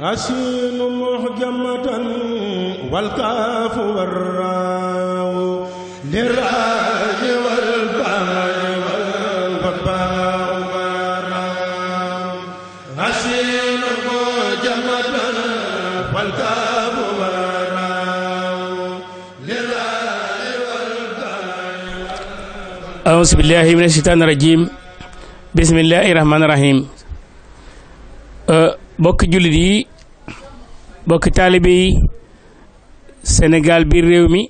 asiin muhjamatan wal kaaf war raaw li raaj wal baay wal babaaw waraaw asiin muhjamatan wal kaaf war raaw li raaj wal baay auzu billaahi mina shaytaani rajiim bismillaahi rahmaani rahiim uh, bokki jullit yi bokki taalibe yi senegal biir réew mi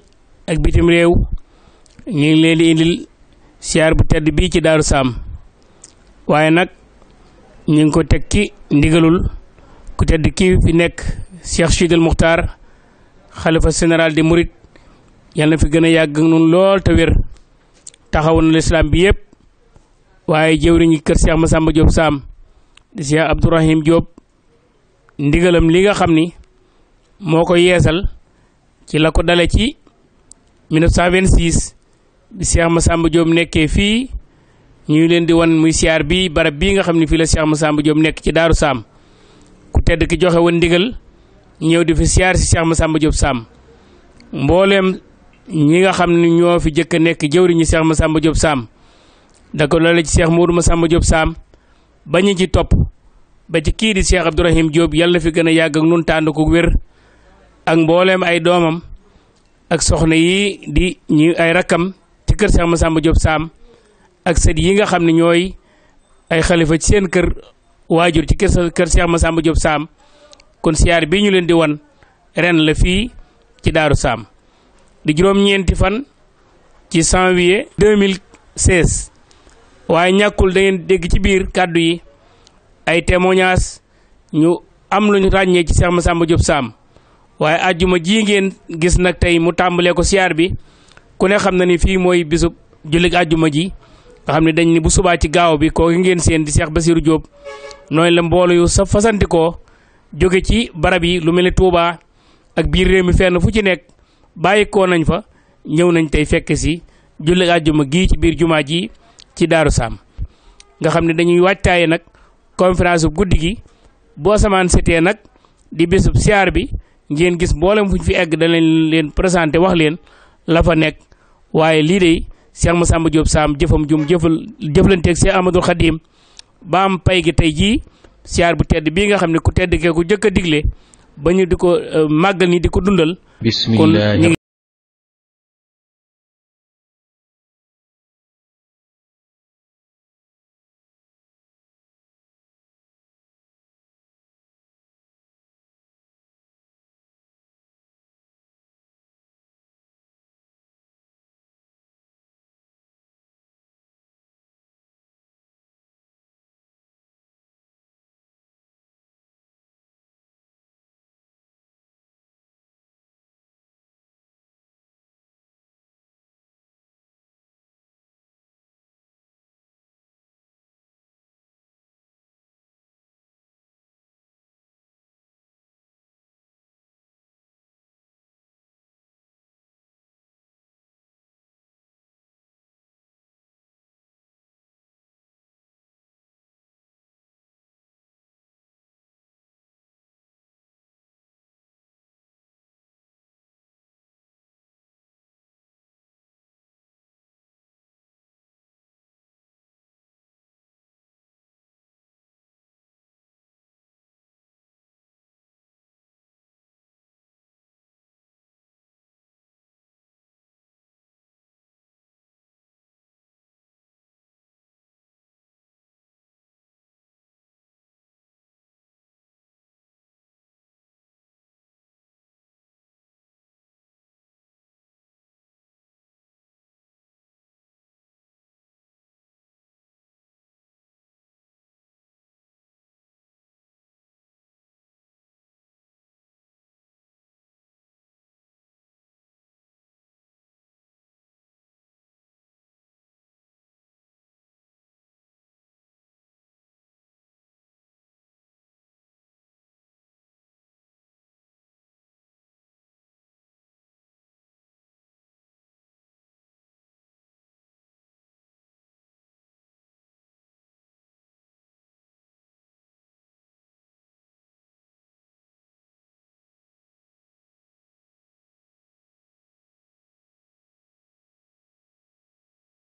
ak bitim réew ñu ngi leen di indil siyaar bu tedd bii ci Daaru Saam waaye nag ñu ngi ko teg ki ndigalul ku tedd kii fi nekk Cheikh Sidil Muxtaar xalifa général di murit yàlla na fi gën a yàgg nun lool te wér taxawu na lislaam bi yëpp waaye jëwriñu kër Cheikh Massamba Diop Saam di Cheikh Abdourahim Diop ndigalam li nga xam ni moo ko yeesal ci la ko dale ci 1926 bi Cheikh Massamba Diop nekkee fii ñu leen di wan muy siyaar bi barab bii nga xam ni fii la Cheikh Massamba Diop nekk ci Daaru Saam ku tedd ki joxe woon ndigal ñëw di fi siyaar si Cheikh Massamba Diop Saam mbooleem ñi nga xam ni ñoo fi jëkk a nekk jëwriñu Cheikh Massamba Diop Saam da ko dale ci Cheikh Mourou Massamba Diop Saam bañu ci topp ba ci kii di Cheikh Abdourahim Diop yàlla fi gën a yàgg ak nun tànd ko wér ak mbooleem ay doomam ak soxna yi di ñi ay rakkam ci kër Cheikh Massamba Diop Sam ak sët yi nga xam ni ñooy ay xalifa ci seen kër waajur ci kër kër Cheikh Massamba Diop Sam kon siyaar bi ñu leen di wan ren la fii ci Daaru Sam di juróom-ñeenti fan ci janvier 2016 waaye ñàkkul da dégg ci biir kàddu yi ay témoignages ñu am lu ñu ràññee ci Cheikh sàmm Diop Sam waaye àjjuma ji ngeen gis nag tey mu tàmbalee ko siyaar bi ku ne xam na ni fii mooy bisub jullit àjjuma ji nga xam ne dañ ni bu ci gaaw bi kooku ngeen seen di Cheikh Bassirou Diop noonu la mboolo yu sa fasanti jóge ci barab yi lu mel ne Touba ak biir réew mi fenn fu ci nekk bàyyi ko nañ fa ñëw nañ tey fekk si jullit àjjuma gi ci biir jumaa ji ci Daaru Saam nga xam ne dañuy waajtaaye nag conférence bu guddi gi boo samaan setee nag di bésub siyaar bi ngeen gis mboolem fu ñu fi egg danañ leen présenté wax leen la fa nekk waaye lii de Cheikh Massamba Diop Sam jëfam jum jëfal jëflanteeg Cheikh Amadou Khadim ba am pay gi tey jii siyaar bu tedd bii nga xam ne ku tedd kee ku jëkk a digle ba ñu di ko euh, màggal ni di ko dundal kon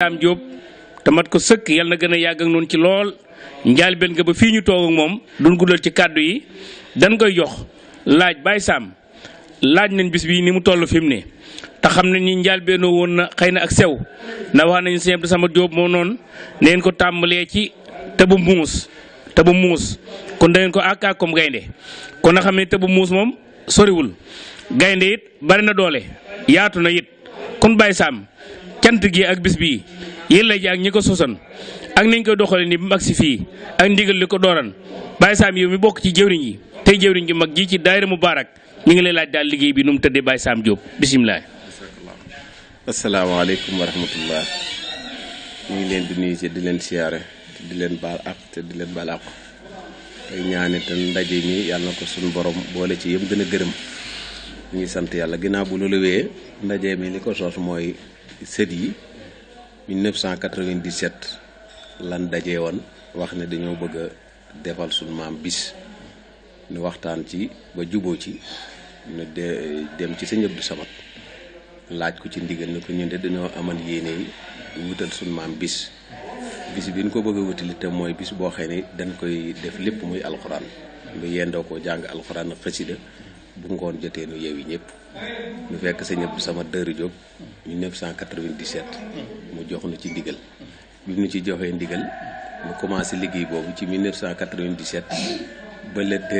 am Diop te mat ko sëkk yal na gën a yàgg ak noonu ci lool njaal benn nga ba fi ñu toog moom duñ guddal ci kàddu yi dan koy jox laaj Baye Sam laaj nañ bis bi ni mu toll fi mu ne te xam na ñi njaal bennoo woon na xëy na ak sew ndax wax nañu sëñ sama Diop moo noonu neen ko tàmbalee ci tëbu muus tëbu muus kon dangeen ko àkkaa comme gaynde kon na xam ne tëbu muus moom soriwul gaynde it bari na doole yaatu na it kon Baye Sam cant gi ak bis bii yëlla ji ak ñi ko sosan ak niñ ko doxale ni mag si fii ak ndigal li ko dooran Baye Sam yow mi bokk ci jëwriñ yi tey jëwriñ ji mag ji ci daayira Mubaarak ñu ngi lay laaj daal bi nu mu tëddee Sam Diop bisimilah. asalaamaaleykum wa rahmatullah ñu ngi leen di nuyu ci di leen siyaare te di leen baal ak te di leen baal ak tey ñaane te ndaje mi yàlla ko suñu borom boole ci yëm gën a gërëm ñu ngi sant yàlla ginnaaw bu loolu wee ndaje mi li ko sos mooy. sët yi 1997 lan daje woon wax ne dañoo bëgg a defal suñu maam bis ñu waxtaan ci ba juboo ci ñu de dem ci sëñ Abdou Samad laaj ko ci ndigal na ko ñun de dañoo amal yéene yi wutal suñu maam bis bis bi ñu ko bëgg a te mooy bis boo xëy ne dañ koy def lépp muy alxuraan. lu yendoo ko jàng alxuraan xasida bu ngoon jotee nu yeewi ñëpp. ñu fekk sëñ Abdou Samad Dërë Diop 1997 mu jox nu ci ndigal bi mu ci joxee ndigal mu commencé liggéey boobu ci 1997 ba le 2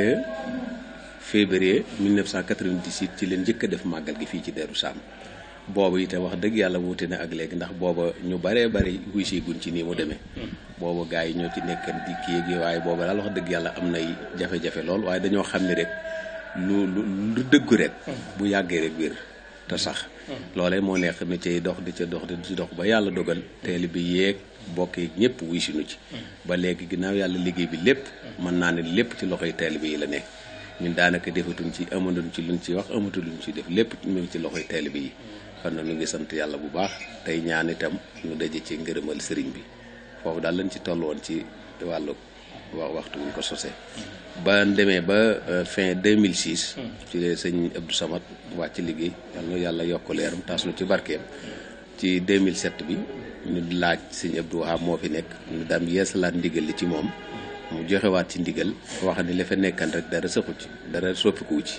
février 1998 ci leen njëkk a def màggal gi fii ci Darou Sam boobu itam wax dëgg yàlla wuute ne ak léegi ndax booba ñu baree bari wuy guñ ci nii mu demee booba gars yi ñoo ci nekk di kii ak waaye booba daal wax dëgg yàlla am nay jafe-jafe lool waaye dañoo xam ne rek lu lu lu dëggu rek. bu yàggee rek wér te sax. looleen moo neex métier yi dox di ca dox di ci dox ba yàlla dogal teel bi yeeg bokk yi ñëpp wuy si nu ci. ba léegi ginnaaw yàlla liggéey bi lépp. mën naa ne lépp ci loxoy teel bi yi la nekk. ñun daanaka defatuñ ci amatuñ ci luñ ci wax amatuñ ci def lépp même ci loxoy teel bi yi. kon ñu ngi sant yàlla bu baax tey ñaan itam ñu daje ci ngërëmal sëriñ bi foofu daal lañ ci toll woon ci wàllu wax waxtu wuñ ko sosee. ba demee ba euh, fin mille 2006. ci la sëñ Abdou Samad wàcc liggéey yal na yàlla yokk leeram taas nu ci barkeem ci mille 2007 bi ñu laaj sëñ Abdou Wahab moo fi nekk ñu daan yeesalaat ndigal li ci moom mu joxewaat ci ndigal wax ne la fa nekkan rek dara sëxu ci dara soppikuwu ci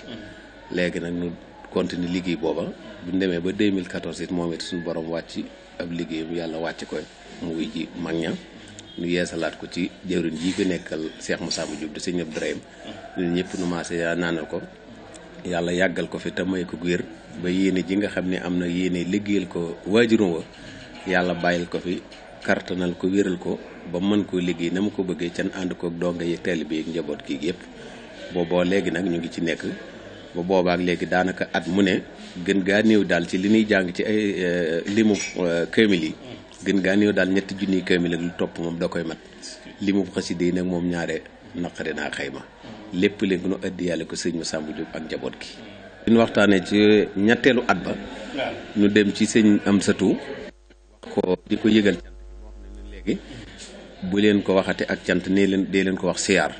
léegi nag ñu continuer liggéey booba bu ñu demee ba 2014 it moom it su borom wàcc ab liggéeyam yàlla wàcc ko mu wuy ji mag ña ñu yeesalaat ko ci jëwrin ji fi nekkal Cheikh mu Mou Diop di sëñ Abdourahim ñun ñëpp nu maase yaa naanal ko yàlla yàggal ko fi te may ko wér ba yéene ji nga xam ne am na yéene liggéeyal ko waajurum wa yàlla bàyyil ko fi kartanal ko wéral ko ba mu mën koo liggéey na mu ko bëggee can ànd koog donga yi teel bi ak njaboot gi yëpp booboo léegi nag ñu ngi ci nekk ba boobaak léegi daanaka at mu ne gën gaa néew daal ci li ñuy jàng ci ay euh, limu euh, kaamil yi gën gaa néew daal ñetti junniy kaamil ak lu topp moom da koy mat li mu xasida yi nag moom ñaare naqari naa xayma lépp léegi nu ëddi yàlla ko sëñ Masamba Diop ak njaboot gi. ñu waxtaanee ci ñetteelu at ba. ñu dem ci sëñ Amsatu ko di ko yëgal léegi. bu leen ko waxate ak cant nee leen dee leen ko wax siyaar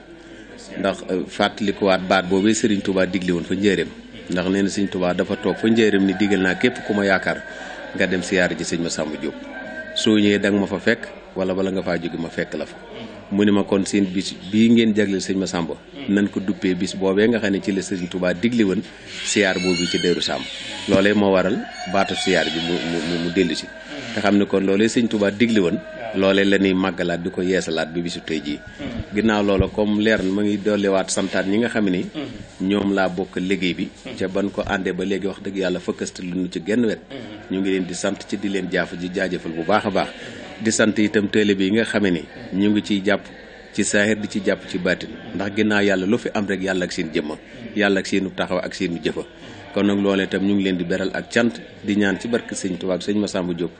ndax euh, fàttalikuwaat baat boobee sëriñ tubaa digle woon fa njéeréem ndax nee na Serigne Touba dafa toog fa njéeréem ni digal naa képp ku ma yaakaar nga dem siyaar ji sëñ ma Masamba Diop. soo ñëwee danga ma fa fekk wala bala nga faa jóge ma fekk la fa mu ni ma kon seen bis bii ngeen jagleel sëñ Massamba nan ko duppee bis boobee nga xam ne ci la sëñ Touba digli woon siyaar boobu ci Daaru Saam loolee moo waral baatu siyaar bi mu mu mu si te xam ne kon loolee sëñ Touba digli woon loole la ñuy màggalaat di ko yeesalaat bi bisu tey jii ginnaaw loola comme leer na ma ngi dolliwaat santaat ñi nga xam ni ñoom laa bokk liggéey bi ca ban ko àndee ba léegi wax dëgg yàlla fëkkasta lu ñu ci genn wet ñu ngi leen di sant ci di leen jaaf ji jaajëfal bu baax a baax di sant itam télé bi yi nga xame ni ñu ngi ciy jàpp ci saaxir di ci jàpp ci baatin ndax ginnaaw yàlla lu fi am rek yàlla ak seen jëmma yàlla ak seenu taxaw ak seenu jëfa kon nag loolee itam ñu ngi leen di beral ak cant di ñaan ci barke sëñ Tuubaa ak sëñ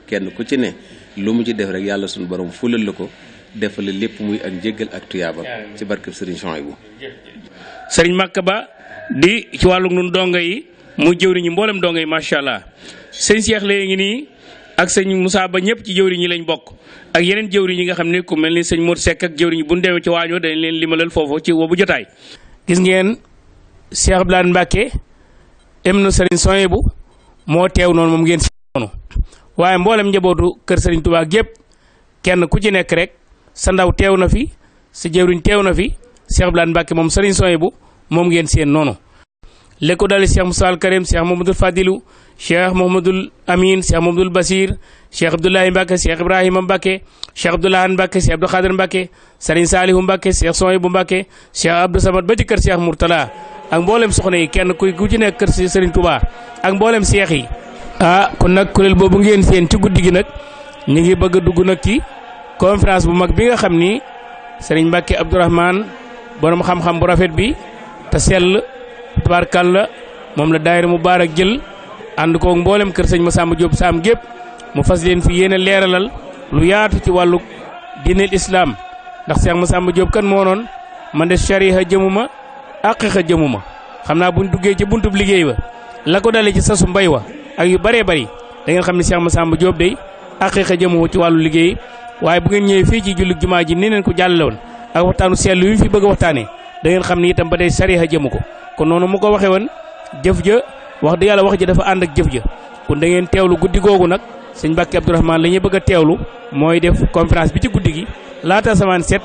kenn ku ci ne lu mu ci def rek yàlla suñu borom fulal la ko defal la lépp muy ak njëggal ak tuyaabam ci barkeb sëriñ Souhaïbou sëriñ Maka Ba di ci wàllu nun donga yi mu jëwriñu mboolem donga yi macha allah sëñ Cheikh léegi ngi nii ak sëñ Moussa Ba ñëpp ci jëwriñ yi lañ bokk ak yeneen jëwriñ yi nga xam ne ku mel ni sëñ Mor sekk ak jëwriñ bu ñu demee ci waañoo dañ leen limalal foofu ci wobu jotaay gis ngeen Cheikh Abdoulaye Mbacke ibnu sëriñ Souhaïbou moo teew noonu moom ngeen si noonu waaye mboolem njabootu kër Serigne Touba gépp kenn ku ci nekk rek sa ndaw teew na fi sa jëwriñ teew na fi Cheikh Abdoulaye Mbacke moom Serigne bu moom ngeen seen noonu. li ko dale Cheikh Moussa al Karim Cheikh Mouhamadul Fadilu Cheikh Mouhamadul Amin Cheikh Mouhamadul Basir Cheikh Abdoulaye Mbacke Cheikh Ibrahima Mbacke Cheikh Abdoulahan Mbacke Cheikh Abdou Khadir Mbacke Serigne Salihu Mbacke Cheikh Souhaibou Mbacke Cheikh Abdou Samad ba ci kër Cheikh Mourtala ak mboolem soxna yi kenn ku ci nekk kër Serigne Touba ak mboolem seex yi. ah kon nag kuréel boobu ngeen seen ci guddi gi nag ñu ngi bëgg a dugg nag ci conférence bu mag bi nga xam ni sëriñ Mbàkke Abdourahman borom xam-xam bu rafet bi te sell la moom la daayira mu baar ak jël ànd koog mboolem kër sëñ Masamba Diop saam gépp mu fas leen fi yéen a leeralal lu yaatu ci wàllu diineel lislaam ndax Cheikh Masamba Diop kan moo noon man de shariha jëmuma aqiqa jëmuma xam naa buñ duggee ci buntub liggéey ba la ko dalee ci sasu mbay wa ak yu bëree bëri da ngeen xam ne Cheikh Massamba Diop day a jëmoo ci wàllu liggéey waaye bu ngeen ñëwee fii ci jullit jumaa ji ni neen ko jàllale woon ak waxtaanu seetlu yu fi bëgg a waxtaanee da ngeen xam ne itam ba day sariha jëmu ko kon noonu mu ko waxee woon jëf ja wax dëgg yàlla wax ji dafa ànd ak jëf ja kon da teewlu guddi googu nag sëñ Mbàkke Abdourahmane la ñuy bëgg a teewlu mooy def conférence bi ci guddi gi laata samaan set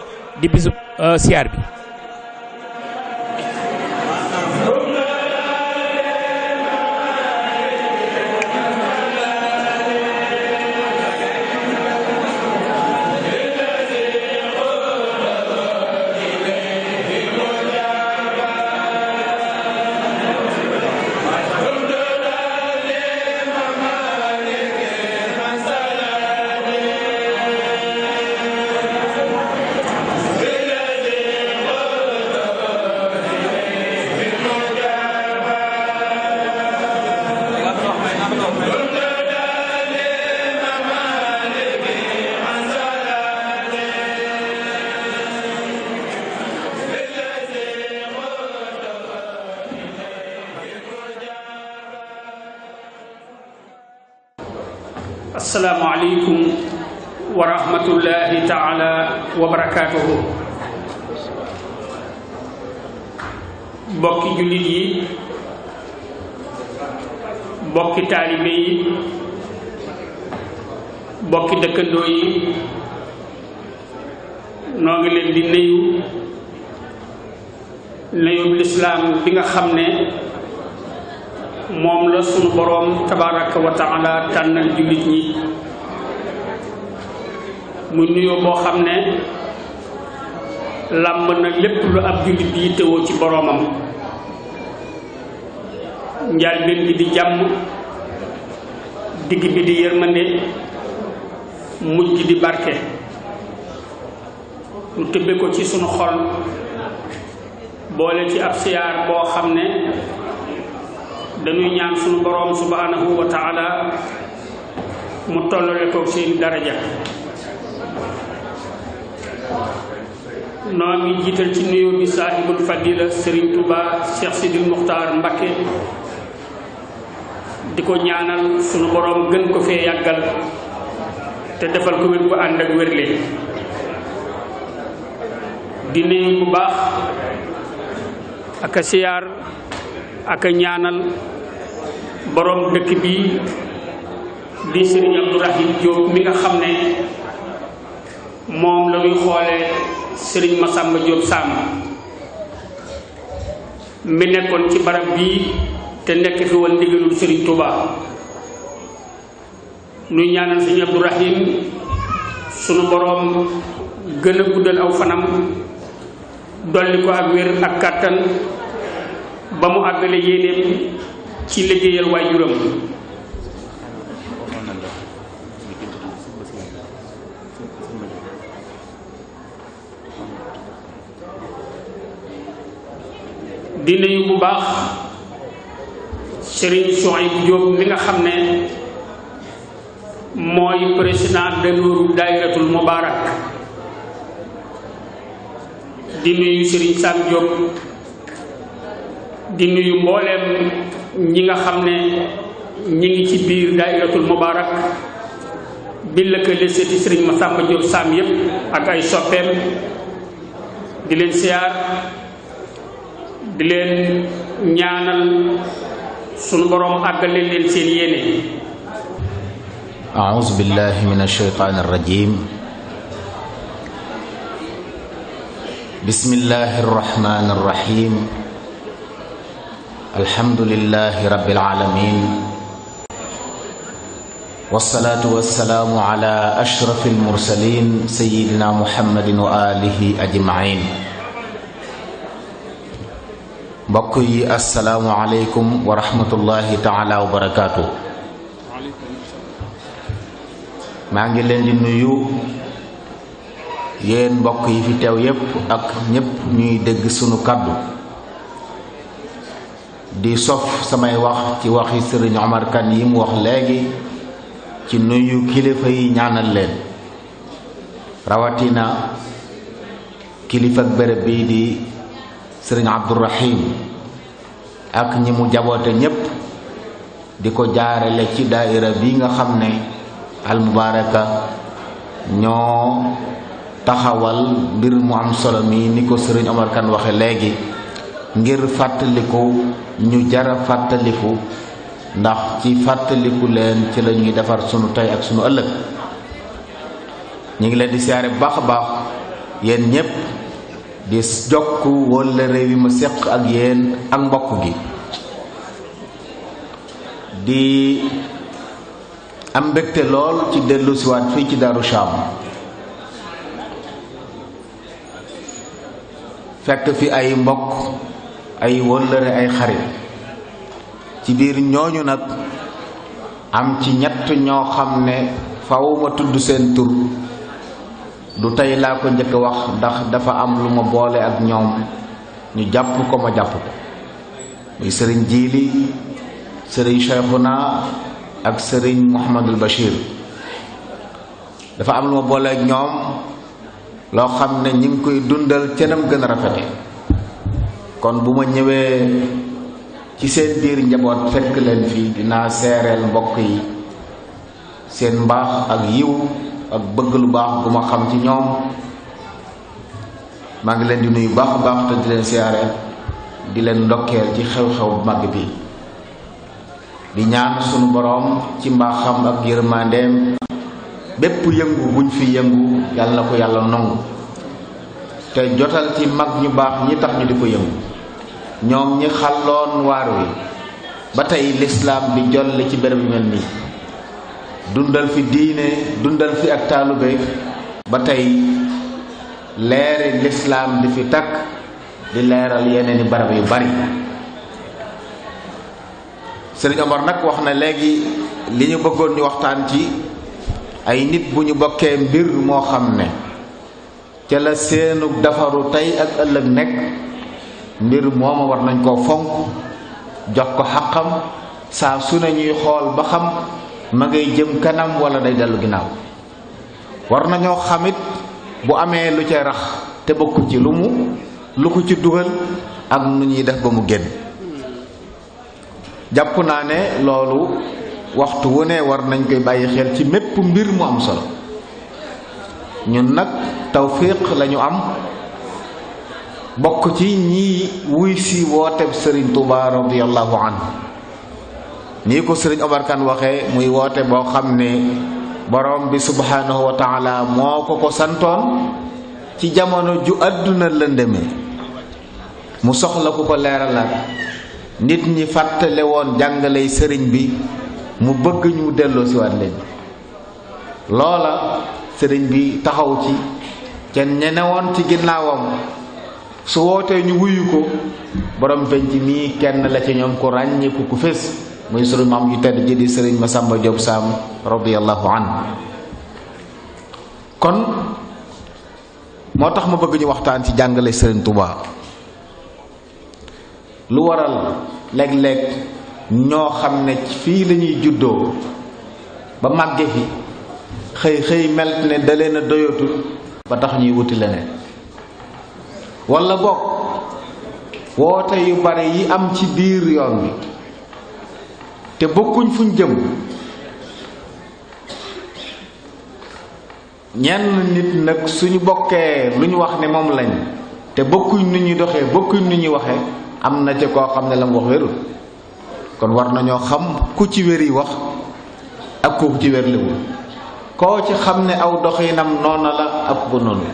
yàlla tànnal jullit ñi mu nuyoo boo xam ne làmb na lépp lu ab jullit di yittewoo ci boroomam njaal benn bi di jàmm digg bi di yërmande mujj di barke mu tëbbe ko ci sunu xol boole ci ab siyaar boo xam ne dañuy ñaan suñu boroom subhanahu wa mu tollale ko seen daraja noo ngi jiital ci nuyoo bi saahibul fadila Serigne Touba Cheikh Sidil Muxtaar Mbakke di ko ñaanal sunu boroom gën ko fee yàggal te defal ko wér bu ànd ak wérle di nuyu bu baax ak siyaar ak ñaanal boroom dëkk bi di Serigne Abdourahim Diop mi nga xam ne moom la ñuy sëriñ Serigne Massamba Diop Samb mi nekkoon ci barab bii te nekk fi woon ndigalul Serigne Touba nuy ñaanal Serigne Abdourahim sunu borom gën a guddal aw fanam dolli ko ak wér ak kàttan ba mu àggale yéenéem ci liggéeyal waajuram di nuyu bu baax Serigne Souhaïbou Diop mi nga xam ne mooy président de Nuuru Daayiratul Mubarak di nuyu Serigne Sam Diop di nuyu mbooleem ñi nga xam ne ñi ngi ci biir daayiratul mubaarak bi lëkkale seeti sëriñ Masamba Diop Sam yépp ak ay soppeem di leen siyaar di leen ñaanal sunu boroom àggale leen seen yéene أعوذ بالله من الشيطان الرجيم بسم الله الرحمن الرحيم alhamdulillahi rabbil alamin wasalaatu wasalaamu ala ashrafil mursalin sayyidina muhammadin wa alihi ajmain mbokk yi asalaamu aleykum wa rahmatullahi taala wa barakaatu maa ngi leen di nuyu yéen mbokk yi fi teew yépp ak ñépp ñuy dégg sunu kàddu di sof samay wax ci waxi sëriñ Omar yi mu wax léegi ci nuyu kilifa yi ñaanal leen rawatina kilifa ak béréb bii di sëriñ Abdourahim ak ñi mu jaboote ñépp di ko jaarale ci daaira bi nga xam ne almubaraka ñoo taxawal mbir mu am solo mi ni ko sëriñ Omar waxe léegi ngir fàttaliku ñu jara fàttaliku ndax ci fàttaliku leen ci la ñuy defar sunu tey ak sunu ëllëg ñu ngi leen di siyaare baax a baax yéen ñépp di jokk wala réew yi ma séq ak yéen ak mbokk gi di am mbégte lool ci dellu fii ci Daaru Shaam fekk fi ay mbokk ay wëllëre ay xarit ci biir ñooñu nag am ci ñett ñoo xam ne faw tudd seen tur du tey laa ko njëkk wax ndax dafa am lu ma boole ak ñoom ñu jàpp ko ma jàpp ko muy sëriñ Jiili sëriñ Cheikhuna ak sëriñ Mouhamadul Bachir dafa am lu ma boole ak ñoom loo xam ne ñu ngi koy dundal cenam gën a rafete kon bu ma ñëwee ci seen biir njaboot fekk leen fii dinaa seereel mbokk yi seen mbaax ak yiw ak bëgg lu baax bu ma xam ci ñoom maa ngi leen di nuyu baax a baax te di leen siyaare di leen ndokkeel ci xew-xew mag bi di ñaan sunu boroom ci mbaaxam ak yërmandeem bépp yëngu buñ fi yëngu yàlla ko yàlla nangu te jotal ci mag ñu baax ñi tax ñu di ko yëngu ñoom ñi xalloon waar wi ba tey lislaam bi jolle ci béréb mi dundal fi diine dundal fi ak taalube ba tey leere lislaam di fi takk di leeral yeneeni barab yu bari Sëriñ nag wax na léegi li ñu bëggoon ñu waxtaan ci ay nit bu ñu bokkee mbir moo xam ne ca la seenu dafaru tey ak ëllëg nekk mbir mooma war nañ koo fonk jox ko xaqam saa su ne ñuy xool ba xam ma ngay jëm kanam wala day dellu ginnaaw war nañoo xamit bu amee lu ca rax te bokku ci lu mu lu ko ci dugal ak nu ñuy def ba mu génn jàpp naa ne loolu waxtu wu ne war nañ koy bàyyi xel ci mépp mbir mu am solo ñun nag tawfiq lañu am bokk ci ñii wuy si wooteb sëriñ Touba radiallahu anhu nii ko sëriñ Omar Kane muy woote boo xam ne borom bi subhanahu wa taala moo ko ko santoon ci jamono ju àdduna lëndëme mu soxla ku ko leeralaat nit ñi fàttale woon jàngaley sëriñ bi mu bëgg ñu delloo si waat loola sëriñ bi taxaw ci kenn ñenewoon ci ginnaawam su wootee ñu wuyu ko borom penc mii kenn la ci ñoom ku ràññiku ku fés muy sunu maam ju tedd ji di sëriñ Masamba Diop Sam radiyallahu an kon moo tax ma bëgg ñu waxtaan ci jàngale sëriñ Touba lu waral léeg-léeg ñoo xam ne fii lañuy juddoo ba màgge fi xëy xëy mel ne da doyatul ba tax ñuy wuti leneen walla bokk woote yu bare yi am ci biir yoon bi te bokkuñ fuñ jëm ñenn nit nag suñu bokkee lu ñu wax ne moom lañ te bokkuñ nu ñuy doxee bokkuñ nu ñuy waxe am na ca koo xam ne la mu wax wérul kon war nañoo xam ku ci wér yi wax ak ku ci wér liwul koo ci xam ne aw doxinam noona la ak bu noonu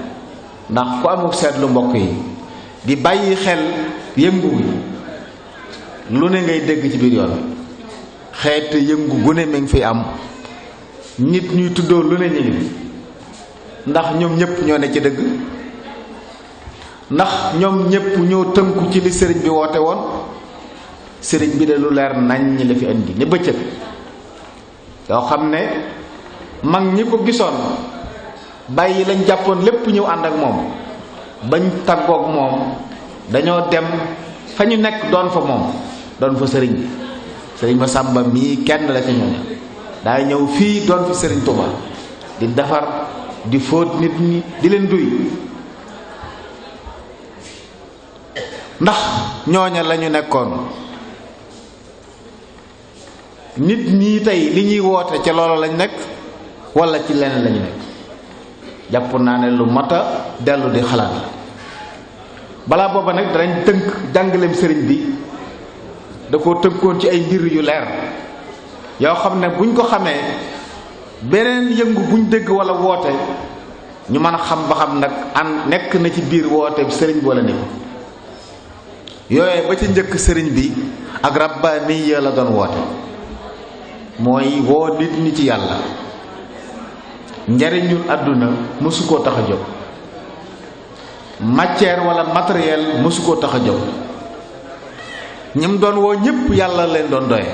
ndax ku amuk seetlu mbokk yi gi bàyyi xel yëngu bi lu ne ngay dégg ci biir yoon xeet yëngu gune ne ngi fi am nit ñuy tuddoo lu ne ñu ngi ndax ñoom ñëpp ñoo ne ci dégg ndax ñoom ñëpp ñoo tënku ci li sëriñ bi woote woon sëriñ bi de lu leer nañ ñi la fi indi ni bëccëg yoo xam ne mag ñi ko gisoon bàyyi lañ jàppoon lépp ñëw ànd ak moom bañ tàggoog moom dañoo dem fa ñu nekk doon fa moom doon fa sëriñ bi sëriñ ma sàmba mii kenn la ca ñooña daa ñëw fii doon fi sëriñ Tuuba di defar di fóot nit ñi di leen duy ndax ñooña lañu nekkoon nit ñi tey li ñuy woote ca loola lañ nekk walla ci leneen lañu nekk jàpp naa ne lu mat a dellu di xalaat la balaa booba nag danañ tënk jàngaleem sëriñ bi da koo tënkoon ci ay mbir yu leer yoo xam ne buñ ko xamee beneen yëngu buñ dégg wala woote ñu mën a xam ba xam nag an nekk na ci biir woote sëriñ bi wala nekk yooye ba ci njëkk sëriñ bi ak rabbaniya la doon woote mooy woo nit ñi ci yàlla njariñul àdduna mësu koo tax a jóg matière walla matériel mësu koo tax a jóg ñi doon woo ñépp yàlla leen doon doye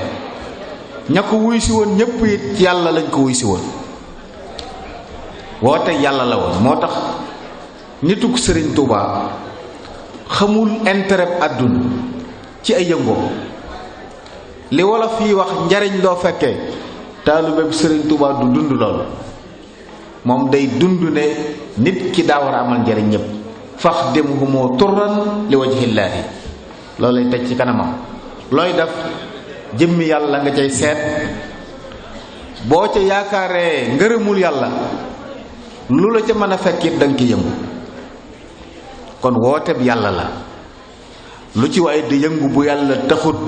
ña ko wuy si woon ñépp it yàlla lañ ko wuy si woon woote yàlla la woon moo tax nitug sëriñ Tuuba xamul intérêt àdduna ci ay yëngoo li wolof yi wax njariñ loo fekkee taalubeb sëriñ Tuuba du dund loolu moom day dund ne nit ki daawar a amal njariñ ñëpp fax dem humoo turran li wajhillaahi loolu lay teg ci kanamam looy def jëmmi yàlla nga cay seet boo ca yaakaaree ngërëmul yàlla lu la ca mën a fekkit danga nga ci yëngu kon wooteb yàlla la lu ci waaye di yëngu bu yàlla taxut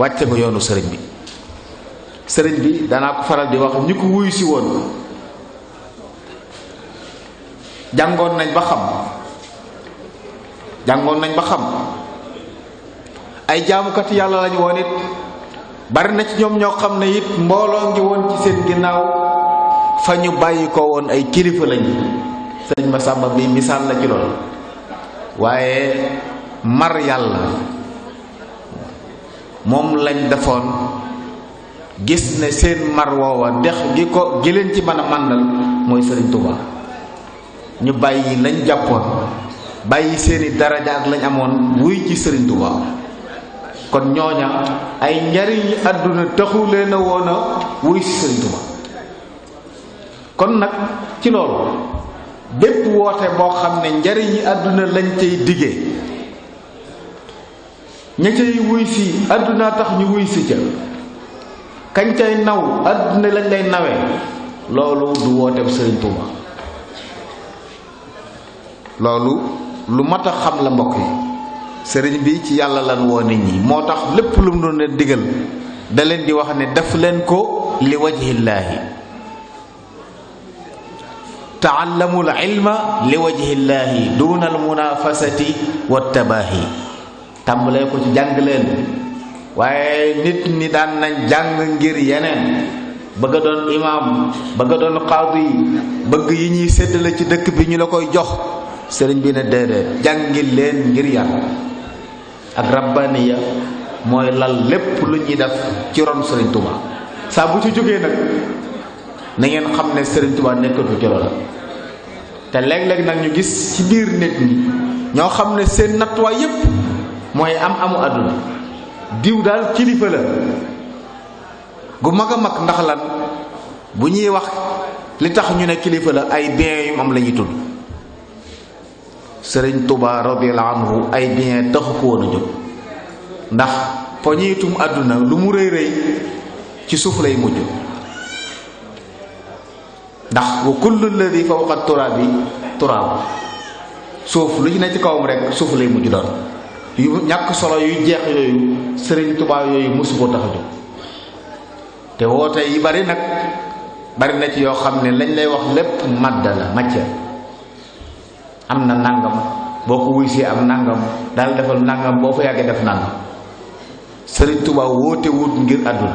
wàcce nga yoonu sëriñ bi sëriñ bi danaa ko faral di wax ñi ko wuyu woon jàngoon nañ ba xam jàngoon nañ ba xam ay jaamukati yàlla lañu woon it bari na ci ñoom ñoo xam ne it mbooloo ngi woon ci seen ginnaaw fa ñu bàyyi ko woon ay kilifa lañu ma Masamba bi misaal la ci lool waaye mar yàlla moom lañ defoon gis ne seen mar woowa dex gi ko gi leen ci mën màndal mooy sëriñ Tuubaa ñu bàyyi lañ jàppoon bàyyi seeni daraja ak lañ amoon wuy ci Sëriñ kon ñooña ay njariñ njariñi àdduna taxu leen a wuy ci Sëriñ kon nag ci loolu bépp woote boo xam ne njariñ yi àdduna lañ cay diggee ña cay wuy si àdduna tax ñu wuy si ca kañ cay naw àdduna lañ lay nawee loolu du wooteeb Sëriñ loolu lu mat a xam la mbokk yi sëriñ bi ci yàlla lan woo nit ñi moo tax lépp lu mu doon leen digal da leen di wax ne def leen ko li wajhillaahi taallamu l ilma li wajhillaahi duuna al munafasati wa tabaahi tàmbalee ko ci jàng leen waaye nit ñi daan nañ jàng ngir yeneen bëgg a doon imaam bëgg doon qaadi bëgg yi ñuy séddale ci dëkk bi ñu la koy jox sëriñ bi ne déedéet jàngi leen ngir yàlla ak rabbaniya mooy lal lépp lu ñuy def ci ron sëriñ Touba saa bu ci jógee nag na ngeen xam ne sëriñ Touba nekkatu ci loola te léeg-léeg nag ñu gis ci biir nit ñi ñoo xam ne seen nattuwaay yépp mooy am amu àdduna diw daal kilifa la gu mag a mag ndax lan bu ñuy wax li tax ñu ne kilifa la ay bien yu am la tudd sëriñ Tuubaa radiyallaahu ay bien taxu ko woon a jóg ndax poñitum àdduna lu mu rëy rëy ci suuf lay mujj ndax wa yi alladi fawqa turaabi turaab suuf lu ci ne ci kawam rek suuf lay mujj doon yu ñàkk solo yu jeex yooyu sëriñ Tuubaa yooyu mosu koo tax a jóg te woote yi bari nag bari na ci yoo xam ne lañ lay wax lépp madda la am na nangam boo ko wuysee am nangam daal defal nangam boo fa yàggee def nangam sëriñ Tuubaa woote wut ngir àdduna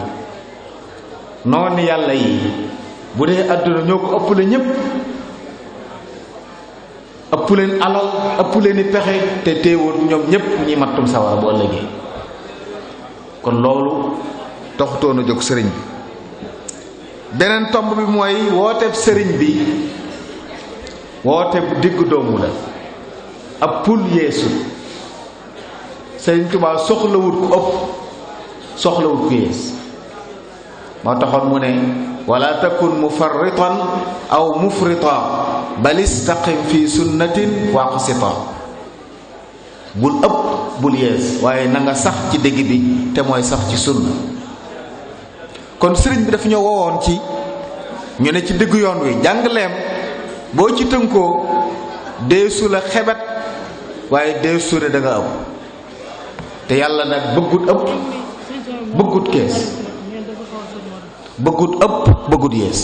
noonu yàlla yi bu dee àdduna ñoo ko ëpp la ñépp ëpp leen alal ëpp leen i pexe te téewut ñoom ñépp ñi mattum sawara boo ëllëgee kon loolu taxutoon a jóg sëriñ bi beneen tomb bi mooy wooteeb sëriñ bi woote bu diggu doomu la ab pul yeesu Sëriñ Tuubaa soxlawut ku ëpp soxlawut ku yees moo taxoon mu ne wala takun mufarritan aw mufrita bal istaqim fi sunnatin waqsita bul ëpp bul yees waaye na nga sax ci dégg bi te mooy sax ci sunna kon sëriñ bi daf ñoo wowoon ci ñu ne ci digg yoon wi jàng jàngaleem boo ci tënkoo deesu la xebet waaye deesu ne da nga te yàlla nag bëggut ëpp bëggut kees bëggut ëpp bëggut yees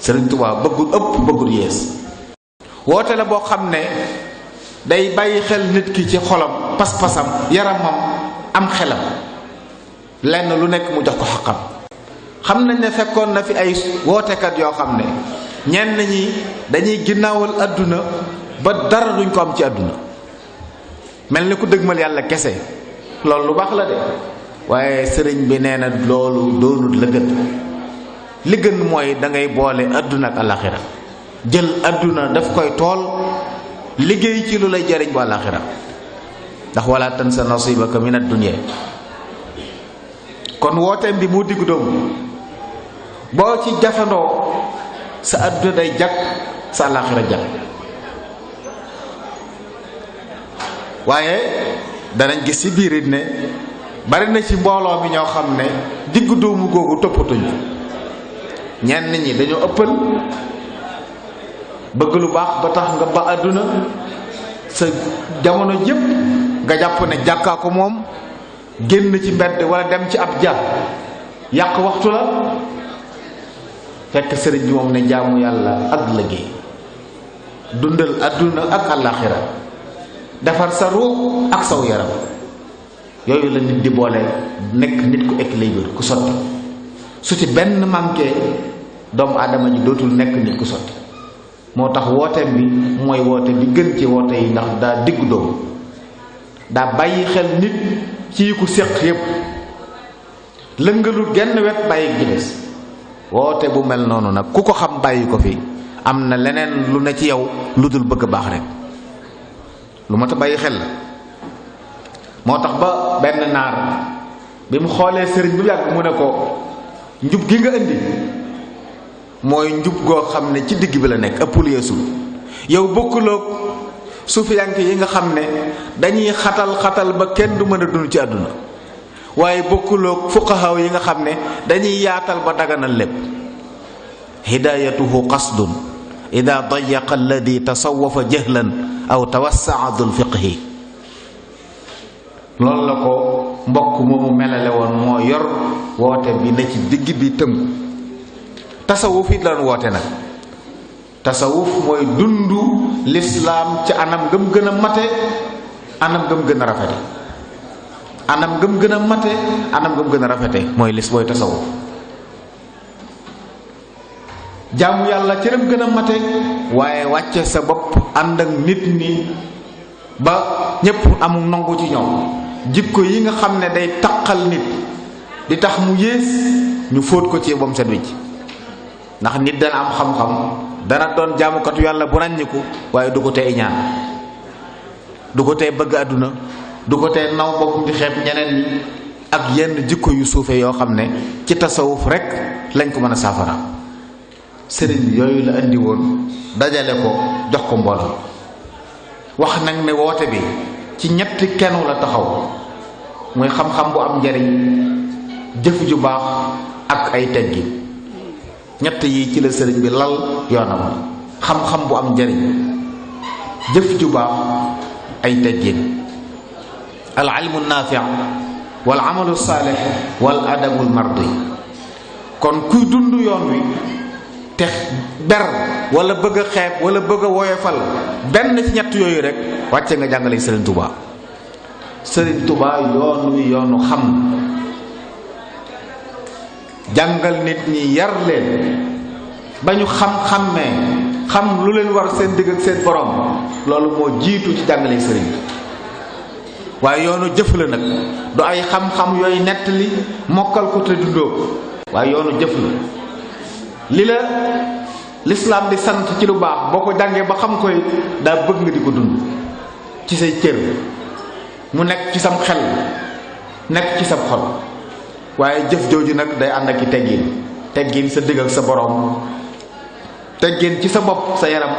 Sëriñ Tuubaa bëggut ëpp bëggut yees woote la boo xam ne day bàyyi xel nit ki ci xolam pas-pasam yaramam am xelam lenn lu nekk mu jox ko xaqam xam nañ ne fekkoon na fi ay wootekat yoo xam ne ñenn ñi dañuy ginnaawal àdduna ba dara duñ ko am ci àdduna mel ni ku dëgmal yàlla kese loolu lu baax la de waaye sëriñ bi nee na loolu doonul la li gën mooy dangay boole àdduna ak alaxira jël àdduna daf koy tool liggéey ci lu lay jariñ bu alaxira ndax wala tan sa nasibaka min ad-dunya kon wooteem bi mu diggu doomu boo ci jafandoo sa àdduna day jag sa àllaaxira ja waaye danañ gis ci biir it ne bari na ci mbooloo mi ñoo xam ne diggu doomu googu toppatuñ ñenn ñi dañoo ëppal bëgg lu baax ba tax nga ba àdduna sa jamono jëpp nga jàpp ne jàkkaa ko moom génn ci mbedd walla dem ci ab ja yàq waxtu la fekk sëriñ bi moom ne jaamu yàlla ak liggéey dundal adduna ak àllaaxira defar sa ruux ak saw yaram yooyu la nit di boole nekk nit ku équilibre ku sotti su ci benn manqué doomu aadama ñi dootul nekk nit ku sotti moo tax wooteem bi mooy woote bi gën ci woote yi ndax daa diggu doomu daa bàyyi xel nit ci ku séq yépp lëngalul genn wet bàyyi gi des woote bu mel noonu nag ku ko xam bàyyi ko fi am na leneen lu ne ci yow lu dul bëgg baax rek lu mat a bàyyi xel la moo tax ba benn naar bi mu xoolee sëriñ bu yàgg mu ne ko njub gi nga indi mooy njub goo xam ne ci digg bi la nekk ëppul yeesul yow bokkuloog suufiyanke yi nga xam ne dañuy xatal xatal ba kenn du mën a dund ci àdduna waaye bokkulook fuqahaw yi nga xam ne dañuy yaatal ba daganal lépp hidayatuhu qasdun ida dayaqa alladi tasawafa jahlan aw tawassaa dul fiqhi loolu la ko mbokk moomu melale woon moo yor woote bi na ci digg bi tënku tasawuf it lan woote nag tasawuf mooy dundu lislaam ci anam gëm gën a mate anam gëm gën a rafete anam gëm gën a mate anam gëm gën a rafete mooy lis booy tasawuf jàmm yàlla cëram gën a mate waaye wàcce sa bopp ànd ak nit ñi ba ñépp amul nongu ci ñoom jikko yi nga xam ne day taqal nit di tax mu yées ñu fóot ko ci bom seen wicc ndax nit dana am xam-xam dana doon jaamukatu yàlla bu ràññiku waaye du ko tey ñaan du ko tey bëgg àdduna du ko tee naw boppam di ñeneen ñi ak yenn jikko yu suufe yoo xam ne ci tasawuf rekk lañ ko mën a saafara sëriñ bi yooyu la indi woon dajale ko jox ko mboola wax nag ne woote bi ci ñetti kennu la taxaw muy xam-xam bu am njariñ jëf ju baax ak ay teggi ñett yi ci la sëriñ bi lal yoonam xam-xam bu am njariñ jëf ju baax ay teggin al ilmu naafic wal amalu saalix wal adabul mardi kon kuy dund yoon wi te ber wala bëgg a xeeb wala woyofal benn ci ñett yooyu rek wàcce nga jàngale Serigne Touba Serigne Touba yoon wi yoonu xam jàngal nit ñi yar leen ba ñu xam-xammee xam lu leen war seen digg ak seen borom loolu moo jiitu ci jàngale Serigne waaye yoonu jëf la nag du ay xam-xam yooyu nettali mokkal ko te dundoo waaye yoonu jëf la li la lislaam di sant ci lu baax boo ko jàngee ba xam koy daa bëgg nga di ko dund ci say cër mu nekk ci sam xel nekk ci sam xot waaye jëf jooju nag day ànd ak i teggiin teggiin sa digg ak sa borom teggiin ci sa bopp sa yaram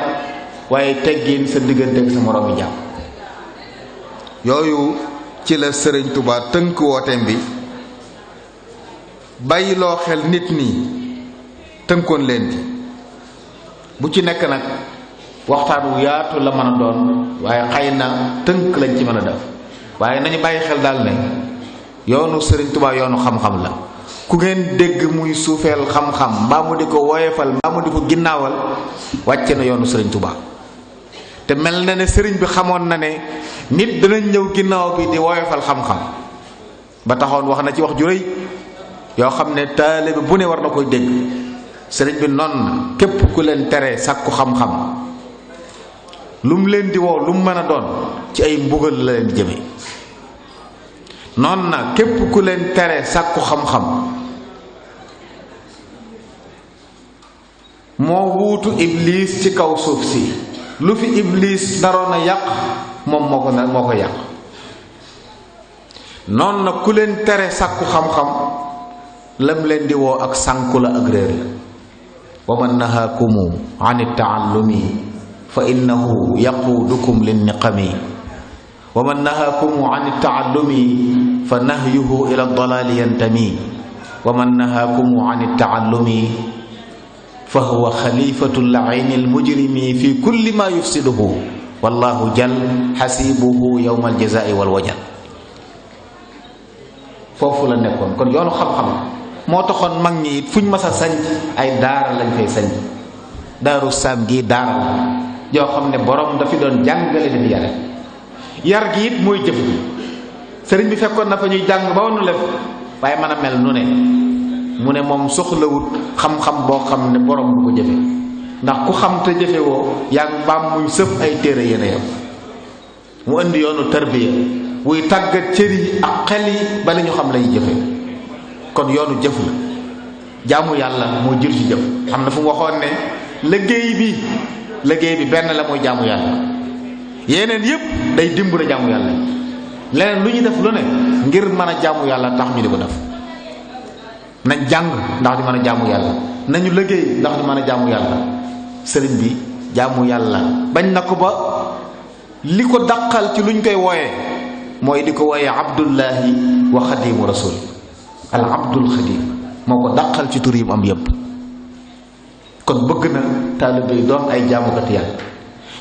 waaye teggiin sa diggante ak sa moroomi jàmm yooyu ci la sëriñ tubaa tënk wooteem bi bàyyi loo xel nit ñi tënkoon leen ci bu ci nekk nag waxtaan wu yaatu la mën a doon waaye xay na tënk lañ ci mën a def waaye nañu bàyyi xel daal ne yoonu sëriñ tubaa yoonu xam-xam la ku ngeen dégg muy suufeel xam-xam mbaa mu di ko woyefal mbaa di ko ginnaawal wàcce na yoonu sëriñ Touba te mel na ne sëriñ bi xamoon na ne nit danañ ñëw ginnaaw bi di woyofal xam-xam ba taxoon wax na ci wax ju rëy yoo xam ne taalibe bu ne war na koy dégg sëriñ bi noon képp ku leen tere sàkku xam-xam leen di woo lu mën a doon ci ay mbugal la leen noon na képp ku leen tere sàkku xam-xam moo wuutu iblis ci kaw suuf si lu fi iblis naroon yàq moom moo ko moo yàq noonu na ku leen tere sàkku xam-xam lam leen di woo ak sànku la ak réer la wa man nahaakumu an ittaallumi fa innahu yaquudukum linniqami wa man man nahaakumu an ittaallumi fa huwa xalifatu laini almujrimi fi kulli ma yufsiduhu wallahu jal xasibuhu yowma aljazai walwajal foofu la nekkoon kon yoonu xam-xam moo taxoon mag ñi it fuñ mas a sañ ay daara lañ fay sañc daaru saam gi daara la joo xam ne borom dafi doon jàngale di yare yar gi it mooy jëf sëriñ bi fekkoon na fa ñuy jàng ba wonu lef waaye mën a mel nu ne mu ne moom soxlawut xam-xam boo xam ne borom du ko jëfe ndax ku xam te jëfe woo mbaam muy sëpp ay téere yéen a yam mu indi yoonu tarbiya buy tàggat cër yi ak xel yi ba li ñu xam lay jëfe kon yoonu jëf la jaamu yàlla moo jël ci jëf xam na fu mu waxoon ne liggéey bi léggéey bi benn la mooy jaamu yàlla yeneen yépp day dimbali jaamu yàlla leneen lu ñu def lu ne ngir mën a jaamu yàlla tax ñu di ko def nañ jàng ndax ñu mën a jaamu yàlla nañu liggéey ndax ñu mën a jaamu yàlla sëriñ bi jaamu yàlla bañ na ko ba li ko dàqal ci luñ koy wooyee mooy di ko wooyee abdullahi wa xadimu rasul al abdul xadim moo ko dàqal ci tur yi mu am yépp kon bëgg na taalibe yi doon ay jaamukat yàlla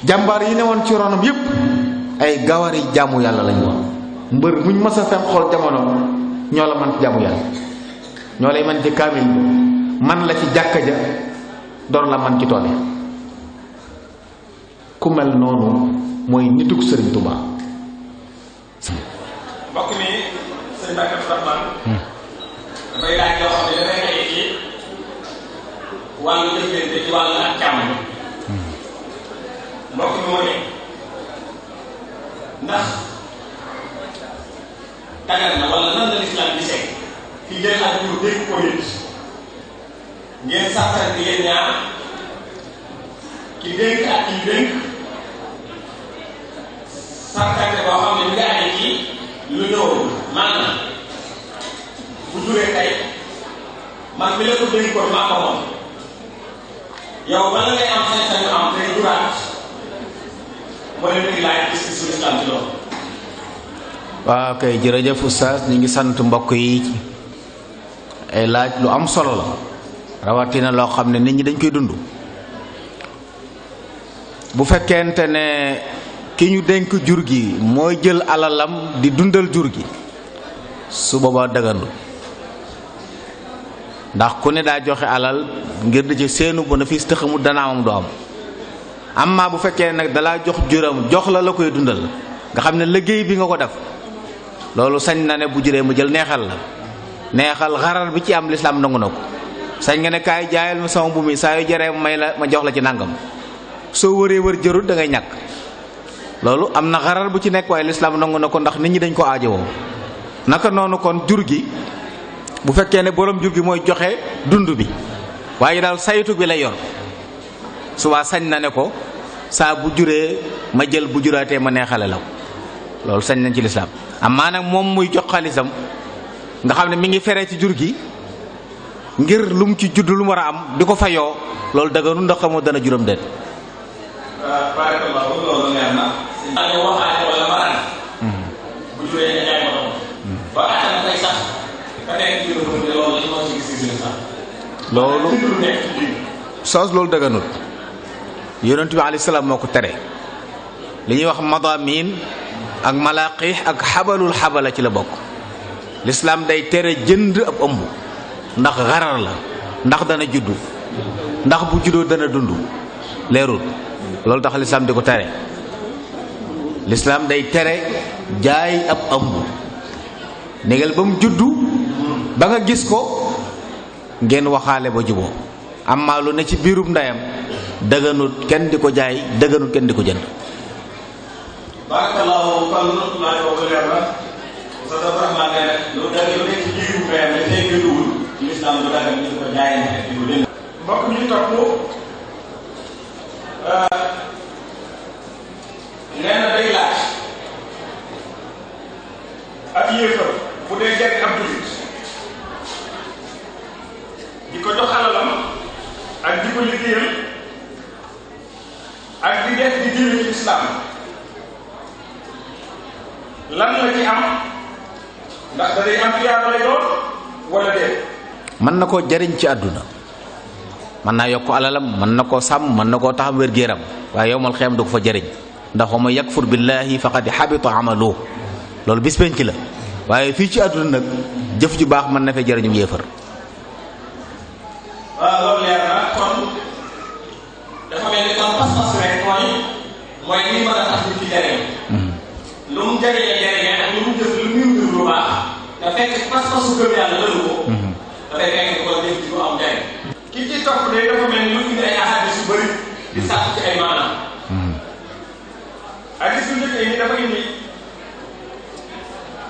jàmbaar yi ne woon ci ronam yépp ay gawari jaamu yàlla lañu woon mbër muñ mës a fem xool jamono ñoo la mën jaamu yàlla ñoo lay man ci kaamil man la ci jàkka ja doon la man ci tool ku mel noonu mooy nitug sëriñ Tuuba mbokk mi sëñ Mbàkke Abdourahmane hmm. dafay laaj loo hmm. na wala nan bi seet ki ngeen ak ñu dégg ko nit ngeen saxal bi ngeen ñaar ki dénk ak ki dénk saxante boo xam ne ñu ngi amee ci lu ñëw maanaam bu juree tey man mi la ko dénkoon maa ko moom yow bala ngay am sañ-sañu am day juraat moo leen di laaj gis suñu islam ci loolu. waaw kay jërëjëf oustaz ñu ngi sant mbokk yi. ay laaj lu am solo la rawatina loo xam ne nit ñi dañ koy dund bu fekkente ne ki ñu dénk jur gi mooy jël alalam di dundal jur gi su boobaa dëggandu ndax ku ne daa joxe alal ngir di ci seenu bénéfice te xamul danaamam du am amma bu fekkee nag dalaa jox juram jox la la koy dundal nga xam ne liggéey bi nga ko def loolu sañ na ne bu juree mu jël neexal la neexal xaral bi ci am lislaam nangu na ko sañ nga ne kaay jaayal ma sama mbubb mi saa yu jaree may la ma jox la ci nangam soo wëree wër jërut dangay ngay ñàkk loolu am na xaral bu ci nekk waaye lislaam nangu na ko ndax nit ñi dañ ko woo naka noonu kon jur gi bu fekkee ne borom jur gi mooy joxe dund bi waaye daal saytu bi la yor suba sañ na ne ko saa bu juree ma jël bu juraatee ma neexale law loolu sañ nañ ci lislaam am nag moom muy nga xam ne mi ngi feree ci jur gi ngir lu mu ci judd lu mu war a am di ko fayoo loolu daganu ndax xamoo dana juróom den soos loolu daganut mhm. mhm. yonent bi alayhi salaam moo ko tere li ñuy wax madamin ak malaqix ak xabalul xabala ci la bokk lislaam day tere jënd ab ëmb ndax xarar la ndax dana juddu ndax bu juddoo dana dund leerul loolu tax lislaam di ko tere lislaam day tere jaay ab ëmb négal ba mu juddu ba nga gis ko ngeen waxaale ba juboo amma lu ne ci biirub ndeyam dëgganut kenn di ko jaay dëgganut kenn di ko jënd so dafa man ne lu da lu nekk ne fekk duwul ci lislam bu dagal ñu ko jaayante ak ñu leen mbokk ñu topp euh, nee na day laaj ak yéefar bu dee jekk ab julit di ko jox alalam islam lan la ci ndax mën na koo jariñ ci àdduna mën naa yokk alalam mën na koo sàmm mën na koo taxam wér gu waaye yowmal xiyam du ko fa jariñ ndax wa man yakfur billahi faqad habita amaluhu loolu bis penc la waaye fii ci àdduna nag jëf ju baax mën na fa jariñu yéefar ah, jariñ hmm. lu lu baax nga fekk pas-pasu gëm yàlla lëlu ko dafay mhm. fekk ko def ci lu am njariñ ki ci topp day dafa mel ni lu indi ay ahadis yu bëri di sàkk ci ay maanaam mhm. hadis bu njëkk yi dafa indi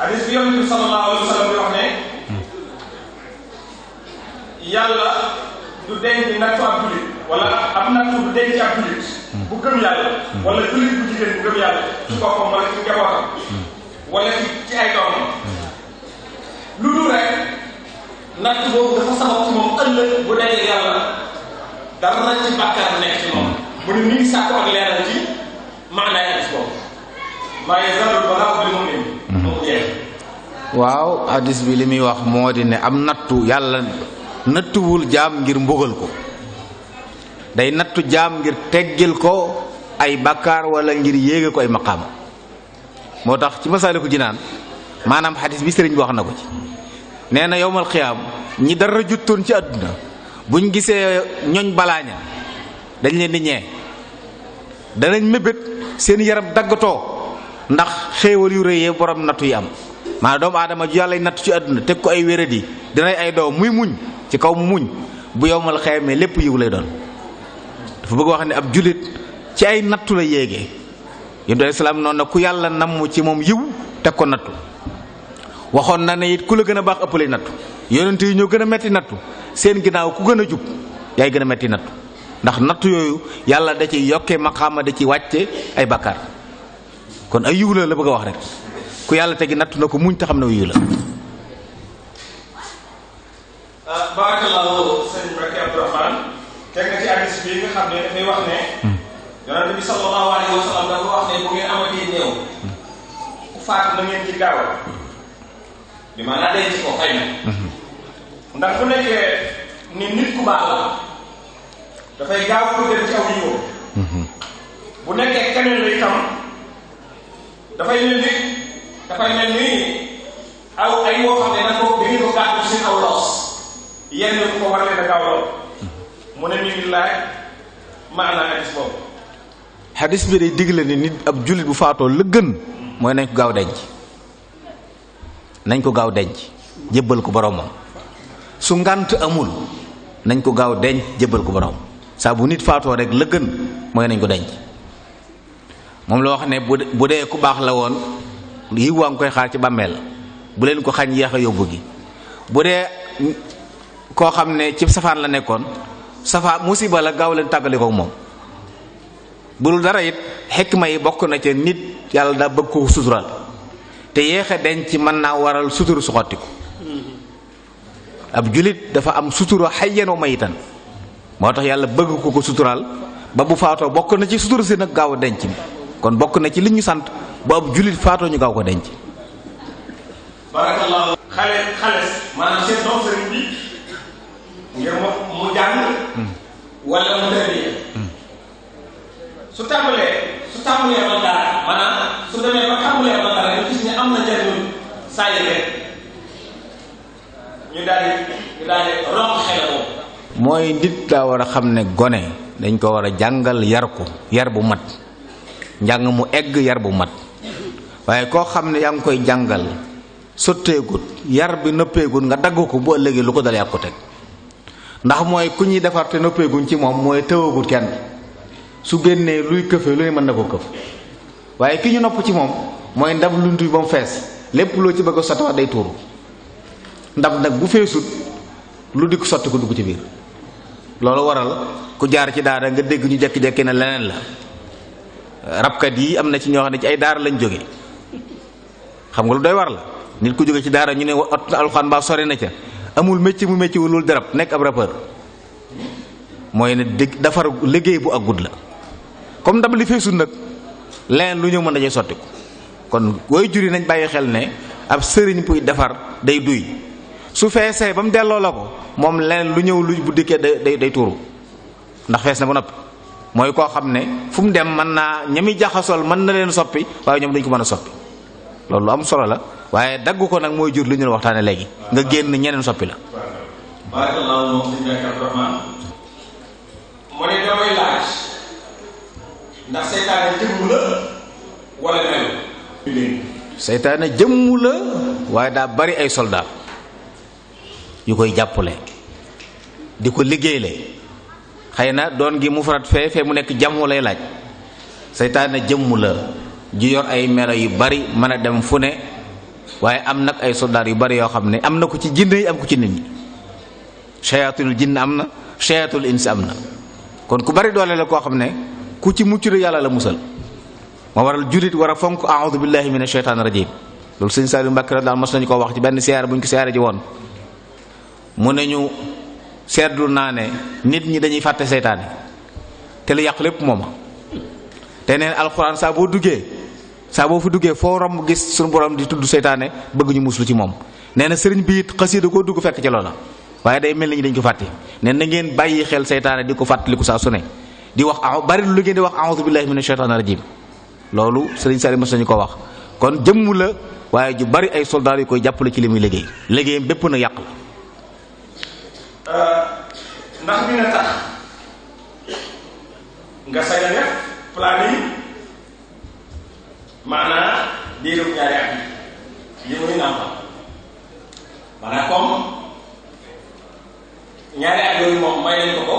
hadis bi yonent bi sallallahu alayhi wa sallam di wax ne mhm. du denc nattu ab wala am nattu du denc ab jullit bu gëm wala jullit bu jigéen bu gëm yàlla su boppam wala ci njabootam wala ci ay doomam lu dul rek natt boobu dafa sabab ci moom ëllëg bu dajee yàlla dara ci bàkkaar nekk ci moom mu ne nii sàkku leeral ci maa ngi zarul balaa bi mu ngi waaw hadis bi li muy wax moo di ne am nattu yàlla nattuwul jaam ngir mbugal ko day nattu jaam ngir teggil ko ay bàkkaar wala ngir yéege ko ay maqaam moo tax ci masaaliku jinaan maanaam xadis bi sëriñ bi wax na ko ci nee na yowmal xiyaam ñi dara juttoon ci àdduna ñu gisee ñoñ balaaña dañ leen di ñee danañ mébét seen yaram daggatoo ndax xéewal yu rëyee borom nattu yi am maanaam doomu aadama ju yàlla nattu ci àdduna teg ko ay wéradi dinay ay doom muy muñ ci kaw mu muñ bu yowmal xiyaamee lépp yiw lay doon dafa bëgg wax ne ab jullit ci ay nattu la yéegee yonent bi salaam noonu na ku yàlla namm ci moom yiw teg ko nattu waxoon na ne it ku la gën a baax ëppale nattu yonent yi ñoo gën a metti nattu seen ginnaaw ku gën a jub yaay gën a metti nattu ndax nattu yooyu yàlla da ci yokkee maqaama da ci wàcce ay bakkaar kon ay yiw la la bëgg a wax rek ku yàlla teggi nattu na ko muñ te xam ne yiw la ah, yonente bi sallallahu alayhi wa sallam dafa wax ne bu ngeen amatee néew ku faatu na ngeen ci gaawal bi maanaam denc ko xëy na ndax bu nekkee ni nit ku baax dafay gaaw ko dem ci aw yiwam bu nekkee keneen la itam dafay mel ni aw ay woo xam ne da ko da ngeen ko gàddu seen aw loos yenn ko war leen a gaaw lool mu ne mi ngi laaj maanaam hadis boobu xadis bi day digle ni nit ab jullit bu faatoo la gën mooy nañ ko gaaw denc nañ ko gaaw denc jébbal ko boromam su ngant amul nañ ko gaaw denc jébbal ko borom saa bu nit faatoo rek la gën mooy nañ ko denc moom la wax ne bu bu dee ku baax la woon yi waa ngi koy xaar ci bàmmeel bu leen ko xañ yeex a yóbbu gi bu dee koo xam ne ci safaan la nekkoon safaan musiba la gaaw leen tàggale ko moom bu dul dara yit xekk yi bokk na ca nit yàlla daa bëgg ko suturaal te yéex a denc mën naa waral sutur su xottiku ab julit dafa am sutura xayyan wa mayitan moo tax yàlla bëgg ko ko suturaal ba bu faatoo bokk na ci sutura si nag gaaw a denc kon bokk na ci li ñu sant ba ab julit faatoo ñu gaaw ko denc. su tàmbalee su tàmbalee man dara maanaam su demee ba tàmbalee man dara nga gis ne am na njariñu saa yi ñu daal di ñu daal di romb xel mooy nit daa war a xam ne gone dañ ko war a jàngal yar ko yar bu mat njàng mu egg yar bu mat waaye koo xam ne yaa ngi koy jàngal sotteegut yar bi nëppeegut nga dagg ko bu ëllëgee lu ko dal yàq teg ndax mooy ku ñuy defar te nëppeeguñ ci moom mooy tëwagut kenn su génnee luy këfe lu ne mën na koo këf waaye ki ñu nopp ci moom mooy ndab luntu bi ba mu fees lépp loo ci bëgg a sotti day tuuru ndab nag bu feesut lu dikk sotti ko dugg ci biir loolu waral ku jaar ci daara nga dégg ñu jekki-jekki ne leneen la rabkat yi am na ci ñoo xam ne ci ay daara lañ jóge xam nga lu doy war la nit ku jóge ci daara ñu ne ot na alxaan mbaa sori na ca amul mécc mu mécc wu loolu darab nekk ab rappeur mooy ne dégg defar liggéey bu agut la comme ndab li feesul nag leneen lu ñëw mën dajee sotti ko kon jur yi nañ bàyyi xel ne ab sëriñ buy defar day duy su feesee ba mu delloo la ko moom leneen lu ñëw lu bu dikkee day day tuuru ndax fees na ba noppi mooy koo xam ne fu mu dem mën naa ñami jaxasool mën na leen soppi waaye ñoom dañ ko mën a soppi loolu lu am solo la waaye dagg ko nag mooy jur lu ñu la waxtaane léegi nga génn ñeneen soppi la ndax seytaane jëmm la waaye daa bari ay soldat yu koy jàppale di ko liggéeyle xëy na doon gi mu farat fee fee mu nekk jàmm lay laaj seytaane jëmm la ju yor ay melo yu bari mën a dem fu ne waaye am nag ay soldat yu bari yoo xam ne am na ko ci jinne yi am ko ci nit ñi sayaatul jinn am na sayaatul insi am na kon ku bari doole la koo xam ne ku ci mucc yàlla la musal ma waral julit war a fonk aoudu billahi min asheytaan rajim loolu sëñ Saliou Mbàkke daal mos nañu ko wax ci benn siyaare bu ñu ko siyaare ji woon mu ne ñu seetlu naa ne nit ñi dañuy fàtte seytaane te lu yàqu lépp mooma te neen alxuraan saa boo duggee saa boo fi duggee foo romb gis suñu borom di tudd seytaane bëgg ñu muslu ci moom nee na sëriñ bi it xasiida koo dugg fekk ci loola waaye day mel ni dañ ko fàtte nee na ngeen bàyyi xel seytaane di ko fàttaliku saa su di wax a bari lu ngeen di wax aoudu billahi mina sheytaani rajim loolu sëriñ Saliou mos nañu ko wax kon jëmm la waaye ju bari ay soldaar yu koy jàppale ci li muy liggéey liggéeyam bépp na yàq la euh, ndax dina tax nga sañ a def plan yi maanaam diiru ñaari at yi muy nàmpal maanaam comme ñaari at yooyu moom may nañ ko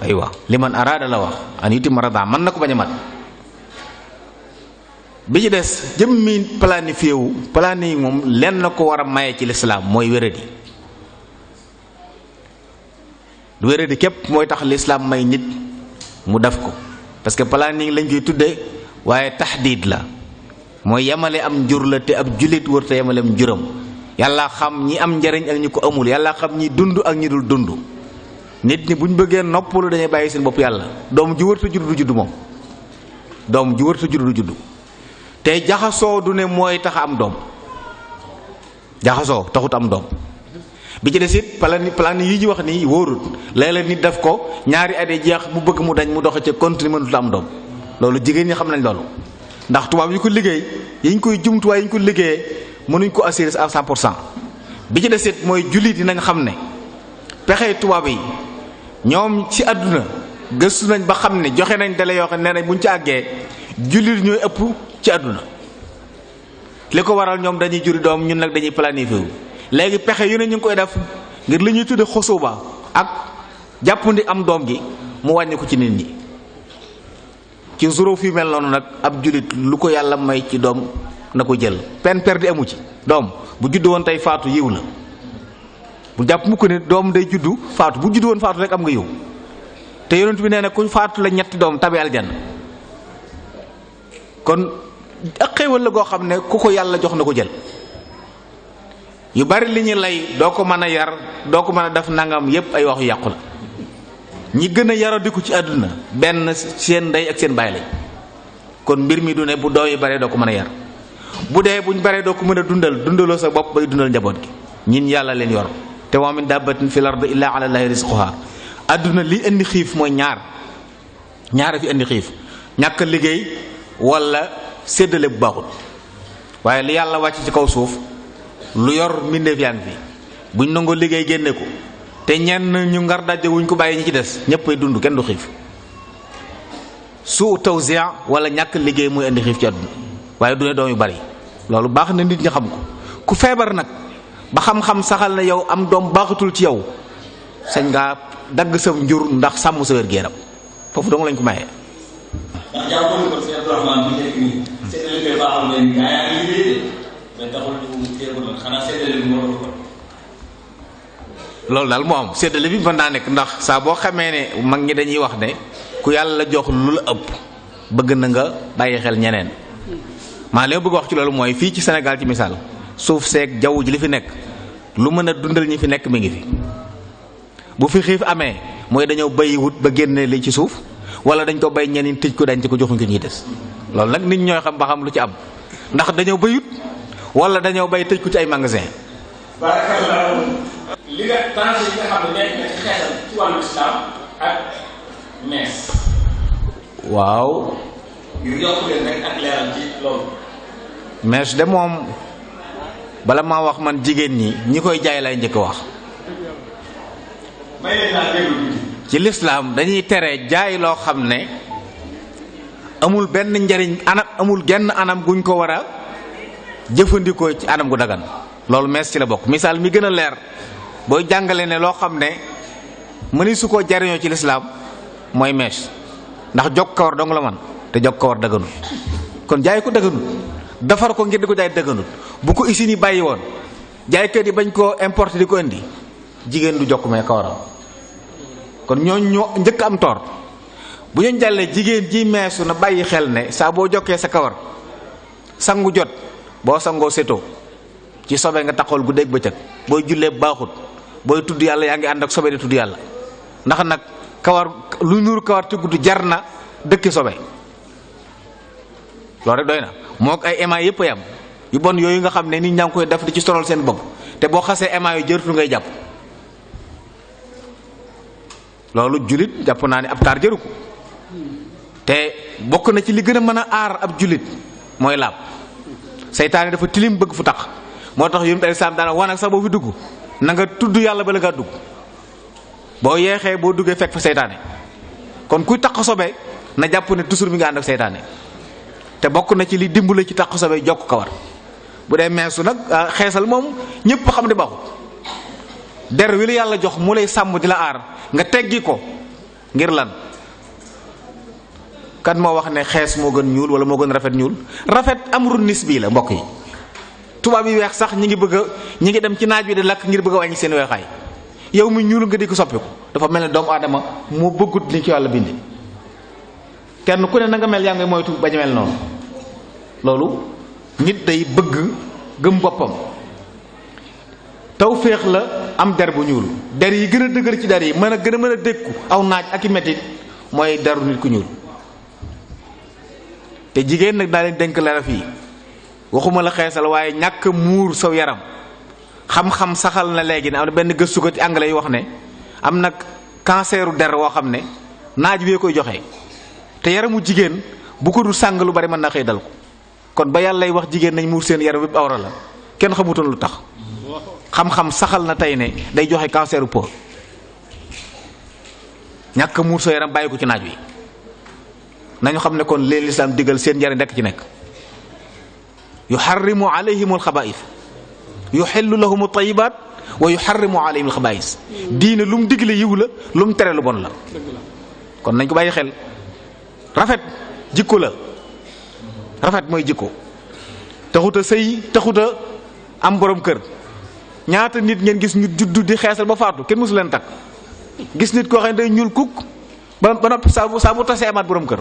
aywa li man araada la wax an yuti marada man na ko bañ a mat bi ci des mi planifié wu planifié moom lenn ko war a maye ci lislaam mooy wéradi wéradi képp mooy tax lislaam may nit mu def ko parce que planning lañ koy tudde waaye taxdiid la mooy yemale am njur la te ab jullit wër te yemale njuram yàlla xam ñi am njariñ ak ñi ko amul yàlla xam ñi dund ak ñi dul dund nit ñi bu ñu bëggee noppalu dañuy bàyyi seen bopp yàlla doom ju wërta juddu du juddu moom doom ju wërta juddu du juddu te jaxasoo du ne mooy tax am doom jaxasoo taxut am doom bi ci des it plan plan yi ñu wax nii wóorut léeg-léeg nit def ko ñaari at jeex mu bëgg mu dañ mu dox ca continuer mënut am doom loolu jigéen ñi xam nañ loolu ndax tubaab yi ko liggéey yi ñu koy jumtuwaay yi ñu ko liggéeyee mënuñ ko assurer à 100 pour cent bi ci des it mooy jullit yi nañ xam ne pexe tubaab yi. ñoom ci àdduna gëstu nañ ba xam ne joxe nañ dele yoo xam ne nañ bu ñu ci àggee jullit ñooy ëpp ci àdduna li ko waral ñoom dañuy juri doom ñun nag dañuy planifié léegi pexe yu ne ñu ngi koy def ngir li ñuy tudde xosuba ak jàppandi am doom gi mu wàññi ko ci nit ñi ci zoro fi mel noonu nag ab jullit lu ko yàlla may ci doom na ko jël peine perdue amu ci doom bu judd woon tey faatu yiw la bu jàpp mu ko ne doom day juddu faatu bu juddu woon faatu rek am nga yow te yonent bi nee na ku faatu la ñetti doom tabi aljanna kon ak xéewal la goo xam ne ku ko yàlla jox na ko jël yu bari li ñu lay doo ko mën a yar doo ko mën a def nangam yépp ay waxu yàqu la ñi gën a yaradiku ci àdduna benn seen ndey ak seen baay lañ kon mbir mi du ne bu doom yi baree doo ko mën a yar bu dee buñ baree doo ko mën a dundal dundaloo sa bopp bay dundal njaboot gi ñin yàlla leen yor te wa min dabbatin fil ardi illaa ala llahi rizquha adduna li indi xiif mooy ñaar ñaar fi indi xiif ñàkk liggéey walla séddale bu baaxul waaye li yàlla wàcc ci kaw suuf lu yor mbindeef yaan fi buñ nangoo liggéey génne ko te ñenn ñu ngar dajje wuñ ko bàyyi ñi ci des ñëppay dund kenn du xiif su tawsia wala ñàkk liggéey muy indi xiif ci àdduna waaye du ne doom yu bari loolu baax na nit ñi xam ko ku feebar nag ba xam-xam saxal na yow am doom baaxatul ci yow sañ ngaa dagg sa njur ndax sàmm sa wér gu foofu dong lañ ko mayee. loolu daal moo am seddale bi mën naa nekk ndax saa boo xamee ne mag ñi dañuy wax ne ku yàlla jox lu la ëpp bëgg na nga bàyyi xel ñeneen maa li ma bëgg wax ci loolu mooy fii ci Sénégal ci misaal suuf seeg jaww ji li fi nekk lu mën a dundal ñi fi nekk mi ngi fi bu fi xiif amee mooy dañoo béyi wut ba génne li ci suuf wala dañ ko bay ñeneen tëj ko dañ ci ko joxuñ ko ñuy des loolu nag nit ñooy xam ba xam lu ci am ndax dañoo béyut walla dañoo béy tëj ko ci ay magasin li nga tranché waaw. mees de moom. bala maa wax man jigéen ñi ñi koy jaay lay njëkk wax ci lislaam dañuy tere jaay loo xam ne amul benn njariñ anam amul genn anam guñ ko war a jëfandikoo ci anam gu dagan loolu mees ci la bokk misaal mi gën a leer booy jàngale ne loo xam ne mënisu su koo jariñoo ci lislaam mooy mees ndax jog kawar dong la man te jog kawar daganul kon jaay ko daganul defar ko ngir di ko jaay dëgganut bu ko usines yi bàyyi woon jaaykat yi bañ koo importe di ko indi jigéen du jokk mee kawaram kon ñooñu ñoo njëkk am tort bu ñu jàllee jigéen ji meesu na bàyyi xel ne saa boo jokkee sa kawar sangu jot boo sangoo setoo ci sobe nga taxawal gu dégg bëccëg booy jullee baaxut booy tudd yàlla yaa ngi ànd ak sobe di tudd yàlla ndax nag kawar lu ñuur kawar ci gudd jar na dëkk sobe loolu rek doy na mook ay émail yëpp a yam yu bon yooyu nga xam ne nit ñaa koy def di ci sonal seen bopp te boo xasee émail yu jërutu ngay jàpp loolu jullit jàpp naa ne ab taar jëru ko te bokk na ci li gën a mën a aar ab jullit mooy laab seytaane dafa tilim bëgg fu tax moo tax yu alayhi salaam daana wan ak sax boo fi dugg nanga nga tudd yàlla ba la ngaa dugg boo yeexee boo duggee fekk fa seytaane kon kuy taq sobe na jàpp ne toujours bi nga ànd ak seytaane te bokk na ci li dimbale ci taq sabay jokk kawar bu dee meesu nag ah, xeesal moom ñëpp xam ne baaxut der wi la yàlla jox mu lay sàmm di la aar nga teggi ko ngir lan kan moo wax ne xees moo gën ñuul wala moo gën rafet ñuul rafet am nis bii la mbokk yi tubaab yi weex sax ñi ngi bëgg a ñi ngi dem ci naaj bi di lakk ngir bëgg a wàññi seen weexaay yow mi ñuul nga di ko soppiku dafa mel ne doomu aadama moo bëggut li ci yàlla bindi kenn ku ne na nga mel yaa ngi moytu bañ mel noonu loolu nit day bëgg gëm boppam tawféex la am der bu ñuul der yi gën a dëgër ci der yi mën a gën a mën a dékku aw naaj ak i metit mooy deru nit ku ñuul te jigéen nag daa leen dénk laraf yi waxuma la xeesal waaye ñàkk muur saw yaram xam-xam saxal na léegi ne am na benn gëstu ko ci anglais yi wax ne am na canceru der woo xam ne naaj wee koy joxe te yaramu jigéen bu ko dul sàng lu bari man naa xëy dal ko kon ba yàlla wax jigéen nañ muur seen yaram bi awra la kenn xamutoon lu tax xam-xam saxal na tey ne day joxe cancer peau ñàkk muur sa yaram bàyyi ko ci naaj wi nañu xam ne kon leen lislaam digal seen njariñ rekk ci nekk yu yuxarrimu alayhim alxabaais yuxillu lahum altayibaat wa yuxarrimu alayhim alxabaais diine lu mu digle yiw la lu mu tere lu bon la kon nañ ko bàyyi xel rafet jikko la rafet mooy jikko taxut a sëy taxut a am borom kër ñaata nit ngeen gis ñu juddu di xeesal ba faatu kenn mësu leen takk gis nit koo xam ne day ñuul kukk ba noppi saa bu saa tasee amaat borom kër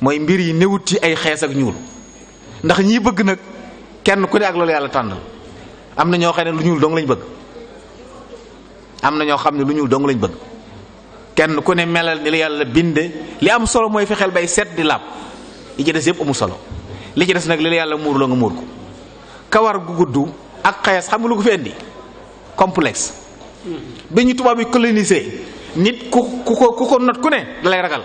mooy mbir yi newut ci ay xees ak ñuul ndax ñii bëgg nag kenn ku ne ak loolu yàlla tànnal am na ñoo xam ne lu ñuul dong lañ bëgg am na ñoo xam ne lu ñuul dong lañ bëgg. kenn ku ne melal ni la yàlla binde li am solo mooy fexeel bay set di laab li ci des yëpp solo li ci des nag li la yàlla muur la nga muur ko kawar gu gudd ak xees xam nga ko fi indi complexe bi ñu tubaab yi colonisé nit ku ku ko ku ko not ku ne dalay ragal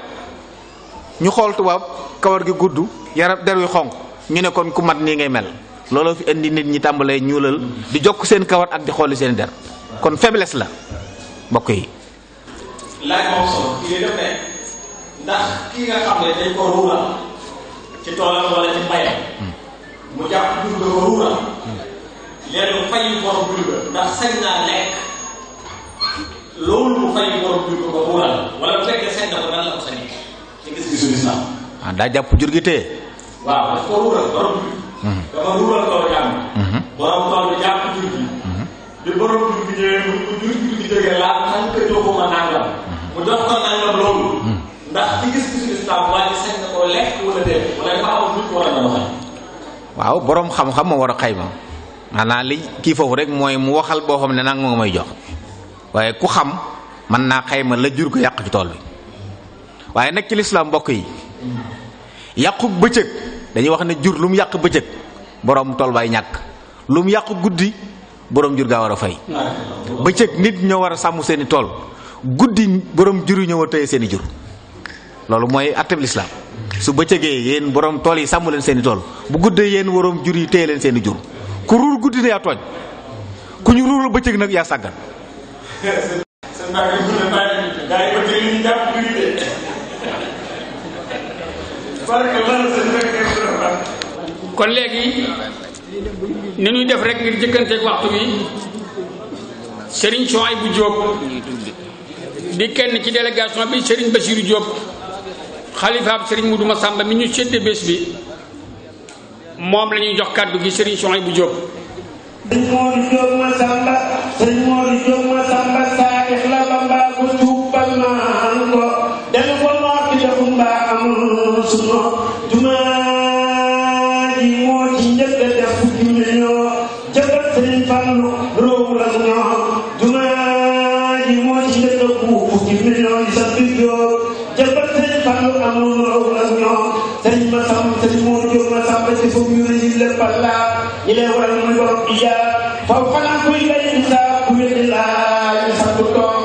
ñu xool tubaab kawar gi gudd yaram der wi xonq ñu ne kon ku mat nii ngay mel looloo fi indi nit ñi tàmbalee ñuulal di jokk seen kawar ak di xooli seen der kon faiblesse la mbokk yi laaj moom solo kii def ne ndax kii nga xam ne dañ ko ruural ci toolam wala ci mbayam mu jàpp jur ga ko ruural léegi mu lekk loolu mu fay la ko sañee ci gis-gisu lislaam ah daa jàpp jur gi tee waaw daf ruural borom hmm. ruural ko jàmm hmm. borom tool bi jàpp jur gi hmm. bi borom jur gi mu ko jur gi jóge laa tànk joxuma nangam mu jox ko nag war a doon waxee. waaw borom xam-xam moo war a xayma maanaam li kii foofu rek mooy mu waxal boo xam ne nag moo may jox waaye ku xam mën naa xayma la jur ko yàq ci tool bi waaye nag ci lislaam mbokk yi yàqu bëccëg dañuy wax ne jur lu mu yàq bëccëg borom tool baay ñàkk lu mu yàq guddi boroom jur gaa war a fay. bëccëg nit ñoo war a sàmm seeni tool. guddi borom jur yi ñëw a tëye seen jur loolu mooy atteb lislaam su bëccëgee yéen borom tool yi sàmm leen seen tool bu guddee yéen borom jur yi téye leen seen i jur ku ruur guddi na yaa tooñ ku ñu ruurul bëccëg nag yaa sàggan. kon léegi ni ñuy def rek ngir jëkkanteeg waxtu bi Serigne Souhaïbou Diop. di kenn ci délégation bi Serigne Bassirou Diop xalifaab Serigne Moudou Massamba mi ñu séddee bés bi moom lañuy jox kàddu gi Serigne Souhaïbou Diop. sëñ Modou Diop Massamba sëñ Modou Diop Massamba saalix la ba mbaa ko tuub bal dañu ko noppi defum mbaa amul suno jumaa moo صلى إليه الملك ربيا فوق العفو إلى الإنسان كل الله يسبقه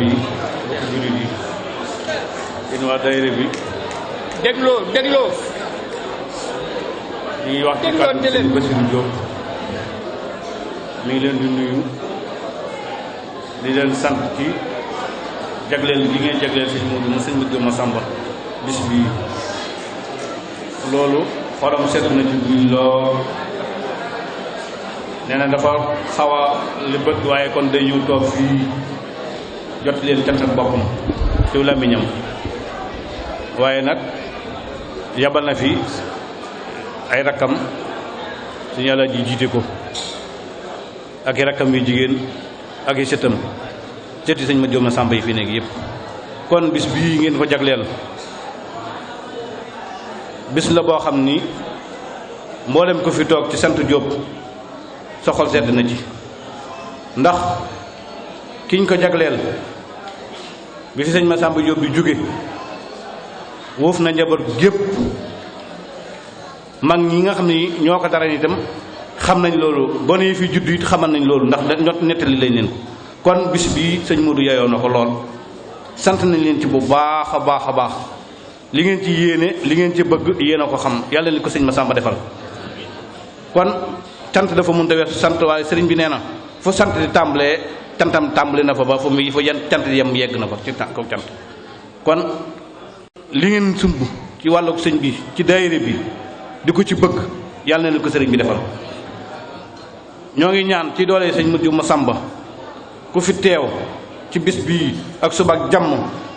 bi yéen yi yéen waa daayira bi. dégloo dégloo. ñu ngi wax ci kàddu sëñ Bassirou ngi leen di nuyu di leen sant ci jagleel gi ngeen jagleel sëñ Moodu mu sëñ Mbëgg Masamba bis bii loolu xolam seetlu na ci biir lool nee na dafa xaw a waaye kon day toog fii. jot leen cant ak boppam ciw làmmiñam waaye nag yabal na fi ay rakkam suñu yàlla ji jiite ko ak i rakkam yu jigéen ak i sëtam sëti sëñ ma jóom na sàmba yi fi nekk yëpp kon bis bii ngeen ko jagleel bis la boo xam ni mboolem ko fi toog ci sant Jóob soxol sedd na ci ndax kiñ ko jagleel bi fi sëñ Massamba Diop di jóge wóof na njaboot gépp mag ñi nga xam ne ñoo ko dara itam xam nañ loolu gone yi fi judd it xamal nañ loolu ndax ñot nettali lañ leen ko kon bis bii sëñ Modou yayoo na ko lool sant nañ leen ci bu baax a baax a baax li ngeen ci yéene li ngeen ci bëgg yéen a ko xam yàlla li ko sëñ Massamba defal kon cant dafa mënta weesu sant waaye sëriñ bi nee na fu sant di tàmbalee cantam tàmbali na fa ba fu mu fa yan cant yem yegg na fa ci kaw cant kon li ngeen sumb ci wàllu sëñ bi ci daayira bi di ko ci bëgg yàlla na ko sëriñ bi defal ñoo ngi ñaan ci doole sëñ mujj ma sàmba ku fi teew ci bis bii ak suba ak jàmm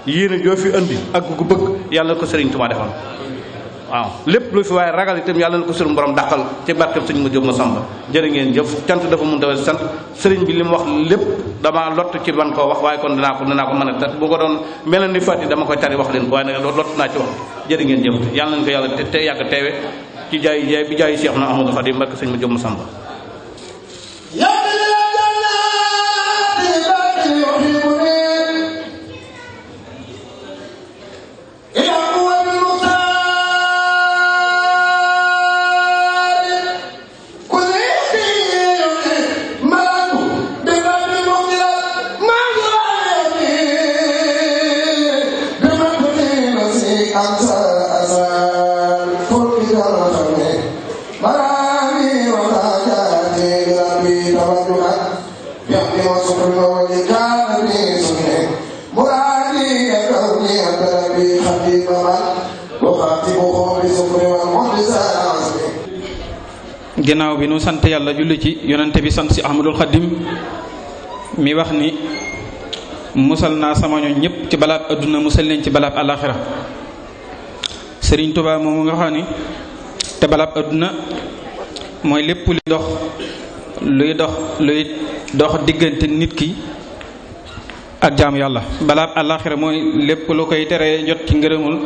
yéene joo fi indi ak ku bëgg yàlla na ko sëriñ Tuubaa defal waaw lépp lu fi waaye ragal itam yàlla na ko suñu borom dàqal ci barkeb sëñ ma jóob ma samba jërë ngeen jëf cant dafa mun tawee sant sëriñ bi li mu wax lépp damaa lott ci ban ko wax waaye kon dinaa ko dinaa ko mën a ta bu ko doon mel ni fàtti dama koy tari wax leen ko waaye nag lott naa ci wax jërë ngeen jëf yàlla nañu ko yàlla te yàgg teewe ci jaay jaay bi jaay Cheikh na Amadou Khadim barke sëñ ma jóob ma samba يا بلاد الله ginnaaw bi nu sant yàlla julli ci yonente bi sant si ahmadul xadim mi wax ni musal naa sama ñoñ ñëpp ci balaab adduna musal leen ci balaab alaxira sëriñ Tuubaa mu nga xam ni te balaab adduna mooy lépp luy dox luy dox luy dox diggante nit ki ak jaamu yàlla balaab alaxira mooy lépp lu koy teree jot ci ngërëmul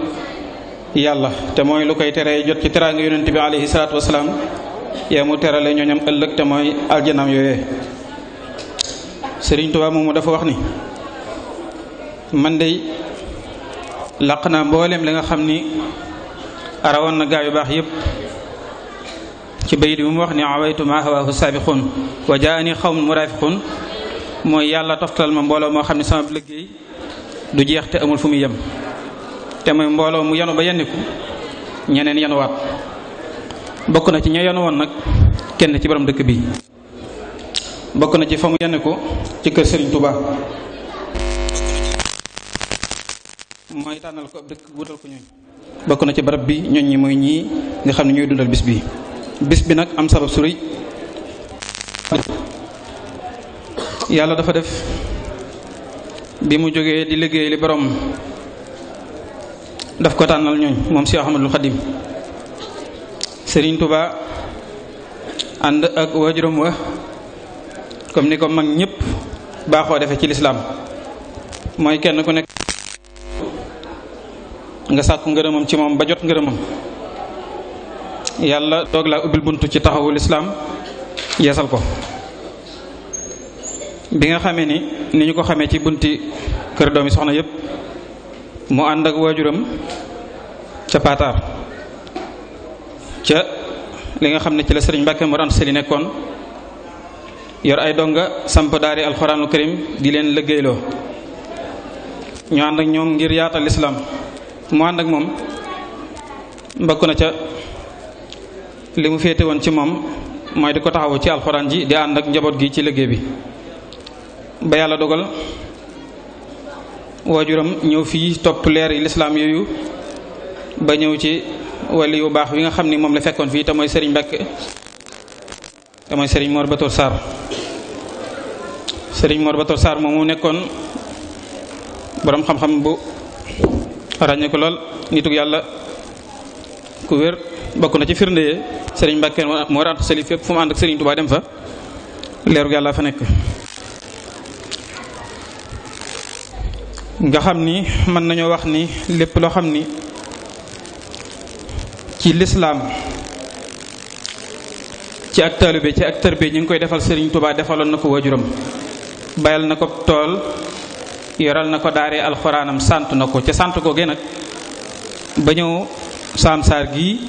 yàlla te mooy lu koy teree jot ci teraanga yonente bi alayhi salaatu wasalaam yaa mu terale ñooñam ëllëg te mooy aljanaam yooyee Sëriñ Tuubaa moomu dafa wax ni man dey làq naa mbooleem la nga xam ni arawoon na gaa yu baax yépp ci bayit bi mu wax ni awaytu ma hawaahu saabixun wa jaani xawmun muraafiqun mooy yàlla toftal ma mbooloo moo xam ne sama liggéey du jeex te amul fu muy yem te mooy mbooloo mu yanu ba yenniku ñeneen yanuwaat bokk na ci ña yoon woon nag kenn ci borom dëkk bi bokk na ci fa mu yenn ko ci kër Serigne Touba mooy tànnal ko dëkk wutal ko ñooñ bokk na ci barab bi ñooñ ñi mooy ñii nga xam ne ñooy dundal bis bi bis bi nag am sabab su yàlla dafa def bi mu jógee di liggéey li borom daf ko tànnal ñooñ moom Cheikh Ahmadoul Khadim sëriñ Tuubaa ànd ak waajuram wa comme ni ko mag ñépp baaxoo defe ci lislaam mooy kenn ku nekk nga sàkku ngërëmam ci moom ba jot ngërëmam yàlla doog laa ubbil bunt ci taxawu lislaam yeesal ko bi nga xamee ni ni ñu ko xamee ci bunti kër doomi soxna yëpp mu ànd ak waajuram ca paataar ca li nga xam ne ci la sëriñ Mbàkke Mor Anta Sali nekkoon yor ay donga samp daari alxuraanul karim di leen liggéeyloo ñu ànd ak ñoom ngir yaatal lislaam mu ànd ak moom mbokk na ca li mu féete woon ci moom mooy di ko taxawu ci alxuraan ji di ànd ak njaboot gi ci liggéey bi ba yàlla dogal waajuram ñëw fii topp leer yi lislaam yooyu ba ñëw ci wali yu baax wi nga xam ni moom la fekkoon fii te mooy sëriñ Mbàkke te mooy sëriñ Mor Batoor Sarr sëriñ Mor Batoor Sarr moom mu nekkoon boroom xam-xam bu ràññee ko lool nitug yàlla ku wér bokk na ci firnde yee sëriñ Mbàkke moo rànt sëli fépp fu mu ànd ak sëriñ Tuubaa dem fa leerug yàlla fa nekk nga xam ni mën nañoo wax ni lépp loo xam ni ci lislaam ci ak taalube ci ak tërbe ñu ngi koy defal sëriñ Touba defaloon na ko waajuram bayal na ko tool yoral na ko daaree alxuraanam sant na ko ca sant ko gën nag ba ñëw saam saar gi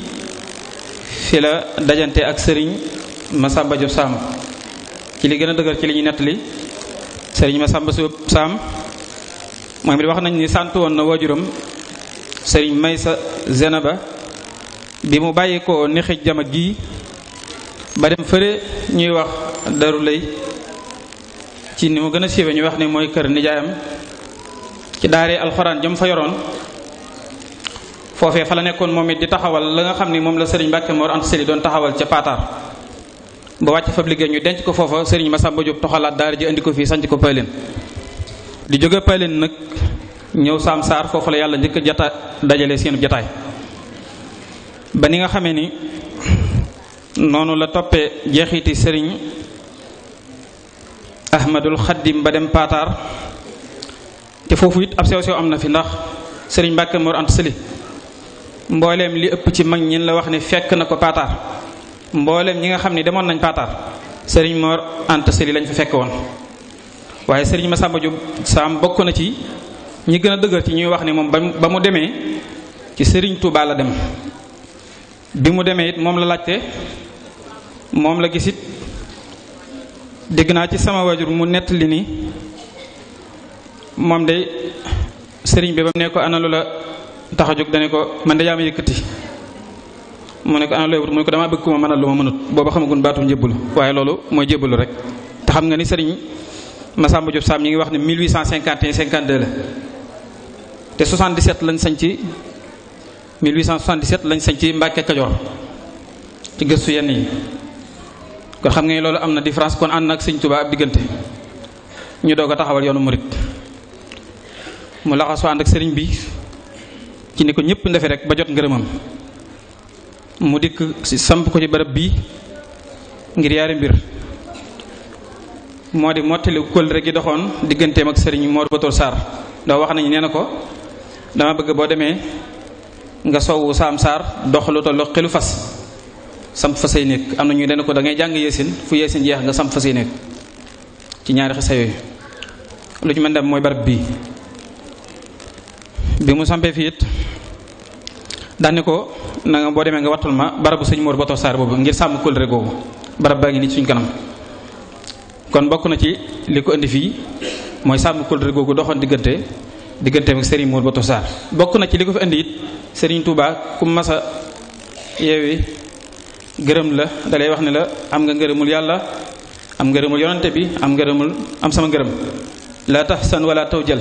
fi la dajante ak Serigne Massamba Diop Sam ci li gën a dëgër ci li ñu nettali Serigne Massamba Diop Sam moom it wax nañ ni sant woon na waajuram may sa Zenaba bi mu bàyyi ko ni xëj jama gii ba dem fëre ñuy wax daru lay ci ni mu gën a siiwe ñu wax ni mooy kër nijaayam ci daaree alxuraan jëm fa yoroon foofee fa la nekkoon moom it di taxawal la nga xam ni moom la sëriñ Mbàkke Mor Anta Sali doon taxawal ca Paatar ba wàcc fa liggéey ñu denc ko foofa sëriñ ba jot toxalaat daar ji indi ko fii sanc ko Paylin di jóge Paylin nag ñëw Saam Saar foofu la yàlla njëkk jata dajale seenu jataay ba ni nga xamee ni noonu la toppee jeexiti sëriñ ahmadul xaddim ba dem paataar te foofu it ab sew sew am na fi ndax sëriñ Mbàkke Mor Anta Sali mbooleem li ëpp ci mag ñin la wax ne fekk na ko paataar mbooleem ñi nga xam ni demoon nañ paataar sëriñ Mor Anta Sali lañ fa fekk woon waaye sëriñ Masamba Jóob Saam bokk na ci ñi gën a dëgër ci ñuy wax ni moom ba mu demee ci sëriñ Tuubaa la dem bi mu demee it moom la laajte moom la gisit dégg naa ci sama waajur mu nettali ni moom de sëriñ bi ba mu ne ko analu la tax a dane ko man de yaa ma yëkkati mu ne ko analu wut mu ne ko damaa bëgg ku ma mënal lu ma mënut booba xamagun baatum njëbbalu waaye loolu mooy jébbalu rek te xam nga ni sëriñ Massamba Diop Sam ñi ngi wax ne 1851 52 la te 77 lañ sañ ci 1877 lañ sañ ci Mbàkke Kajoor ci gëstu yenn yi kon xam nga loolu am na différence kon ànd nag sëñ Tuubaa ab diggante ñu doog a taxawal yoonu murit mu laxasu ànd ak sëriñ bi ci ni ko ñëpp ndefe rek ba jot ngërëmam mu dikk si samp ko ci barab bii ngir yaari mbir moo di mottali kóllëre gi doxoon digganteem ak sëriñ Modou Batoor Sarr ndax wax nañu nee na ko dama bëgg boo demee nga soow saam saar dox lu tollu xelu fas samp fa say néeg am na ñuy dana ko dangay jàng yeesin fu yeesin jeex nga samp fa say néeg ci ñaari xisa yooyu lu ci mën dem mooy barab bi bi mu sampee fii it daane ko na boo demee nga wattul ma barabu sëñ Mor Boto Sarr boobu ngir sàmm kóllëre googu barab baa ngi nii suñ kanam kon bokk na ci li ko indi fii mooy sàmm kóllëre googu doxoon diggante digganteem ak Serigne Mor Boto Sarr bokk na ci li ko fi indi it Serigne Touba ku masa yeewi gërëm la dalay wax ne la am nga ngërëmul yàlla am ngërëmul yonante bi am ngërëmul am sama ngërëm la tahsan wala tawjal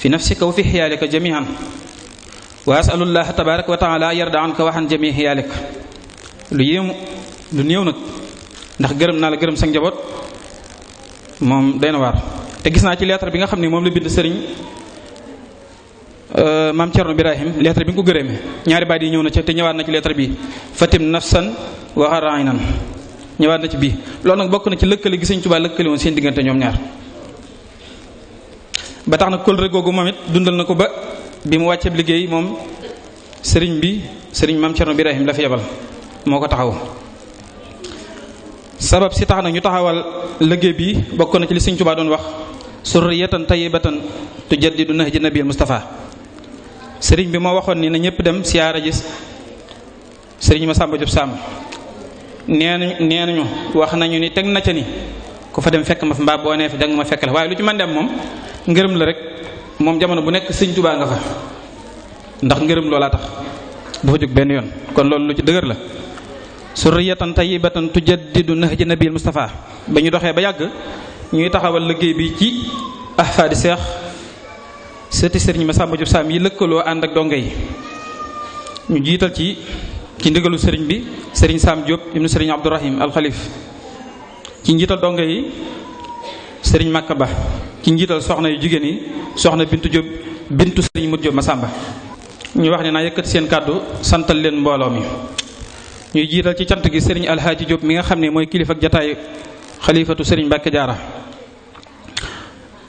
fi nafsika wa fi xiyaalika jamihan wa asalullah tabaraka wa taala yarda anka waxaan jami xiyaalika lu yéem lu néew nag ndax gërëm naa la gërëm sa njaboot moom day na waar te gis naa ci lettre bi nga xam ne moom la bind sëriñ euh, maam Thierno Birahim lettre bi nga ko gërëmee ñaari baat yi ñëw na ca te ñëwaat na ci lettre bi fatim nafsan wa harainan ñëwaat na ci bi loolu nag bokk na ci lëkkale gi sëñ Tuubaa lëkkale woon seen diggante ñoom ñaar ba tax na kóllëre googu moom dundal na ko ba bi mu wàcceeb liggéey moom sëriñ bi sëriñ maam Thierno Birahim la fi yebal moo ko taxaw sabab si tax nag ñu taxawal liggéey bi bokk na ci li Sëriñ Tuubaa doon wax surriyatan tayyibatan tujaddidu nahji nabil Mustafa sëriñ bi moo waxoon ni na ñëpp dem siyaara gis sëriñ Masamba Diop Samb nee nañu nee nañu wax nañu ni teg na ca ni ku fa dem fekk ma fi mbaa boo nee fi danga ma fekk la waaye lu ci man dem moom ngërëm la rek moom jamono bu nekk Sëriñ Tuubaa nga fa ndax ngërëm loolaa tax du fa jóg benn yoon kon loolu lu ci dëgër la surriyatan tayyibatan tujaddidu nahji nabil Mustafa ba ñu doxee ba yàgg ñuy taxawal liggéey bi ci ahfaadi seex sëti sëriñ Masamba Jóob Saam yi lëkkaloo ànd ak dongo yi ñu jiital ci ci ndigalu sëriñ bi sëriñ Saam Jóob ibnu sëriñ Abdourahim alxalif ci njiital donga yi sëriñ màkk Ba ci njiital soxna yu jigéen yi soxna Bintu Jóob Bintu sëriñ Mut Jóob Masamba ñu wax ne naa yëkkati seen kàddu santal leen mbooloo mi ñuy jiital ci cant gi sëriñ alxaaji Diop mi nga xam ne mooy kilifa ak jataay xalifatu sëriñ Mbàkke Jaara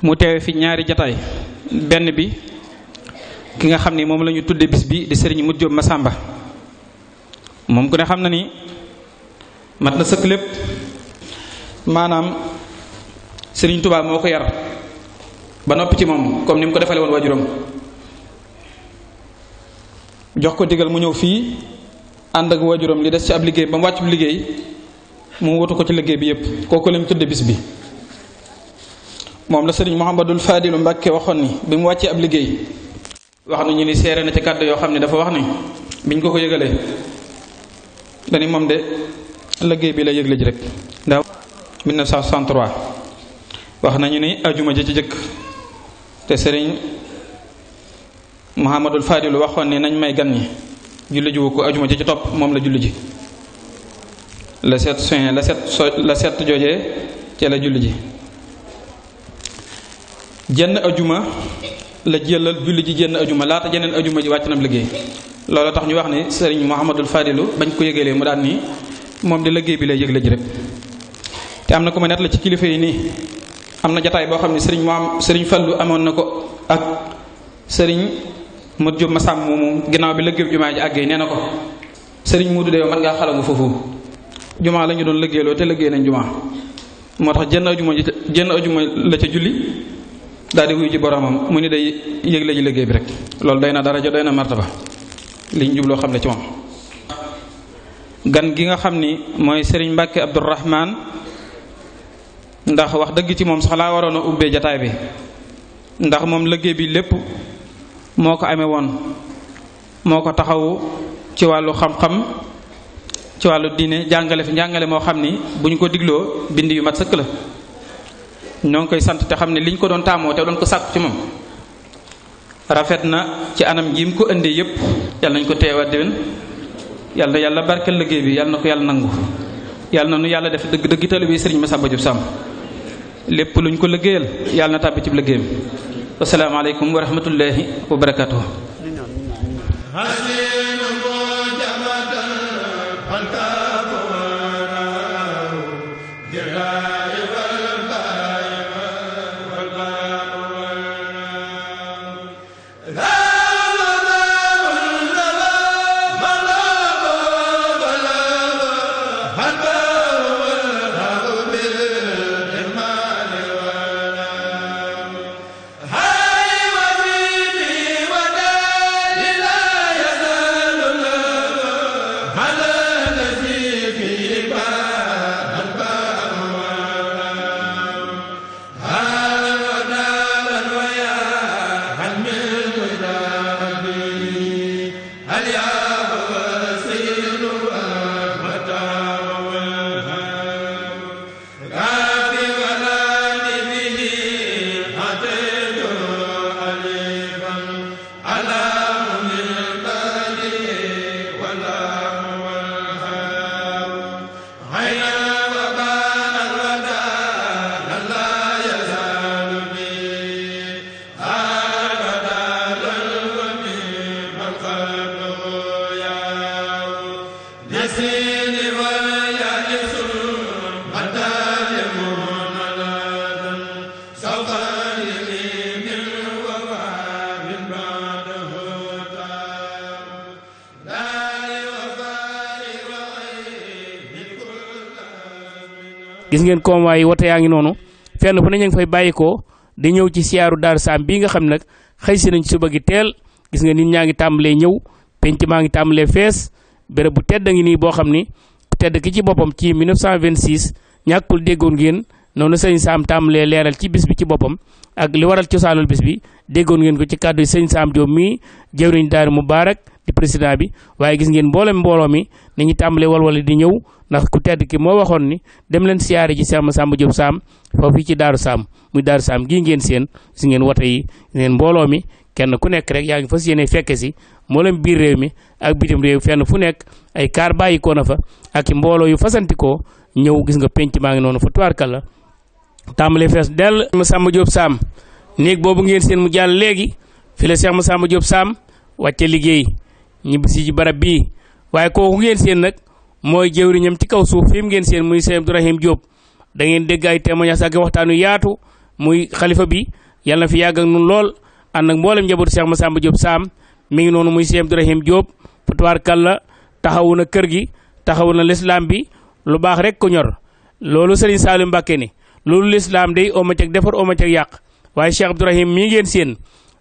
mu teewe fi ñaari jataay benn bi ki nga xam ni moom lañuy ñu tudde bis bi di sëriñ Mut ma Masamba moom ku ne xam na ni mat na sëkk lépp maanaam sëriñ tubaab moo ko yar ba noppi ci moom comme ni mu ko defale woon waajuram jox ko digal mu ñëw fii ànd ak waajuram li des ci ab liggéey ba mu wàccub liggéey mu wutu ko ci liggéey bi yépp kooku lañ tudde bis bi moom la sëriñ Mouhamadul Fadilu Mbàkke waxoon ni bi mu wàccee ab liggéey wax nañu ni seere na ci kàddu yoo xam ne dafa wax ni biñ ko ko yëgalee dani moom de liggéey bi la yëgle ji rek ndax wax nañu ni ajuma ji ci jëkk te sëriñ Mouhamadul Fadilu waxoon ni nañ may gan ñi julli jiwu ko ajuma ji ci topp moom la julli ji la set soin la set so la set joojee ci la julli ji jenn ajuma la jëlal julli ji jenn ajuma laata jeneen ajuma ji wàcc na liggéey loolu tax ñu wax ni sëriñ Mouhamadul Fadilu bañ ko le mu daan ni moom di liggéey bi lay yëgle ji rek te am na ku ma net la ci kilifa yi nii am na jataay boo xam ne sëriñ Mouham sëriñ Fallu amoon na ko ak sëriñ mat jub ma sàmm moomu ginnaaw bi lëggéeyu jumaa ji àggee nee na ko sëriñ Muudu de man ngaa xalangu foofu jumaa la ñu doon lëggéeyloo te lëggéey nañ jumaa moo tax jënn ajuma jënn ajuma la ca julli daal di wuyu ci boromam mu ni day yëgle ji liggéey bi rek loolu day na dara daraja doy na martaba li ñu jubloo xam ne ci moom gan gi nga xam ni mooy sëriñ Mbàkke Abdourahman ndax wax dëgg ci moom sax laa waroon a ubbee jataay bi ndax moom liggéey bi lépp moo ko amee woon moo ko taxawu ci wàllu xam-xam ci wàllu diine jàngale fi njàngale moo xam ni bu ñu ko digloo bind yu mat sëkk la ñoo ngi koy sant te xam ne li ñu ko doon taamoo te doon ko sàkku ci moom rafet na ci anam gi ko indee yépp yàlla nañu ko teewaat déwén yàlla yàlla barkeel liggéey bi yàlla na ko yàlla nangu yàlla na nu yàlla def dëgg dëgg taalibe bi sëriñ Massamba Diop Samb lépp lu ñu ko liggéeyal yàlla na tàbbi ci liggéeyam wassalaamu aleykum wa rahmatullahi wa barakaatuh gis ngeen convoi yi yaa ngi noonu fenn fu ne ñu ngi fay bàyyikoo di ñëw ci siyaaru Daaru Saam bii nga xam nag xëy si nañ suba gi teel gis nga nit ñaa ngi tàmbalee ñëw penc maa ngi tàmbalee fees béréb bu tedd a ngi nii boo xam ni tedd ki ci boppam ci 1926 ñàkkul déggoon ngeen noonu sëñ Saam tàmbalee leeral ci bis bi ci boppam ak li waral cosaanul bis bi déggoon ngeen ko ci kàddu sëñ Saam Diop mii jëwriñ Daaru Mubaarak di président bi waaye gis ngeen mboolem mbooloo mi ni ñu tàmbalee walwale di ñëw ndax ku tedd ki moo waxoon ni dem leen siyaare ci Samba Samba Diop Saam foofu ci Daaru Saam muy Daaru Saam gii ngeen seen gis ngeen wote yi ngeen mbooloo mi kenn ku nekk rek yaa ngi fas yéene fekke si mboolem biir réew mi ak bitim réew fenn fu nekk ay kaar bàyyikoo na fa ak i mbooloo yu fasantikoo ñëw gis nga penc maa ngi noonu fa la tàmbali fees dell Masamba Diop Sam néeg boobu ngeen seen mu jàll léegi fi la Cheikh Masamba Diop Sam wàcce liggéey ñibbisi ci barab bi waaye kooku ngeen seen nag mooy jëwriñam ci kaw suuf fi mu ngeen seen muy Cheikh Abdourahim jóob da ngeen dégg ay témoignages ak waxtaan yu yaatu muy xalifa bi yàlla na fi yàgg ak nun lool ànd ak mboolem njabootu ma Masamba Diop Sam mi ngi noonu muy Cheikh Abdourahim Diop fatuwaar kàlla taxawu na kër gi taxawu na lislaam bi lu baax rek ko ñor loolu Serigne Saliou loolu lislaam de omo ceeg defar omo ceeg yàq waaye Cheikh Abdourahim mii ngeen seen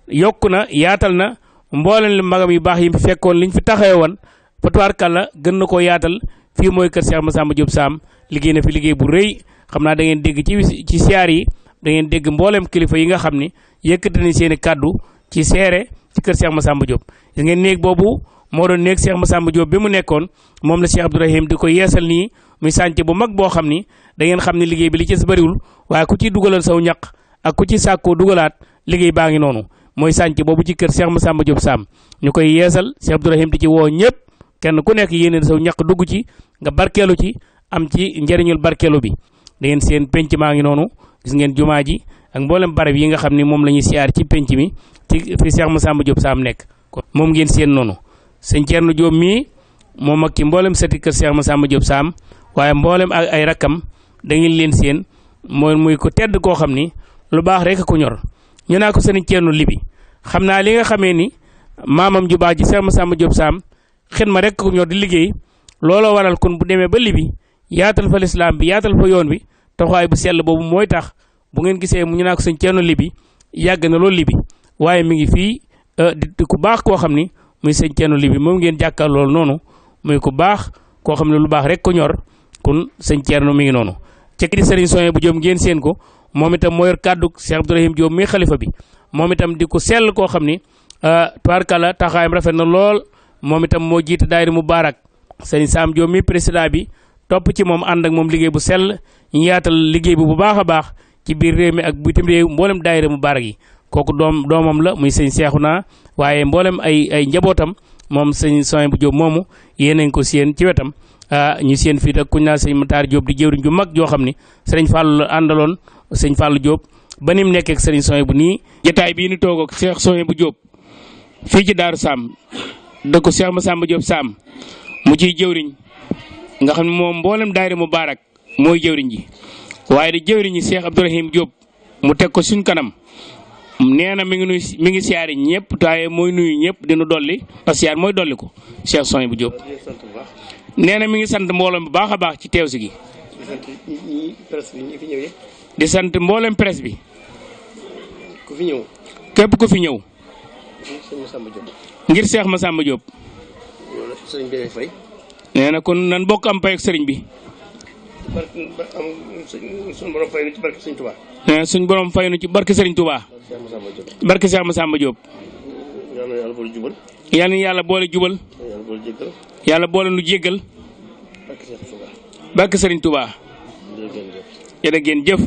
yokk na yaatal na mboolem li magam yu baax yi fekkoon liñ fi taxawee woon kalla gën na koo yaatal fii mooy kër Cheikh Massamba Diop Sam liggéey na fi liggéey bu rëy xam naa da ngeen dégg ci ci siyaar yi da ngeen dégg mboolem kilifa yi nga xam ni yëkkati nañ seen i kàddu ci seere ci kër Cheikh Massamba Diop gis ngeen néeg boobu moo doon néeg Cheikh Massamba Diop bi mu nekkoon moom la Cheikh Abdourahim di ko yeesal nii muy chantier bu mag boo xam ni da ngeen xam ne liggéey bi li ci bëriwul waaye ku ci dugalal saw ñaq ak ku ci sàkkoo dugalaat liggéey baa ngi noonu mooy chantier boobu ci kër Cheikh Massamba Diop Sam ñu koy yeesal Cheikh Abdourahim di ci woo ñëpp kenn ku nekk yéeneen saw ñaq dugg ci nga barkeelu ci am ci njëriñul barkeelu bi da ngeen seen penc maa ngi noonu gis ngeen jumaa ji ak mboolem barab yi nga xam ni moom la ñuy siyaar ci penc mi ci fi ma Massamba Diop Sam nekk moom ngeen seen noonu sëñ Thierno Diop mii moom ak ki mboolem sëti kër Cheikh Massamba Diop Sam waaye mboolem ak ay rakkam da ngeen leen seen mooy muy ko tedd koo xam ni lu baax rek ko ñor ñu naa ko sëriñ Ceerno Libi xam naa li nga xamee ni maamam ju baax ji Seex Masamba Jóob Saam xet ma rek ko ñor di liggéey looloo waral kon bu demee ba Libi yaatal fa lislaam bi yaatal fa yoon bi taxawaay bu sell boobu mooy tax bu ngeen gisee mu ñu naa ko sëriñ Ceerno Libi yàgg na lool Libi waaye mi ngi fii euh, di ku baax koo xam ni muy sëriñ Ceerno Libi moom ngeen jàkkaar noonu muy ku baax koo ne lu baax rek ko ñor kon sëñ Thierno mi ngi noonu ci di sëriñ bu Diop ngeen seen ko moom itam mooy yor kàddu Cheikh Abdourahim Diop mi xalifa bi moom itam di ko sell koo xam ni euh, tubaarkàlla taxawaayam rafet na lool moom itam moo jiite daayira Mubaarak sëriñ Sam Diop mi président bi topp ci moom ànd ak moom liggéey bu sell yaatal liggéey bi bu baax a baax ci biir réew mi ak bitim réew mboolem mu Mubaarak yi kooku doom doomam la muy sëñ naa waaye mboolem ay ay njabootam moom sëñ Sohibou Diop moomu yéen nañ ko seen ci wetam Ah, ñi seen fii ak kuñ naa sëñ Matar Diop di jëwriñ ju mag joo xam ni sëriñ Fallou àndaloon sëñ Fallou Diop ba ni mu nekkee ak sëriñ Soye bu nii. jotaay bii ñu toog ak Cheikh Soye bu Diop fii ci Daaru Sam dëkk Cheikh Massamba Diop Sam mu ciy jëwriñ nga xam ne moom mboolem daayira Mubarak mooy jëwriñ ji waaye di jëwriñ ji Cheikh Abdourahim Diop mu teg ko suñ kanam. nee na mi ngi nuyu mi ngi siyaari ñëpp waaye mooy nuyu ñëpp dinu dolli parce siyaar mooy dolli ko Cheikh Soye bu Diop. nee na mi ngi sant mboolem bu baax baax ci teew si gi. di sant mboolem press bi. ku fi ñëw. képp ku fi ñëw. ngir Seex Masamba Diop. ngir Seex Masamba Diop. sëriñ bi fay. nee na kon nan bokk am pay sëriñ bi. suñ borom fay suñ borom fay nu ci barke sëriñ Touba. barke Seex Masamba Diop. barke Seex yal na yàlla boole jubal. yàlla boole nu jéggal. bàkk sëriñ Touba. yéen a ngeen jëf.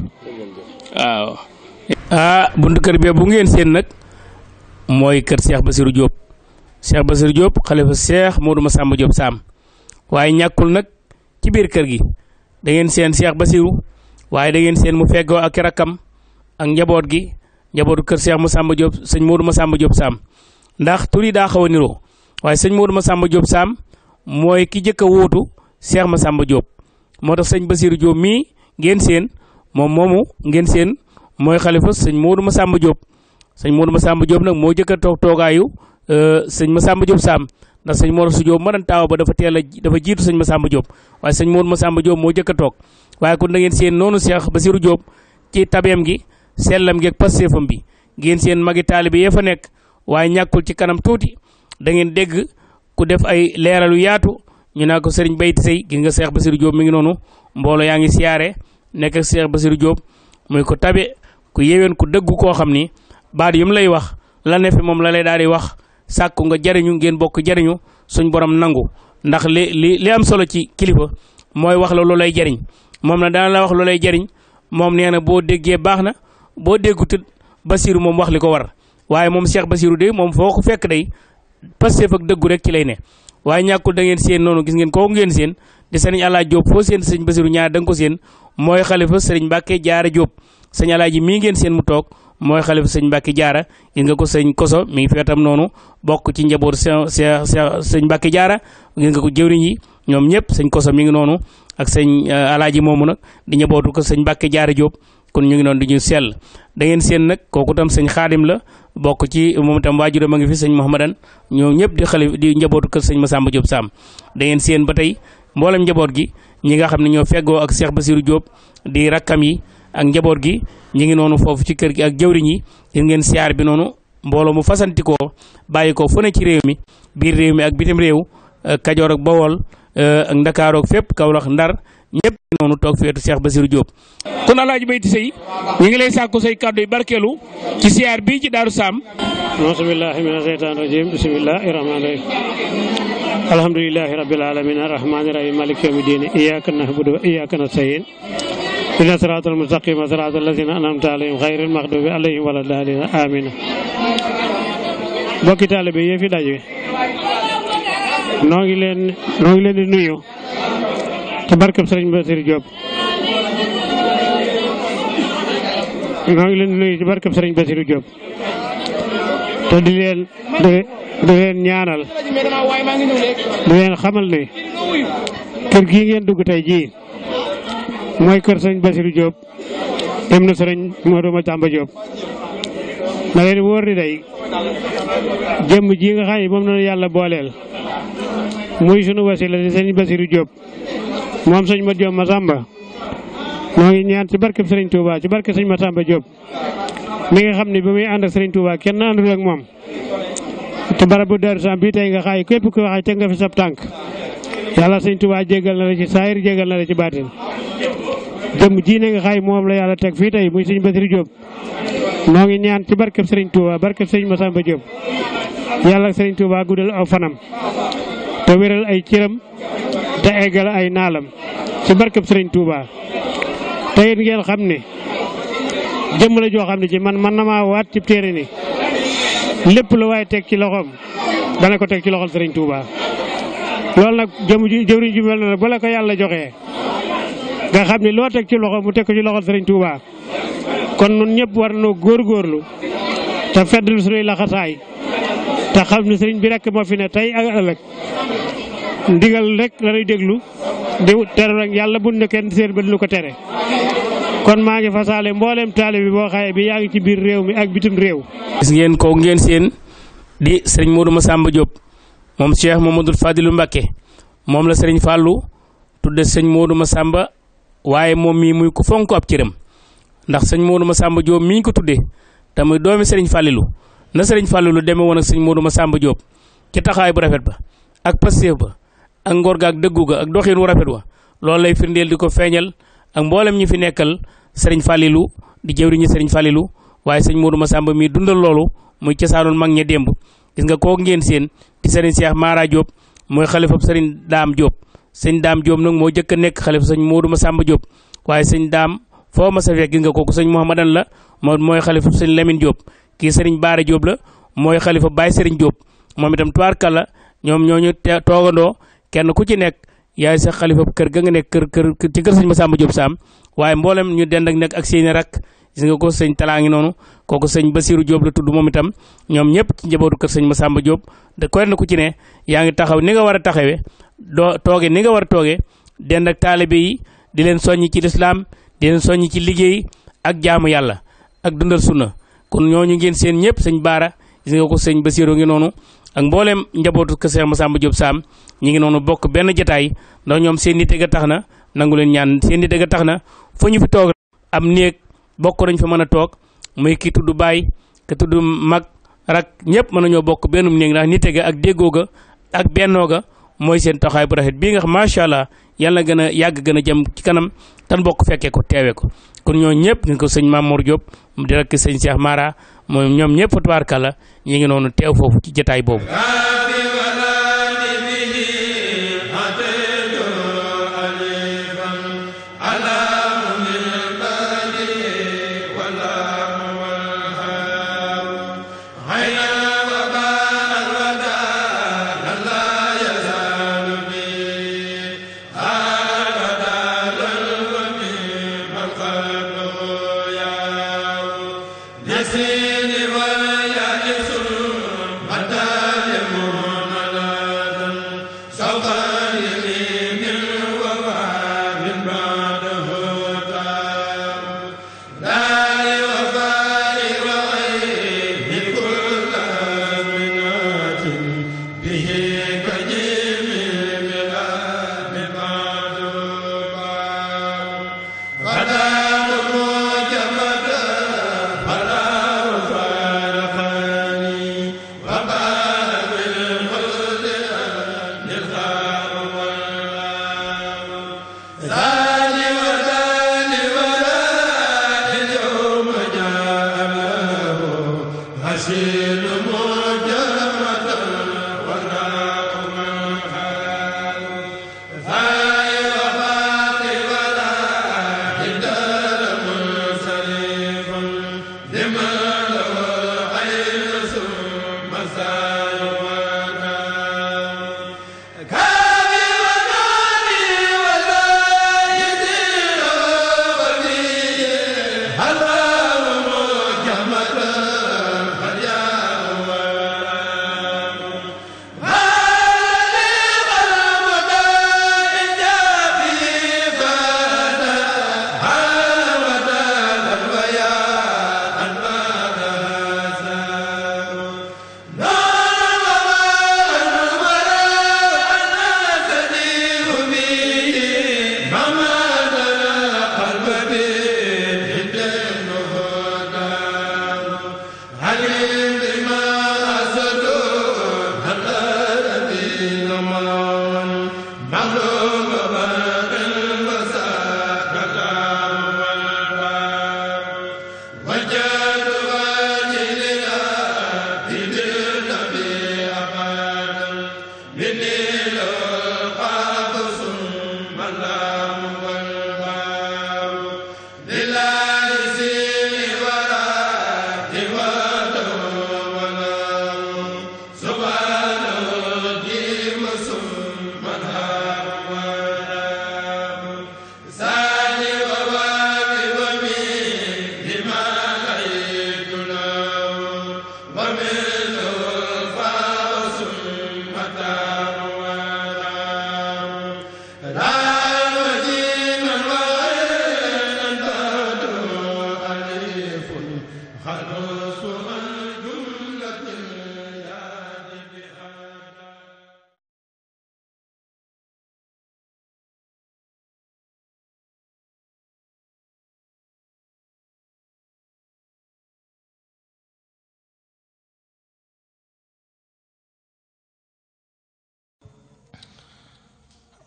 waaw. ah buntu kër bee bu ngeen seen nag mooy kër seex Cheikh Basirou Diop Cheikh Basirou Diop moo du ma sàmba Diop Sam waaye ñàkkul nag ci biir kër gi dangeen ngeen seen Cheikh Basirou waaye dangeen ngeen seen mu feggoo ak rakkam ak njaboot gi njabootu kër seex Cheikh Massamba Diop sëñ ma Massamba Diop Sam. ndax tur yi daa xaw a niroo waaye sëñ Modou sàmba Diop Sam mooy ki njëkk a wóotu Cheikh Massamba Diop moo tax sëñ Basirou Diop mii ngeen seen moom moomu ngeen seen mooy xalifa sëñ Modou Massamba Diop sëñ Modou Massamba Diop nag moo njëkk a toog toogaayu euh, sëñ ma Massamba Diop Sam ndax sëñ Mor su Diop ma doon taaw ba dafa teel dafa jiitu sëñ ma Massamba Diop waaye sëñ Modou Massamba Diop moo njëkk a toog waaye kon da ngeen seen noonu Cheikh Basirou Diop ci tabeem gi sellam gi ak pasteefam bi ngeen seen magi taalibe yee fa nekk. waaye ñàkkul ci kanam tuuti da ngeen dégg ku def ay leeralu yaatu ñu naa ko sëriñ Bayti Sey gis nga Cheikh Basirou Diop mi ngi noonu mbooloo yaa ngi siyaare nekk ak Cheikh Basirou Diop muy ko tabe ku yéwén ku dëggu koo xam ni baat yu lay wax la ne fi moom la lay daal di wax sàkku nga jariñu ngeen bokk jariñu suñ borom nangu ndax li li am solo ci kilifa mooy wax la lu lay jariñ moom na dana la wax lu lay jariñ moom nee na boo déggee baax na boo déggutit Basiru moom wax li ko war waaye moom Cheikh Bassirou de moom foo ko fekk day Pastef ak dëggu rek ci lay ne waaye ñàkkul da ngeen seen noonu gis ngeen kooku ngeen seen di sëriñ Alaaji Jóob foo seen sëriñ Bassirou ñaar da nga ko seen mooy xalifa sëriñ Mbàkke Jaara Jóob sëriñ Alaaji mii ngeen seen mu toog mooy xalifa sëriñ Mbàkke Jaara gis nga ko sëriñ Koso mi ngi fi tam noonu bokk ci njaboot sëriñ sëriñ Mbàkke Jaara gis nga ko jëwriñ yi ñoom ñëpp sëriñ Koso mi ngi noonu ak sëriñ euh, Alaaji moomu nag di njabootu ko sëriñ Mbàkke Jaara Jóob kon ñu ngi noonu di ñu sell dangeen ngeen seen nag kooku tam sëñ xaadim la bokk ci moom itam waajuram a ngi fi sëñ Mouhamadan ñoo ñëpp di xale di njabootu kër sëñ Massamba Diop Sam da ngeen seen ba tey mboolem njaboot gi ñi nga xam ne ñoo feggoo ak Cheikh Basirou Diop di rakkam yi ak njaboot gi ñu ngi noonu foofu ci kër gi ak jëwriñ yi gis ngeen siyaar bi noonu mbooloo mu fasantikoo bàyyi ko fu ne ci réew mi biir réew mi ak bitim réew Kajoor ak Bawol eh, ak Ndakaaru fépp fépp Kawlax Ndar ñëpp noonu toog feetu Cheikh Basirou Diop. kon alaaji bayti sëy ñu ngi lay sàkku say kàddu yi barkeelu ci siyaar bii ci Daaru Saam bismillahi mina sheytaani rajim bismillahi rahmaani rahim alhamdulilahi malik yawmi diini iyyaka na'budu wa iyyaka nasta'iin ihdina siraatal mustaqiim siraatal laziina an'amta alayhim ghayril bokki taalibe yi fi noo ngi leen noo ci barkeb sëriñ Basiir Diop maa ngi leen di nuyu ci barkeb sëriñ Basiir Diop te di leen di leen ñaanal di leen xamal ne kër gii ngeen dugg tey jii mooy kër sëriñ Basiir Diop dem na sëriñ Modou Massamba Diop na leen wóor ni day jëmm ji nga xam ne moom noonu yàlla booleel muy sunu wasila di sëriñ Basiir Diop moom sëñ ma Diop Massamba moo ngi ñaan ci barke Serigne Touba ci barke sëñ Massamba Diop mi nga xam ne bi muy ànd ak Serigne Touba kenn àndul ak moom te barab bu Darou Sam bii tey nga xaay képp ku waxee teg nga fi sab tànk yàlla sëñ Touba jégal na la ci saayir jégal na la ci baatin jëm jiine nga xaay moom la yàlla teg fii tey muy sëñ Basir Diop moo ngi ñaan ci barke Serigne Touba barke sëñ Massamba Diop yàlla ak Serigne Touba guddal aw fanam te wéral ay cëram te eggale ay naalam ci barkeb sëriñ Touba te it ngeen xam ne jëmm la joo xam ne ci man man na maa waat ci téere ni lépp la waaye teg ci loxoom dana ko teg ci loxol sëriñ Touba loolu nag jëm jëwriñ ji mel na bu la ko yàlla joxe nga xam ne loo teg ci loxo mu teg ci loxol sëriñ Touba kon noonu ñëpp war noo góorgóorlu te feddlu suñuy laxasaay te xam ne sëriñ bi rek moo fi ne tey ak ëllëg ndigal rek la déglu di tere rek yàlla buñ ne kenn seen ba ñu ko tere. kon maa ngi fasaale mboolem taali bi boo xaye bi yaa ngi ci biir réew mi ak bitim réew. gis ngeen ko ngeen séen di sëriñ ma sàmba Diop moom Cheikh Mamadou Fadilou Mbacké moom la sëriñ Fallou tudde sëñ ma sàmba waaye moom mii muy ku fonk ab cëram ndax sëñ ma Massamba Diop mii ko tudde te muy doomi Serigne Fallilou na Serigne Fallilou demee woon ak sëñ Modou Massamba Diop ci taxawaay bu rafet ba ak pastéef ba ak ngor ga ak dëggu ga ak doxiin wu rafet wa loolu lay firndeel di ko feeñal ak mboolem ñi fi nekkal Serigne Fallilou di jëwriñu Serigne Fallilou waaye sëñ Modou Massamba mii dundal loolu muy cosaanoon mag ña démb gis nga koo ngeen seen di Serigne Cheikh Mara Diop mooy xalifab Serigne daam Diop sëñ Dame Diop nag moo jëkk a nekk xalif sañ moodu Massamba Diop waaye foo ma sa fekk gis nga kooku sëñ Mouhamadan la moom mooy xalifa sëñ Lamine Diop kii sëriñ Baara Diop la mooy xalifa Baye Sëriñ Diop moom itam tuwaarka la ñoom ñoo ñu toogandoo kenn ku ci nekk yaay sa xalifa kër ga nga nekk kër kër ma kër sëñ Masamba Diop Sam waaye mboolem ñu dend ak nekk ak seeni rak gis nga ko sëñ Talaa ngi noonu kooku sëñ Basiiru Diop la tudd moom itam ñoom ñëpp ci njabootu kër sëñ Masamba Diop da kenn ku ci ne yaa ngi taxaw ni nga war a taxawee doo toogee ni nga war a toogee dend ak taalibe yi di leen soññi ci lislaam di leen soññ ci liggéey ak jaamu yàlla ak dundal sunna kon ñu ngeen seen ñëpp sëñ baara gis nga ko sëñ Basiiru ngi noonu ak mbooleem njabootu kër Seex ba Jóob Saam ñi ngi noonu bokk benn jataay ndax ñoom seen nit ga tax na nangu leen ñaan seen nit ga tax na foo ñu fi toog am néeg bokk nañ fa mën a toog muy ki tudd baay ki tudd mag rak ñëpp mën nañoo bokk benn néeg ndax nit ga ak déggoo ga ak bennoo ga mooy seen toxaay bu rafet bii nga xam macha allah yàlla gën a yàgg gën a jëm ci kanam tan bokk fekkee ko teewee ko kon ñoo ñëpp ni ko sëñ Mamour Diop di rek sëñ Cheikh maara moom ñoom ñëpp tubaarkàlla ñu ngi noonu teew foofu ci jataay boobu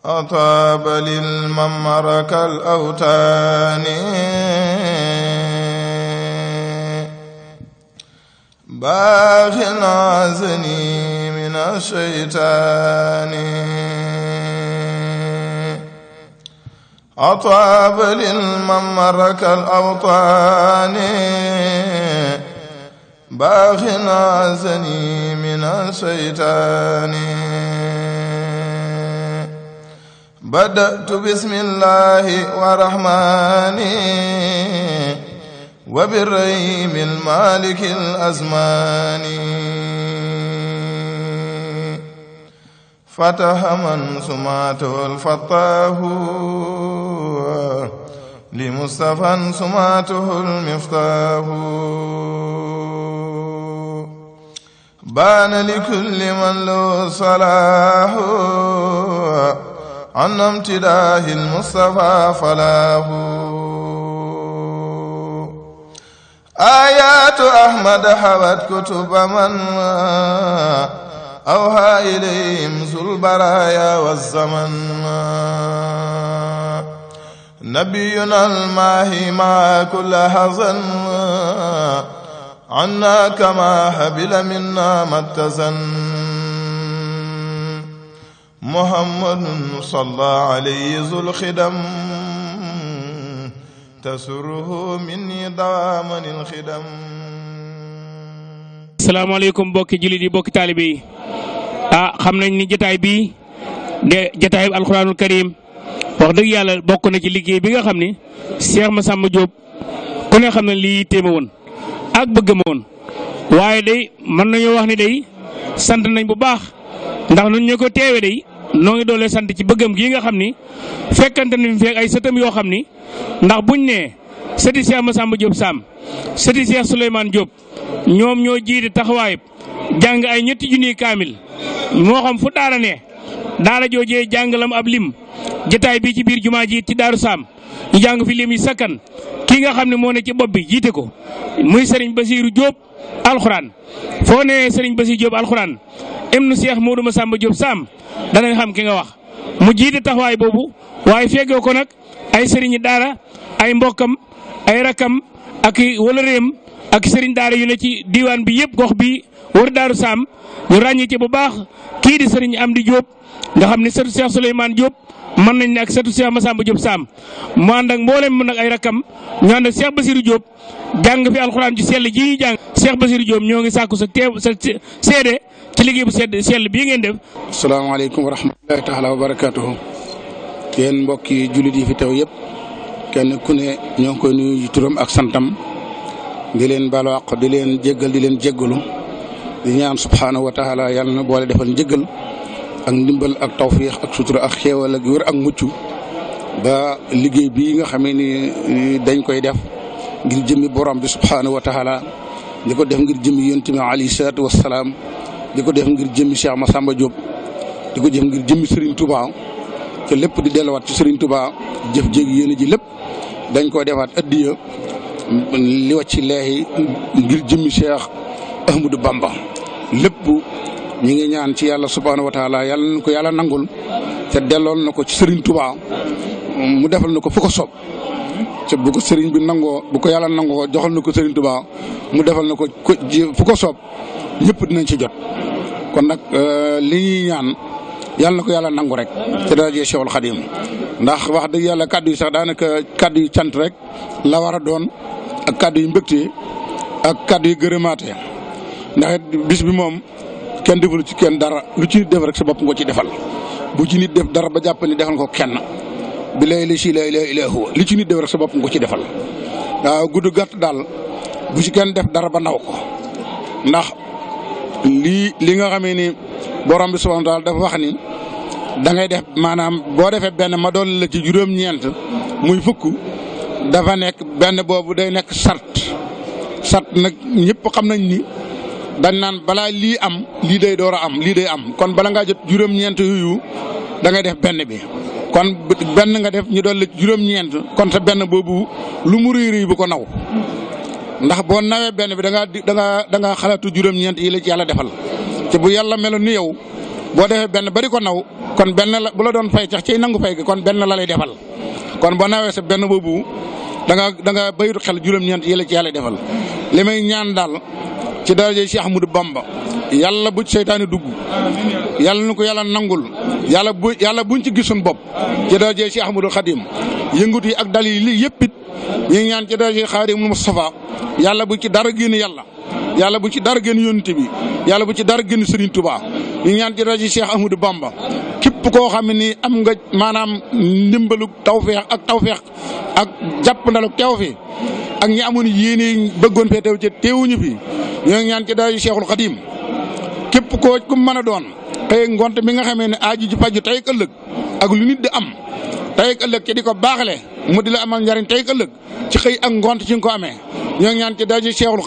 أطاب للممرك الأوتان باخ عزني من الشيطان أطاب للممرك الأوطان باخ عزني من الشيطان بدأت بسم الله ورحمن وبالريم المالك الأزمان فتح من سمعته الفتاه لمصطفى سمعته المفتاح بان لكل من له صلاح عن امتداه المصطفى فلاه آيات أحمد حوت كتب من أوها إليهم ذو البرايا والزمن نبينا الماهي مع كل حزن عنا كما هبل منا ما اتزن محمد صلى عليه ذو الخدم تسره مني دواما الخدم السلام عليكم بوكي جلدي بوكي طالبي ah xam nañ ni jotaay bii de jotaay karim wax dëgg yàlla bokk na ci liggéey bi nga xam ni Cheikh Massamba Diop ku ne xam ne lii téema woon ak bëgg ma woon waaye day mën nañoo wax ni day sant nañ bu baax ndax nun ñu ko teewe day noo ngi doole sant ci bëggam gii nga xam ni fekkante ni mu feeg ay sëtam yoo xam ni ndax buñ nee sëti Cheikh Massamba Diop Sam sëti Cheikh Souleymane Diop ñoom ñoo jiite taxawaayub jàng ay ñetti junniy kaamil moo xam fu daara ne daara joojee jàngalam ab lim jotaay bi ci biir jumaa ji ci Daaru Sam ñu jàng fi lim yi sakkan kii nga xam ne moo ne ci bopp bi jiite ko muy Serigne Basirou Diop. alxuraan foo nee Serigne Bassirou Diop alxuraan ibnu Seex Moodu Masamba Diop sàmm danañ xam ki nga wax mu jiite taxawaay boobu waaye feggoo ko nag ay Serigne daara ay mbokkam ay rakam ak wëlëreem ak Serigne daara yu ne ci diwaan bi yëpp gox bi wër daaru Sam ñu ràññee ci bu baax kii di Serigne Amdi Diop. nga xam ni setu Cheikh Souleymane Diop mën nañ ne ak setu Cheikh Massamba Diop Sam mu ànd ak mboolem mu nag ay rakam ñu ànd ak Cheikh Basirou Diop jàng fi alxuraan ji sell ji jàng Cheikh Basirou Diop ñoo ngi sàkku sa teew sa seede ci liggéey bu sedd sell bii ngeen def. asalaamaaleykum wa rahmatulahi taala wa barakaatuhu. yéen mbokk yi jullit yi fi teew yëpp kenn ku ne ñoo ngi koy nuyu turam ak santam di leen baal wàq di leen jéggal di leen jéggalu di ñaan subhaanahu wa taala yàlla na boole defal njéggal. ak ndimbal ak tawfiix ak sutura ak xéewal ak wér ak mucc ba liggéey bi nga xamee ni eh, dañ koy def ngir jëmmi borom bi subhaanahu wa taala di ko def ngir jëmmi yonent mi alayhi salaatu wassalaam di ko def ngir jëmmi Cheikh Massamba Diop di ko def ngir jëmmi sëriñ tuba te lépp di delluwaat ci Serigne Touba jëf jéegi yéen ji lépp dañ koy defaat addiya li wàcc leexi ngir jëmmi Cheikh Ahmadou Bamba lépp ñi ngi ñaan ci yàlla subhaanahu wa taala yàlla nañ ko yàlla nangul te delloon na ko ci Serigne Touba mu defal nu ko fu ko soob te bu ko bi nangoo bu ko yàlla nangoo joxal na ko Serigne Touba mu defal na ko fu ko soob ñëpp dinañ ci jot. kon nag euh, li ñuy ñaan yàlla na ko yàlla nangu rek te daraje Cheikhul Khadim ndax wax dëgg yàlla kàddu yi sax daanaka kàddu yu cant rek la war a doon ak kàddu yu mbégte ak kàddu yu gërëmaate ndax bis bi moom. kenn defalu ci kenn dara lu ci def rek sa bopp nga ci defal bu ci nit def dara ba jàpp ni defal ko kenn bi lay li si lay lay ilaha li ci nit def rek sa bopp nga ci defal waaw gudd gàtt daal bu ci kenn def dara ba naw ko ndax li li nga xamee ni borom bi subhanahu wa taala dafa wax ni da ngay def maanaam boo defee benn ma dool la ci juróom-ñeent muy fukk dafa nekk benn boobu day nekk sart sart nag ñëpp xam nañ ni. dañ naan balaa lii am lii day door a am lii day am kon bala ngaa jot juróom-ñeent yooyu da def benn bi. kon benn nga def ñu dolli juróom-ñeent kon te benn boobu lu mu rëy rëy bu ko naw ndax boo nawee benn bi da ngaa da ngaa da ngaa xalaatu juróom-ñeent yi la ci yàlla defal te bu yàlla meloon ni yow boo defee benn bari ko kon benn la bu la doon fay ci nangu fay kon benn la lay defal kon boo nawee sa benn boobu da nga da nga bayut xel juróom-ñeent yi la yàlla defal li ñaan daal ci daraje Cheikh Ahmadou Bamba yàlla bu seytaane dugg yàlla nu ko yàlla nangul yàlla bu yàlla buñ ci gisum bopp ci daraje Cheikh Ahmadou Khadim yëngut yi ak dal yi lii yëpp it ñu ngi ñaan ci daraje Xaadimu Mustafa yàlla bu ci dara génn yàlla yàlla bu ci dara génn yonent bi yàlla bu ci dara génn Serigne Touba ñu ñaan ci daraje Cheikh Ahmadou Bamba képp ko xam ne nii am nga maanaam ndimbalug tawfeex ak tawfeex ak jàpp ndalug teew fi ak ñi amoon yéene bëggoon fee teew ci teewuñu fi ñoo ngi ñaan ci dayu Cheikhul Khadim képp ko ku mën a doon tey ngont mi nga xamee ne aaji ji faju tey ëllëg ak lu nit di am tey ak ëllëg ci di ko baaxale mu di la amal njariñ tey ak ci xëy ak ngont ci ko amee ñoo ngi ñaan ci daje Cheikhul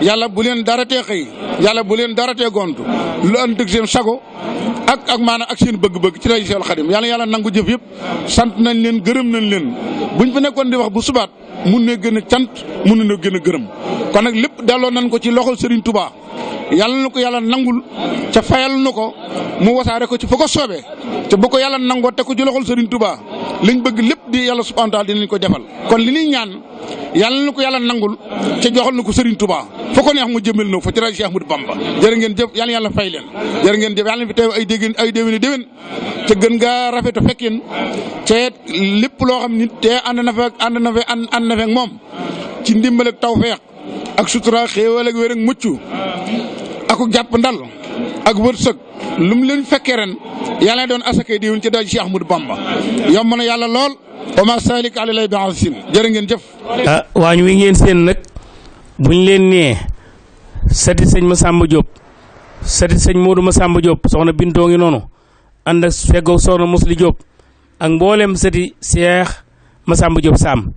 yàlla bu leen dara tee xëy yàlla bu leen dara tee gont lu ënd ak seen sago ak ak maana ak seen bëgg-bëgg ci daje Cheikhul Khadim yàlla yàlla nangu jëf yëpp sant nañ leen gërëm nañ leen buñ fi nekkoon di wax bu subaat mun ne gën a cant mun ne gën a gërëm kon nag lépp delloo nañ ko ci loxol Serigne Touba yàlla na ko yàlla nangul ca fayal na ko mu wasaare ko ci fa Serigne Touba liñ bëgg lépp di yàlla subhanahu wa taala dinañ ko defal kon li ñuy ñaan yàlla na ko yàlla nangul ca joxal na ko Serigne Touba foo ko neex mu jëmel na fa ci rajo Cheikh ay dégg ay déwéni déwén gën nga rafet a fekkin ca lépp loo xam te ànd na fa ànd na fa ànd na fa moom ci ndimbal ak tawfeex ak sutura xéewal ak wér ak jàpp ndal ak wërsëg lu mu leen fekkee ren yàlla doon asakay diwuñ ci doj Cheikh Ahmadou Bamba yomb na yàlla lool oma salik ali lay baasin jërë ngeen jëf ah, waañ wi ngeen seen nag buñ leen nee sati sëñ sàmba Diop sati sëñ ma sàmba Diop soxna Bintoo ngi noonu ànd ak feggoo soxna Musli Diop ak mboolem sati Cheikh Massamba Diop Sam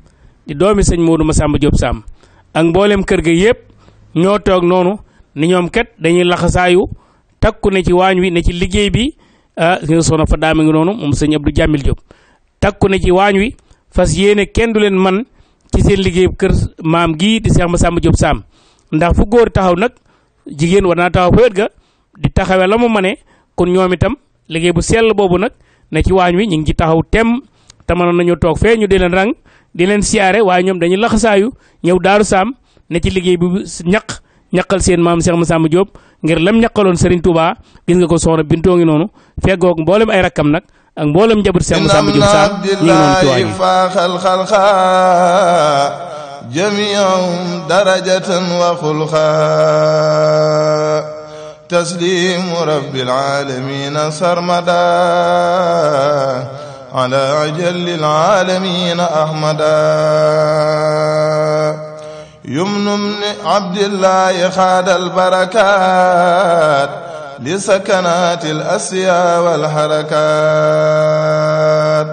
di doomi sëñ ma sàmba joob Sam ak mbooleem kër gi yëpp ñoo toog noonu ni ñoom kat dañuy laxasaayu takku ne ci waañ wi ne ci liggéey bi ah soxna fa daama ngi noonu moom sëñ Abdou Jamil Diop takku ne ci waañ wi fas yéene kenn du leen man ci seen liggéey kër maam gii di Seex Masamba Diop Sam ndax fu góor taxaw nag jigéen war naa taxaw fëyat ga di taxawee la mu mënee kon ñoom itam liggéey bu sell boobu nag ne ci waañ wi ñu ngi ci taxaw tem te mënoon nañu toog fee ñu di leen rang di leen siyaare waaye ñoom dañuy laxasaayu ñëw daaru saam ne ci liggéey bu ñaq ñaqal seen maam Cheikh Massamba Diop ngir lam ñaqaloon Serigne Touba gis nga ko soxna Bintoo ngi noonu feggoog mboolem ay rakkam nag ak mboolem njabootu Cheikh Massamba Diop saam ñu ngi noonu ci waay jami'ahum darajatan wa xulqa taslimu rabbil alamin sarmada ala ajallil alamin ahmada yumnum ni abdillahi xaadal barakaat li sakanaatil asyaa wal harakaat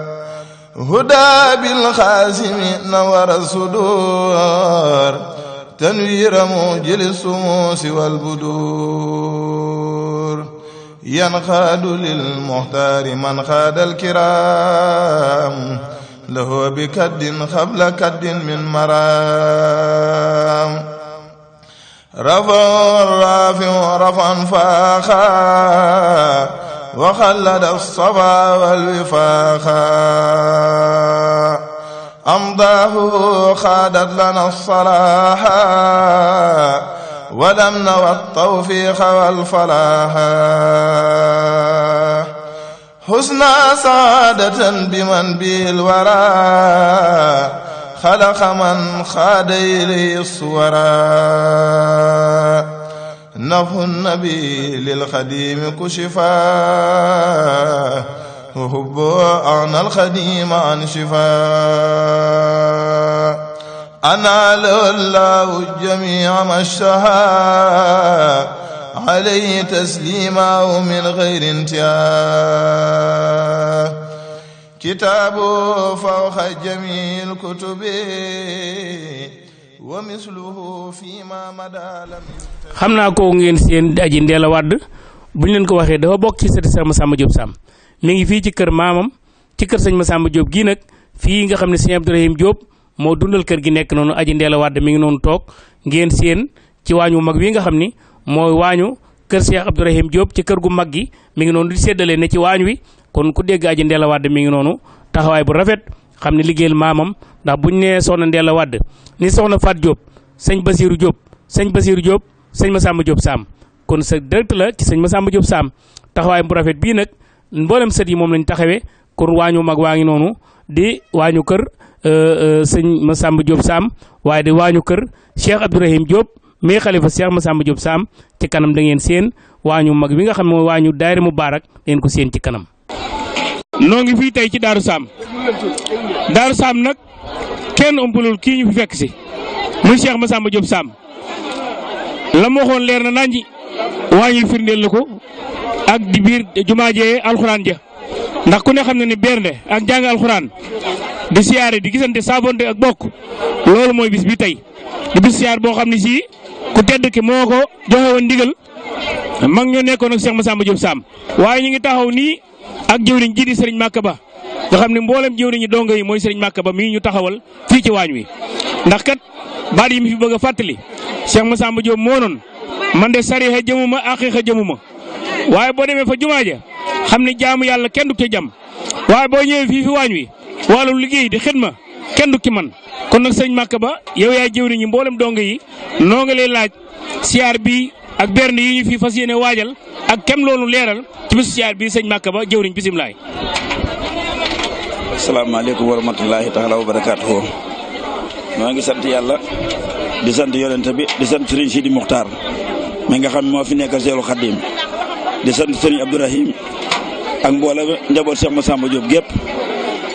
hudaa bil xaasimi nawara sudur tanwiira muujili sumuusi wal budur yanxaadu lil muxtaari man xaadal kiraam له بكد قبل كد من مرام رفع الرافع رفعا فاخا وخلد الصفا والوفاخا أمضاه خادت لنا الصلاحا ولم نوى التوفيق والفلاحا حسنا سعادة بمن به الورى خلق من خاد إليه الصورى نفه النبي للخديم كشفا وحبه أغنى الخديم عن شفا أنا الله جميع ما اشتهى عليه تسليما من غير انتهاء كتابه فوق جميع الكتب xam naa ko ngeen seen aji Ndella Wade bu ñu leen ko waxee dafa bokk ci sëti sëñ Masamba Diop sàmm mi ngi fii ci kër maamam ci kër sëñ Masamba Diop gii nag fii nga xam ne sëñ Abdourahim Diop moo dundal kër gi nekk noonu aji Ndella Wade mi ngi noonu toog ngeen seen ci waañ wu mag wii nga xam ni mooy waañu kër Cheikh Abdourahim Diop ci kër gu mag gi mi ngi noonu di séddale ne ci waañ wi kon ku dégg aji Ndella Wade mi ngi noonu taxawaay bu rafet xam ne liggéeyal maamam ndax buñ nee soxna Ndella Wade ni soxna Fat jóob sëñ Basiiru Diop sëñ Basiiru Diop sëñ Masamba jóob Saam kon sa dëkk la ci sëñ sàmb jóob Saam taxawaay bu rafet bii nag mboolem sët yi moom lañ taxawee kon waañu mag waa ngi noonu di waañu kër euh, euh, sëñ sàmb Diop Saam waaye di waañu kër Cheikh Abdourahim Diop. mii xalifa Cheikh Massamba Diop Sam ci kanam da ngeen seen waañu mag bi nga xam ne mooy waañu daayira Mubaarak ngeen ko seen ci kanam. noo ngi fii tey ci Daaru Sam Daaru Sam nag kenn umpalul kii ñu fi fekk si muy Cheikh ma sàmba Sam la mu waxoon leer na naññi waañu firndeel la ko ak di biir jumaa jee alxuraan ja ndax ku ne xam ne ni bernde ak jàng alxuraan di siyaare di gisante saabonte ak bokk loolu mooy bis bi tey di bis siyaar boo xam ne sii ku tedd ki moo ko joxe woon ndigal mag ñoo nekkoon ak Cheikh Massamba Diop Sam waaye ñu ngi taxaw nii ak jëwriñ ji di Serigne Màkka Ba nga xam ne mboolem jëwriñ ñi donga yi mooy Serigne Màkka Ba mii ñu taxawal fii ci waañ wi ndax kat ba yi mi fi bëgg a fàttali Cheikh Massamba Diop moo noon man de sariixa jëmuma aqiixa jëmuma waaye boo demee fa jumaa ja xam ne jaamu yàlla kenn du ca jam waaye boo ñëwee fii fi waañ wi wàllu liggéey di xidma kenn du ki man kon nag sëñ Màkka ba yow yaay jëwriñu mboolem dong yi noo nga lay laaj siyaar bi ak berne yi ñu fi fa yéene waajal ak kem loolu leeral ci bisu siyaar bi sëñ Màkka ba jëwriñ bisimilaay. asalaamaaleykum wa rahmatulahi taala wa barakaatuhu maa ngi sant yàlla di sant yonente bi di sant Serigne Sidi Muxtaar mi nga xam moo fi nekkal Seexul Xadim di sant Serigne Abdourahim ak mboolem njaboot Cheikh Massamba joob gépp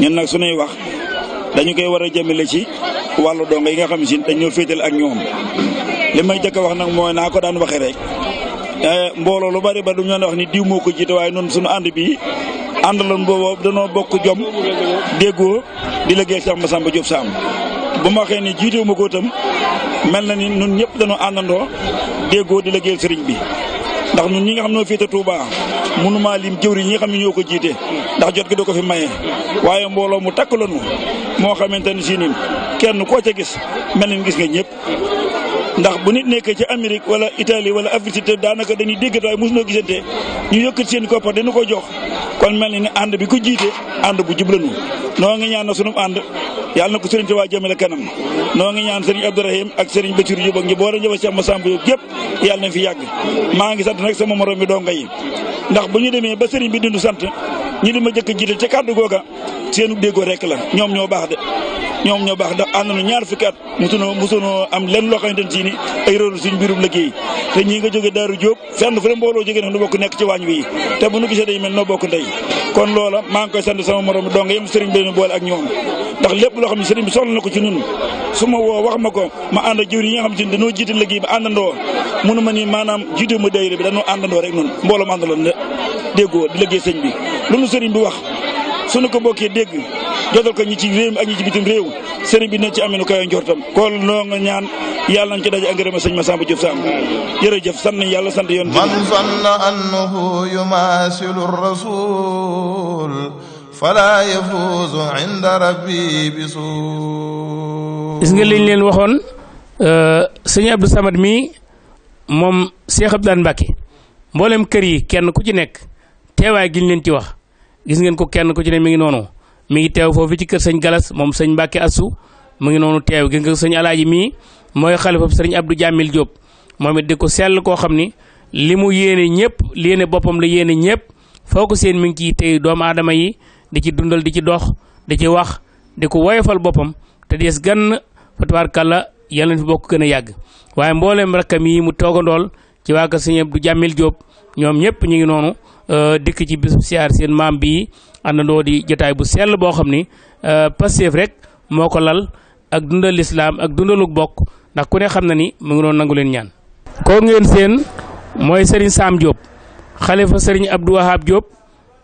ñun nag sunuy wax. dañu koy war a jëmale ci wàllu donga yi nga xam si dañoo féetal ak ñoom li may jëkk a wax nag mooy naa ko daan waxee rek eh, mbooloo lu bari ba du ñu wax ni diw moo ko jiite waaye noonu suñu ànd bi àndaloon boobu danoo bokk jom déggoo di liggéey Cheikh Massamba Diop Sam bu ma waxee ni jiitewu ma ko tam mel na ni ñun ñëpp dañoo àndandoo déggoo di liggéey sëriñ bi ndax ñun ñi nga xam noo féete Touba mënumaa lim jëwri ñi nga xam ne ñoo ko jiite ndax jot gi da ko fi maye waaye mbooloo mu takk lanu moo xamante ne si ni kenn koo ca gis mel ni gis nga ñëpp ndax bu nit nekkee ci Amérique wala Italie wala Afrique te daanaka dañuy déggat waaye mosunoo gisante ñu yëkkat seen koppar dañu ko jox kon mel na ni ànd bi ko jiite ànd bu jublanu noo ngi ñaan na sunu ànd yàlla na ko sëriñ Tuubaa jëmale kanam noo ngi ñaan sëriñ Abdourahim ak sëriñ Bachir Diop ak ñi boole ñëw Cheikh Massamba Diop yëpp yàlla na fi yàgg maa ngi sant nag sama morom mi donga yi ndax bu ñu demee ba sëriñ bi dindu sant ñi di ma jëkk jiite ca kàddu googa seenu déggoo rek la ñoom ñoo baax de ñoom ñoo baax ndax ànd nañu ñaar fukki at mosunoo mosunoo am lenn loo xamante ne sii ni ay réeru suñ mbirum liggéey te ñii nga jóge daaru jóob fenn fu la mbooloo jóge nag lu ci waañ wi te bu nu gisee day kon loola maa ngi koy sant sama morom dong yem sëriñ bi leen boole ak ñoom ndax lépp xam ne sëriñ bi soxla ko ci ñun ma woo wax ma ko ma ànd ak jiw yi nga xam ne dañoo jiite liggéey bi àndandoo mënu ma ni maanaam jiite ma daayira bi dañoo àndandoo rek noonu mbooloo ma àndaloon de déggoo di liggéey sëñ bi lu nu sëriñ bi wax sunu ko bokkee dégg jotal ko ñi ci réew mi ak ñi bitim réew sëriñ bi ne ci amee nu kawe njortam kon noo nga ñaan yàlla nañ ci daje ngërëm sëñ Massamba Diop Samb jërëjëf sant nañ yàlla sant yoon man zanna annahu yumaasilu rasul fala yafuzu inda rabbi bisu gis nga liñ leen waxoon euh, sëñ Abdou Samad mii moom Cheikh Abdou Mbacke mboolem kër yi kenn ku ci nekk teewaay gi ñu leen ci wax gis ngeen ko kenn ku ci ne mi ngi noonu mi ngi teew foofu ci kër sëñ Galas moom sëñ Mbàkke Assu mu ngi noonu teew gis nga sëñ Alaaji mii mooy xalifa sëriñ Abdou jàmmil Diop moom it di ko sell koo xam ni li mu yéene ñëpp yéene boppam la yéene ñëpp foo ko seen mi ngi ciy tey doomu yi di ci dundal di ci dox di ci wax di ko woyofal boppam te des gan fatabaarkàlla kalla na fi bokk gën a yàgg waaye mbooleem rakkam yi mu toogandool ci waa kër sëñ Abdou Jamil Diop ñoom ñëpp ñu ngi noonu Euh, dikk ci bisub siyaar seen maam bi àndandoo di jotaay bu sell boo xam ni euh, Pastef rek moo ko lal ak dundal lislaam ak dundaluk bokk ndax ku ne xam na ni mu ngi doon nangu leen ñaan. koo ngeen seen mooy Serigne Sam Diop xalifa Serigne Abdou Wahab Diop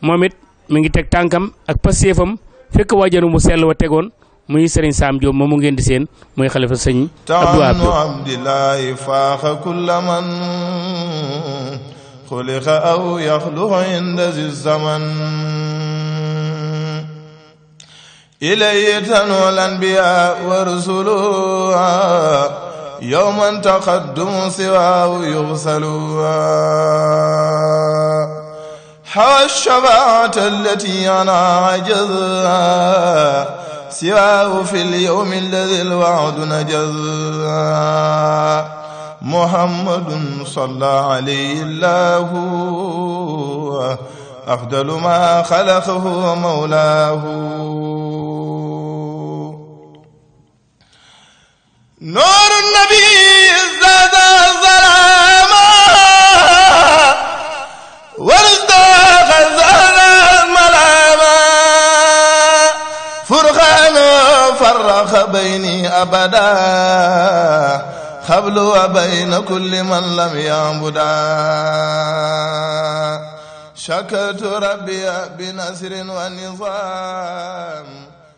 moom it mu ngi teg tànkam ak Pastefam fekk waajanu mu sell wa tegoon muy Serigne Sam Diop mu ngeen di seen muy xalifa sëñ Abdou Wahab Diop. خلق أو يخلق عند ذي الزمن إليه تنوى الأنبياء ورسلها يوما تقدم سواه يغسلها حوى الشفاعة التي أنا عجزها سواه في اليوم الذي الوعد نجزها محمد صلى عليه الله أفضل ما خلقه مولاه نور النبي ازداد ظلاما وازداد زاد ملاما فرقان فرق بيني أبدا xablu wa bayna kulli man lam yambudaa shakartu rabbiya bi nasrin wa nizaam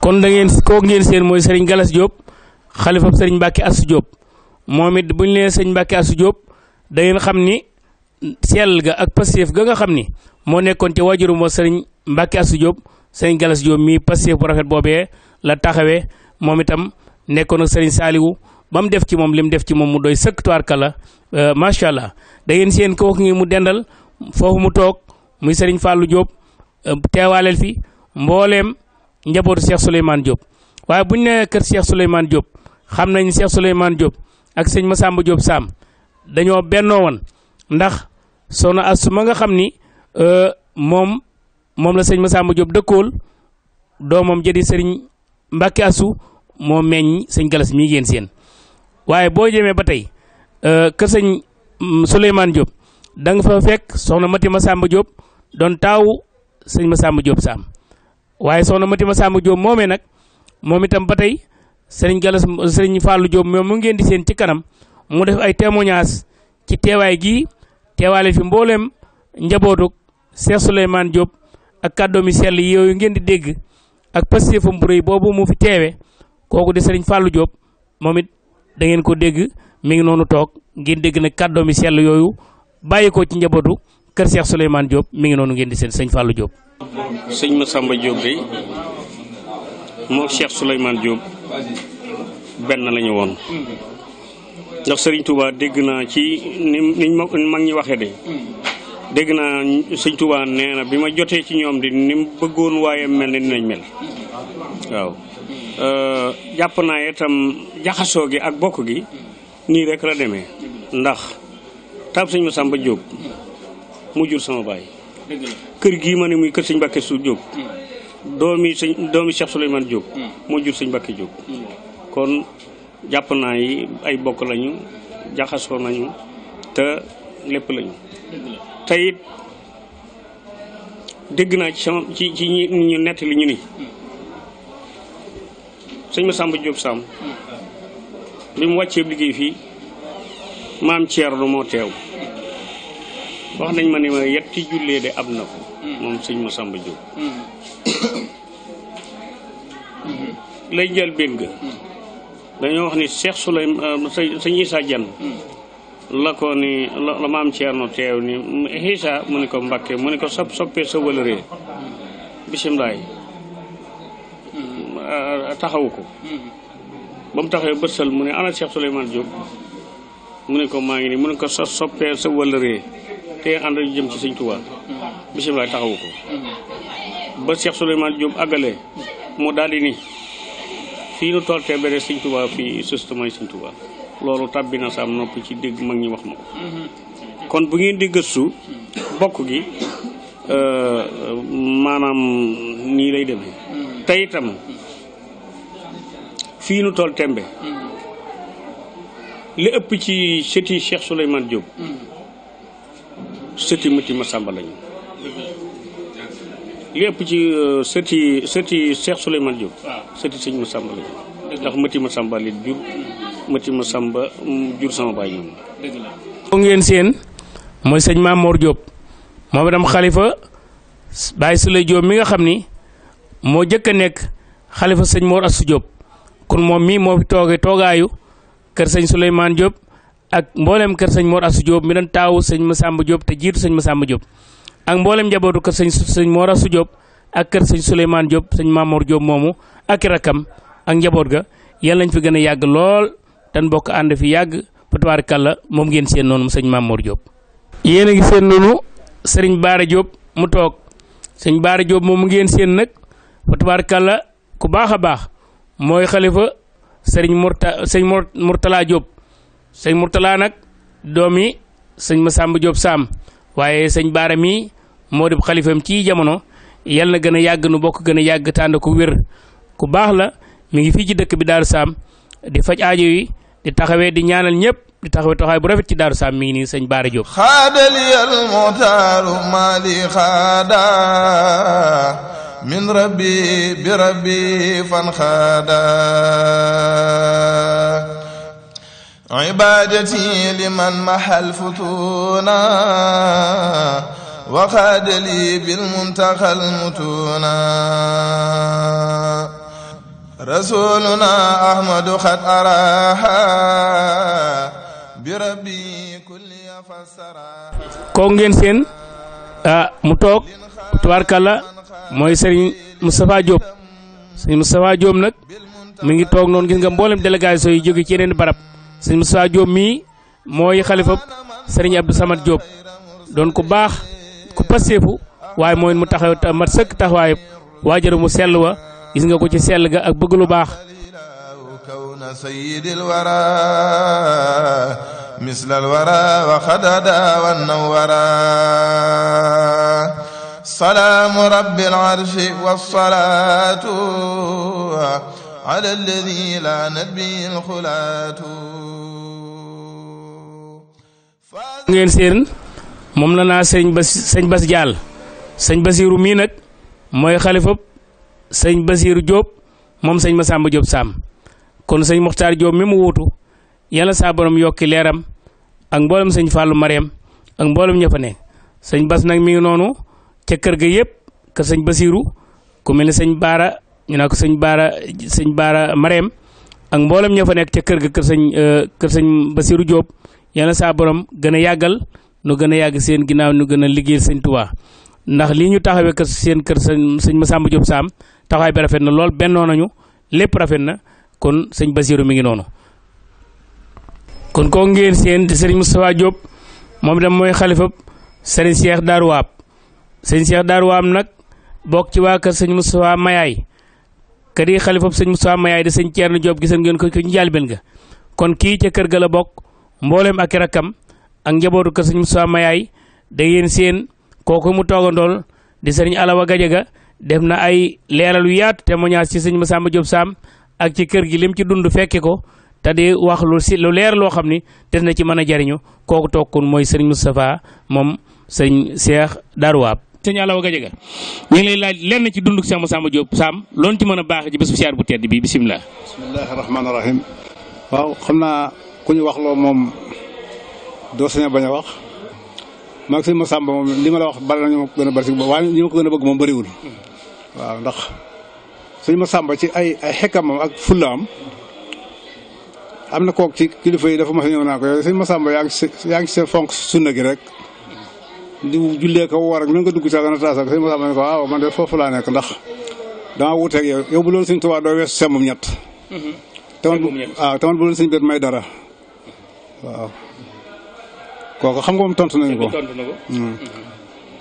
kon da ngeen koo ngeen seen mooy sëriñ Galas jóob xalifab sëriñ Mbàkke Asu Diop moom it bu ñu nee sëriñ Mbàkke da ngeen xam ni sell ga ak pastéef ga nga xam ni moo nekkoon ci waajurum wa sëriñ Mbàkke Asu Diop sëriñ Galas Diop mii pastéef bu rafet boobee la taxawee moom itam nekkoon ak sëriñ Saaliwu ba mu def ci moom li mu def ci moom mu doy sëkk tuwaarka la euh, macha allah da ngeen seen kooku ngi mu dendal foo mu toog muy sëriñ Fallou Diop euh, teewaaleel fi mbooleem njabootu Cheikh Souleymane jóob waaye bu ñu nee kër Cheikh Souleymane Diop xam nañ Cheikh Souleymane Diop ak sëñ Massamba Diop Sam dañoo bennoo woon ndax soxna Astou ma nga xam ni euh, moom moom la sëñ Massamba Diop dëkkool doomam jëdi sëriñ Mbacke Astou moo meññ sëñ Galas mii ngeen seen waaye boo jëmee ba tey euh, kër sëñ mm, Souleymane Diop da nga fa fekk soxna Mati ma Masamba Diop doon taawu sëñ Masamba Diop saam waaye soxna Mati Masamba Diop moomee nag moom itam ba tey sëriñ Gallas sëriñ Fallou Diop moom mu ngeen di seen ci kanam mu def ay témoignages ci teewaay gii teewaale fi mbooleem njabootuk Cheikh Souleymane Diop ak kàddoom yi sell yooyu ngeen di dégg ak pastéefam bu boobu mu fi teewe kooku di sëriñ Fallou Diop moom dangeen ko dégg mi ngi noonu toog ngeen dégg nag kàddoom yi sell yooyu bàyyi ko ci njabootu kër Cheikh Souleymane Diop mi ngi noonu ngeen di seen sëñ Fallou Diop. sëñ Massamba Diop de moo Cheikh Souleymane Diop benn lañu woon ndax Serigne Touba dégg naa ci ni mag ñi waxee de dégg naa sëñ Touba nee na bi ma jotee ci ñoom di ni bëggoon waaye mel ne nañ mel waaw. Euh, jàpp naa itam jaxasoo gi ak bokk gi nii rekk la demee ndax tab sëñ ma sàmba jóob mu jur sama baay kër gii ma ne muy kër sëñ Mbàkke su jóob hmm. doomi sëñ doomi Cheikh Souleymane Diop moo hmm. jur sëñ Mbàkke jóg hmm. kon jàpp naa yi ay bokk lañu jaxasoo nañu te lépp lañu te dégg naa ci sama ci ci ñu nettali ñu ni sëñ Masamba Diop Samb bi mu wàccee liggéey fii maam Thierno moo teew wax nañ ma ne ma yetti jullee de am na ko moom sëñ Masamba Diop lay jël benn dañoo wax ni Cheikh Souley euh, sëñ Issa Diagne la ko ni la maam Thierno teew ni Issa mu ni ko Mbàkke mu ni ko sop soppee sa wëlëree bisimilaay Euh, taxawu ko ba mu taxawee bësal mu ne ana Cheikh Souleymane mu ne ko maa ngi nii mu ne ko sa soppee sa wëllëree te ànd jëm ci sëñ Tuubaa bisimilah taxawu ko ba Cheikh Souleymane Diop àggalee mu daal di ni fii nu toll te bere sëñ Tuubaa fii sëstamay sëñ Tuubaa loolu tàbbi na sam nopp ci dégg mag ñi wax ma ko kon bu ngeen di gëstu bokk gi euh, maanaam nii lay demee tey itam fii nu toll tembe mm. li ëpp ci sëti Cheikh Souleymane Diop mm. sëti muti ma sàmba lañu mm. ci euh, sëti sëti Cheikh Souleymane Diop ah. sëñ ma sàmba lañu ndax muti ma sàmba leen jur muti ma sàmba jur sama baay ngeen seen mooy sëñ Maam Mor Diop moom itam xalifa Baay Souley Diop mi nga xam ni moo jëkk a nekk xalifa sëñ Mor Assou Diop kon moom mii moo fi tooge toogaayu kër sëñ Souleymane Diop ak mboolem kër sëñ Mor Assou Diop mi doon taawu sëñ Massamba Diop te jiitu sëñ Massamba Diop ak mboolem njabootu kër sëñ sëñ Mor Assou Diop ak kër sëñ Souleymane Diop sëñ Mamour Diop moomu ak rakkam ak njaboot ga yàlla lañ fi gën a yàgg lool dañ bokk ànd fi yàgg kalla moom ngeen seen noonu sëñ Mamour Diop. yéen a sëriñ Baara Diop mu toog sëñ Baara Diop moom ngeen seen nag Fatabaarkalla ku baax baax. mooy xalifa sëriñ Mourta sëñ Mourtala Diop sëñ Mourtala nag doomi sëñ sàmba Diop Sam waaye sëñ Baara mii moo dem xalifam ci jamono yal na gën a yàgg nu bokk gën a yàgg tànd wér ku baax la mu ngi fii ci dëkk bi Daaru Sam di faj aajo yi di taxawee di ñaanal ñëpp di taxawee taxawaay bu rafet ci daaru Sam mi ngi nii sëñ Baara Diop. xaadaliyal mutaaru mali min rabbi bi rabbi fan xaada. عبادتي لمن محى الفتونا وخاد لي rasuluna ahmadu xat ngeen seen ah mu toog tubaarkàlla mooy sëriñ Moustapha Diop sëriñ Moustapha Diop nag mu ngi toog noonu gis nga mboolem délégation yi jóge ci yeneen barab sëriñ Moustapha Diop mii mooy xalifab sëriñ Abdou Samad Diop doon ku baax ku passeefu waaye mooy mu taxaw mat sëkk taxawaayam waajur mu sell wa gis nga ko ci sell ga ak bëgg lu baax كون سيد الورى مثل الورى وخددا والنورى سلام رب العرش والصلاة على الذي لا نبي الخلاة ngeen seen moom la naa sëñ bas sëñ bas jaal sëñ basiiru mii nag mooy xalifab sëñ Basiiru Jóob moom sëñ Masamba Jóob Sàmm kon sëñ Muxtaar Jóob mi mu wuutu yàlla saa borom yokki leeram ak mboolem sëñ Fàllu Mariam ak mboolem ña fa nekk sëñ Bas nag mi ngi noonu ca kër ga yëpp kër sëñ Basiiru ku mel ne sëñ Baara ñu naa sëñ Baara sëñ Baara Mariam ak mboolem ña fa nekk ca kër ga kër sëñ euh, kër sëñ Basiiru Jóob yàlla saa borom gën a yàggal nu gën a yàgg seen ginnaaw nu gën a liggéeyal sëñ Tuubaa ndax lii ñu taxawee kër seen kër sëñ sëñ Masamba Jóob Sàmm taxawaay bi rafet na lool bennoo nañu lépp rafet na kon sëñ Basiiru mi ngi noonu kon koo ngeen seen di sëriñ Moustapha Diop moom itam mooy xalifa sëriñ Cheikh Darou Waab sëriñ Cheikh Darou Waab nag bokk ci waa kër sëñ Moustapha Mayaay kër yi xalifa sëñ Moustapha Mayaay di sëñ Thierno Diop gisal ngeen ko ci njëlbéen ga kon kii ca kër ga la bokk mbooleem ak i rakkam ak njabootu kër sëñ Moustapha Mayaay da ngeen seen kooku mu toogandool di sëriñ Alawa Gajaga def na ay leeral yu te témoignage ci sëñ Massamba Diop Sam ak ci kër gi lim ci dund fekke ko te di wax lu si lu leer loo xam ni des na ci mën a jariñu kooku toog tokkun mooy sëñ Moustapha moom sëñ Cheikh Darou Waab. sëñ Alaw Gadiaga ñu ngi lay laaj lenn ci dunduk sëñ Massamba Diop Sam loolu ci mën a ci bés bu bu tedd bi bisimilah. bisimilah rahmaani rahim waaw xam naa ku ñu wax loo moom doo sañ a bañ a wax. maag sëñ Massamba moom li ma la wax bari na ñu ma ko gën a bari si waaye ñi ma ko gën a bëgg moom bëriwul. waaw ndax sëñ Masamba ci ay ay xekkamam ak fullaam am na kook ci kilifa yi dafa mas ñëw naa ko yow sëñ Masamba yaa ngi si yaa ngi si fonk sunna rek di jullee ko war ak nu nga ko dugg sax dana taas ak sëñ Masamba ne ko waaw man de foofu laa nekk ndax dama wuuteeg yow yow bu loolu sëñ Tuubaa doo weesu sembum ñett mm-hmm. tamat bu loolu sëñ biir may dara waaw xam nga moom tontu nañu ko mm. mm-hmm.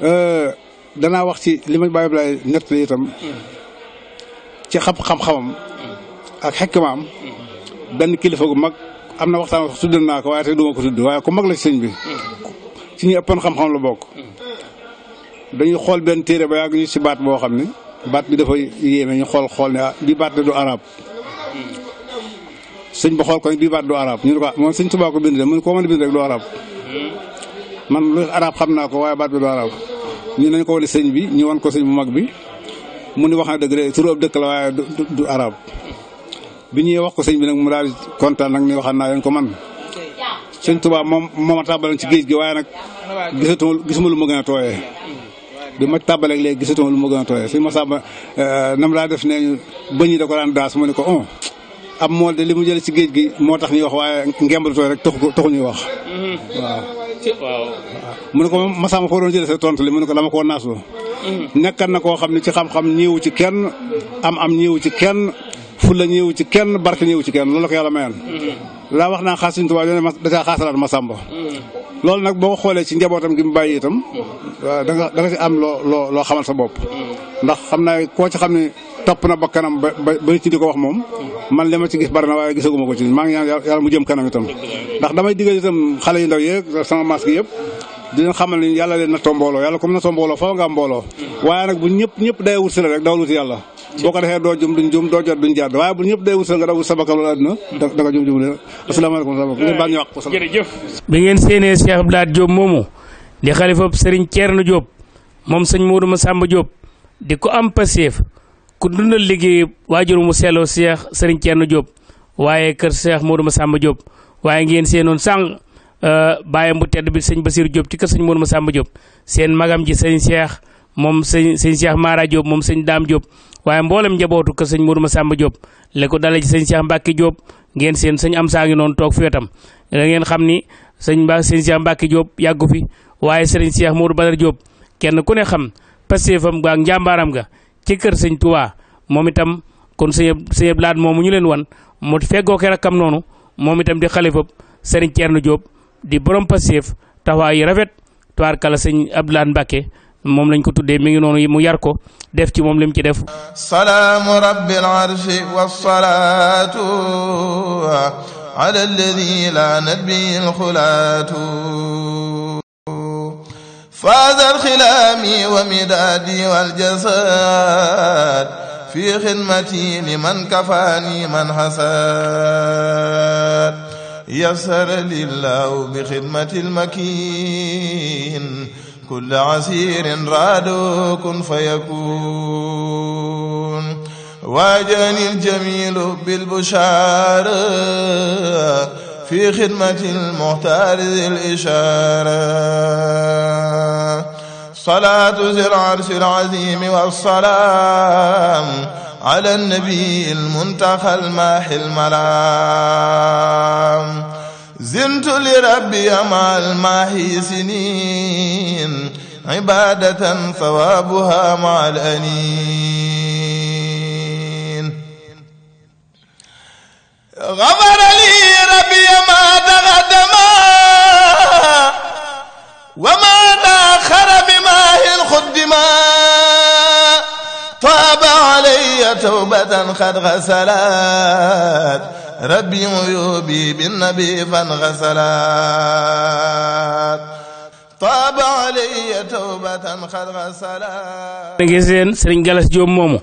euh, danaa wax ci li ma Baye Ablaye nettali itam ci xam xam-xamam ak xekmaam benn kilifa gu mag am na waxtaan wax tuddal naa ko waaye tey duma ko tudd waaye ku mag la sëñ bi ci ñu ëppoon xam-xam xool benn téere ba yàgg ñu si baat boo xam ne baat bi dafa yéeme ñu xool xool ne ah baat da du arab sëñ ba xool ko ñu ne ko ah sëñ Tuubaa ko bind mu ne koo mën a bind rek man lu arab xam naa ko waaye baat bi du arab ñu nañ ko wane sëñ bi ñu wan ko sëñ bu mag bi mu ni wax na dëgg de turu ab dëkk la waaye du du bi ñuy wax ko sëñ bi nag mu daal di kontaan nag waxaan naa leen ko man sëñ moom moo ma ci géej gi waaye nag gisatuma gisuma lu ma gën a tooyee bi ma tàbbaleeg léegi gisatuma lu ma gën eh, nam laa def nee ñu bëñ yi da ko daan su ma ne ko on oh, am mool de li mu jël ci géej gi moo tax ñuy wax waaye ngembal tooy rek taxu taxu ñuy wax mm-hmm. waaw mu ne ko masaama koo doon jëlee sa tontu li mu ne ko dama koo naasu mm-hmm. nekkan na koo xam ne ci xam-xam ñiiwu ci kenn am am ñiiwu ci kenn fulla ñiiwu ci kenn barke ñiiwu ci kenn loolu ko yala mayoon mm-hmm. laa wax naa xaas suñu tubaab done dacaa xaasalaat masamba mm-hmm. loolu nag boo ko xoolee ci njabootam gi mu bàyyi itam da nga da nga ci am loo loo loo xamal sa bopp ndax xam naa koo ci xam ne topp na ba kanam ba ba ci di ko wax moom man li ma ci gis bari na waaye gisaguma ko ci maa ngi ñaan yàlla mu jëm kanam itam ndax damay digal itam xale yu ndaw yeeg sama maas gi yëpp di leen xamal ni yàlla leen nattoo mbooloo yàlla comme nattoo mbooloo ñëpp ñëpp day ko defee doo jum duñ jum doo jot duñ jàdd waaye bu ñëpp day wut si la nga daw wut da nga jum jum leen asalaamaaleykum sabak ngeen baal ñu wax jërëjëf bi ngeen séenee Cheikh Abdoulaye Diop moomu di xalifa Serigne Thierno Diop moom sëñ Modou Massamba Diop di ko am passeef ku dundal liggéey waajur mu seeloo Cheikh Serigne Thierno Diop waaye kër Cheikh ma Massamba Diop waaye ngeen seenoon sàng euh, bàyyam bu tedd bi sëñ Basir Diop ci kër sëñ ma Massamba Diop seen magam ji sëñ Cheikh moom sëñ sëñ Cheikh Mara Diop moom sëñ daam Diop waaye mboolem njabootu kër sëñ Modou ma Diop la ko dalee ji sëñ Cheikh Mbacke Diop ngeen seen sëñ am saa ngi noonu toog fi wetam ngeen xam ni sëñ Mba sëñ Cheikh Mbacke yàggu fi waaye sëriñ Cheikh Modou Badar Diop kenn ku ne xam pastéefam ga ak njàmbaaram ga ci kër sëñ Tuubaa moom itam kon sëñ sëñ Abdu Lahat moomu ñu leen wan mu feggoo ke rakkam noonu moom itam di xalifab sëriñ Ceerno Jóob di borom passeef taxawaay yi rafet tubaarkalla sëñ Abdu Lahat Mbàkke moom lañ ko tuddee mi ngi noonu mu yar ko def ci moom lim ci def salaamu rabbil arshi wassalaatu ala alladi la nabi alxulaatu فاذا الخلام ومدادي والجساد في خدمتي لمن كفاني من حساد يسر لي الله بخدمة المكين كل عسير رادوا كن فيكون واجهني الجميل بالبشارة في خدمة المختار ذي الإشارة صلاة ذي العرش العظيم والسلام على النبي المنتقى الماحي الملام زنت لربي مع الماحي سنين عبادة ثوابها مع الأنين غفر لي ربي ما تقدم وما تأخر بماه الخدم طاب علي توبة قد غسلت ربي عيوبي بالنبي فانغسلت da ngeen seen sëriñ Galas Diop moomu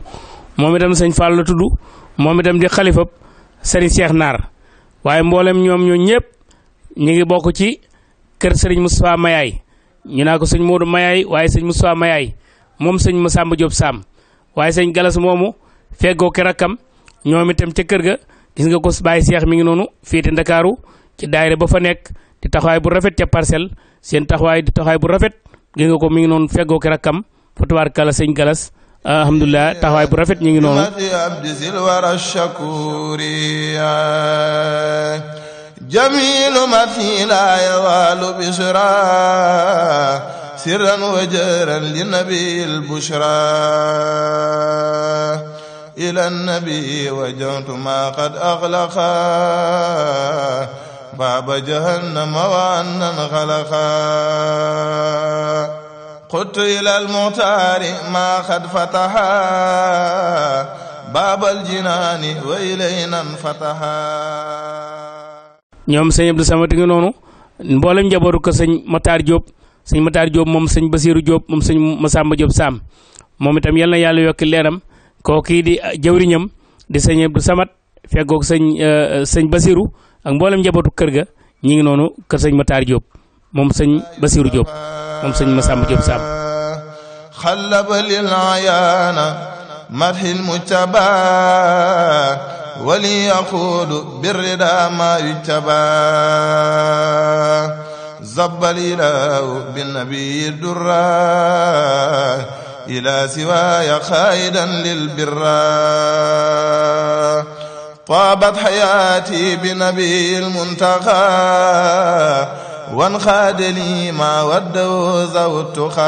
moom itam sëñ Fall la tudd moom itam di xalifab sëriñ Cheikh Naar waaye mboolem ñoom ñoo ñëpp ñu ngi bokk ci kër sëriñ Moustapha Mayaay ñu naa ko sëñ Modou Mayaay waaye sëñ Moustapha Mayaay moom sëñ Massamba Diop Sam waaye sëñ Galas moomu feggoo ki rakkam ñoom itam ca kër ga gis nga ko bàyyi Cheikh mi ngi noonu féete Ndakaaru ci daayira ba fa nekk di taxawaay bu rafet ca parcelle seen taxawaay di taxawaay bu rafet gis ko mi ngi noonu feggoo ki rakkam fa tubaarkalla sëñ Galas alhamdulilah taxawaay bu rafet ñu ngi noonu jamilu ma fi la yawalu bishra sirran wa jaran li nabil bushra ila nabi wajahtu ma qad aghlaqa baba jahannama wa annan xalaqa xuttu ilal muxtaari maa fataha baabal jinaani wa nan fataha ñoom sëñ Abdou Samad ngi noonu mboolem njabootu ko sëñ Matar Diop sëñ Matar Diop moom sëñ Basirou Diop moom sëñ Massamba Diop Sam moom itam yal na yàlla yokk leeram kookii di jëwriñam di sëñ Abdou Samad feggoog sëñ euh, euh, sëñ Basirou ak mboolem njabootu kër ga ñu ngi noonu kër sëñ moom sëñ Basirou Diop. moom sëñ Masamba Diop Samb xalaba lil ayaana marxil mujtaba wali yaquudu birrida ma yujtaba zabbal ilaahu binnabiyi durra ila siwaaya xaayidan lil birra taabat xayaati binnabiyi lmuntaqa wan xaadali ma waddawu zawtuxa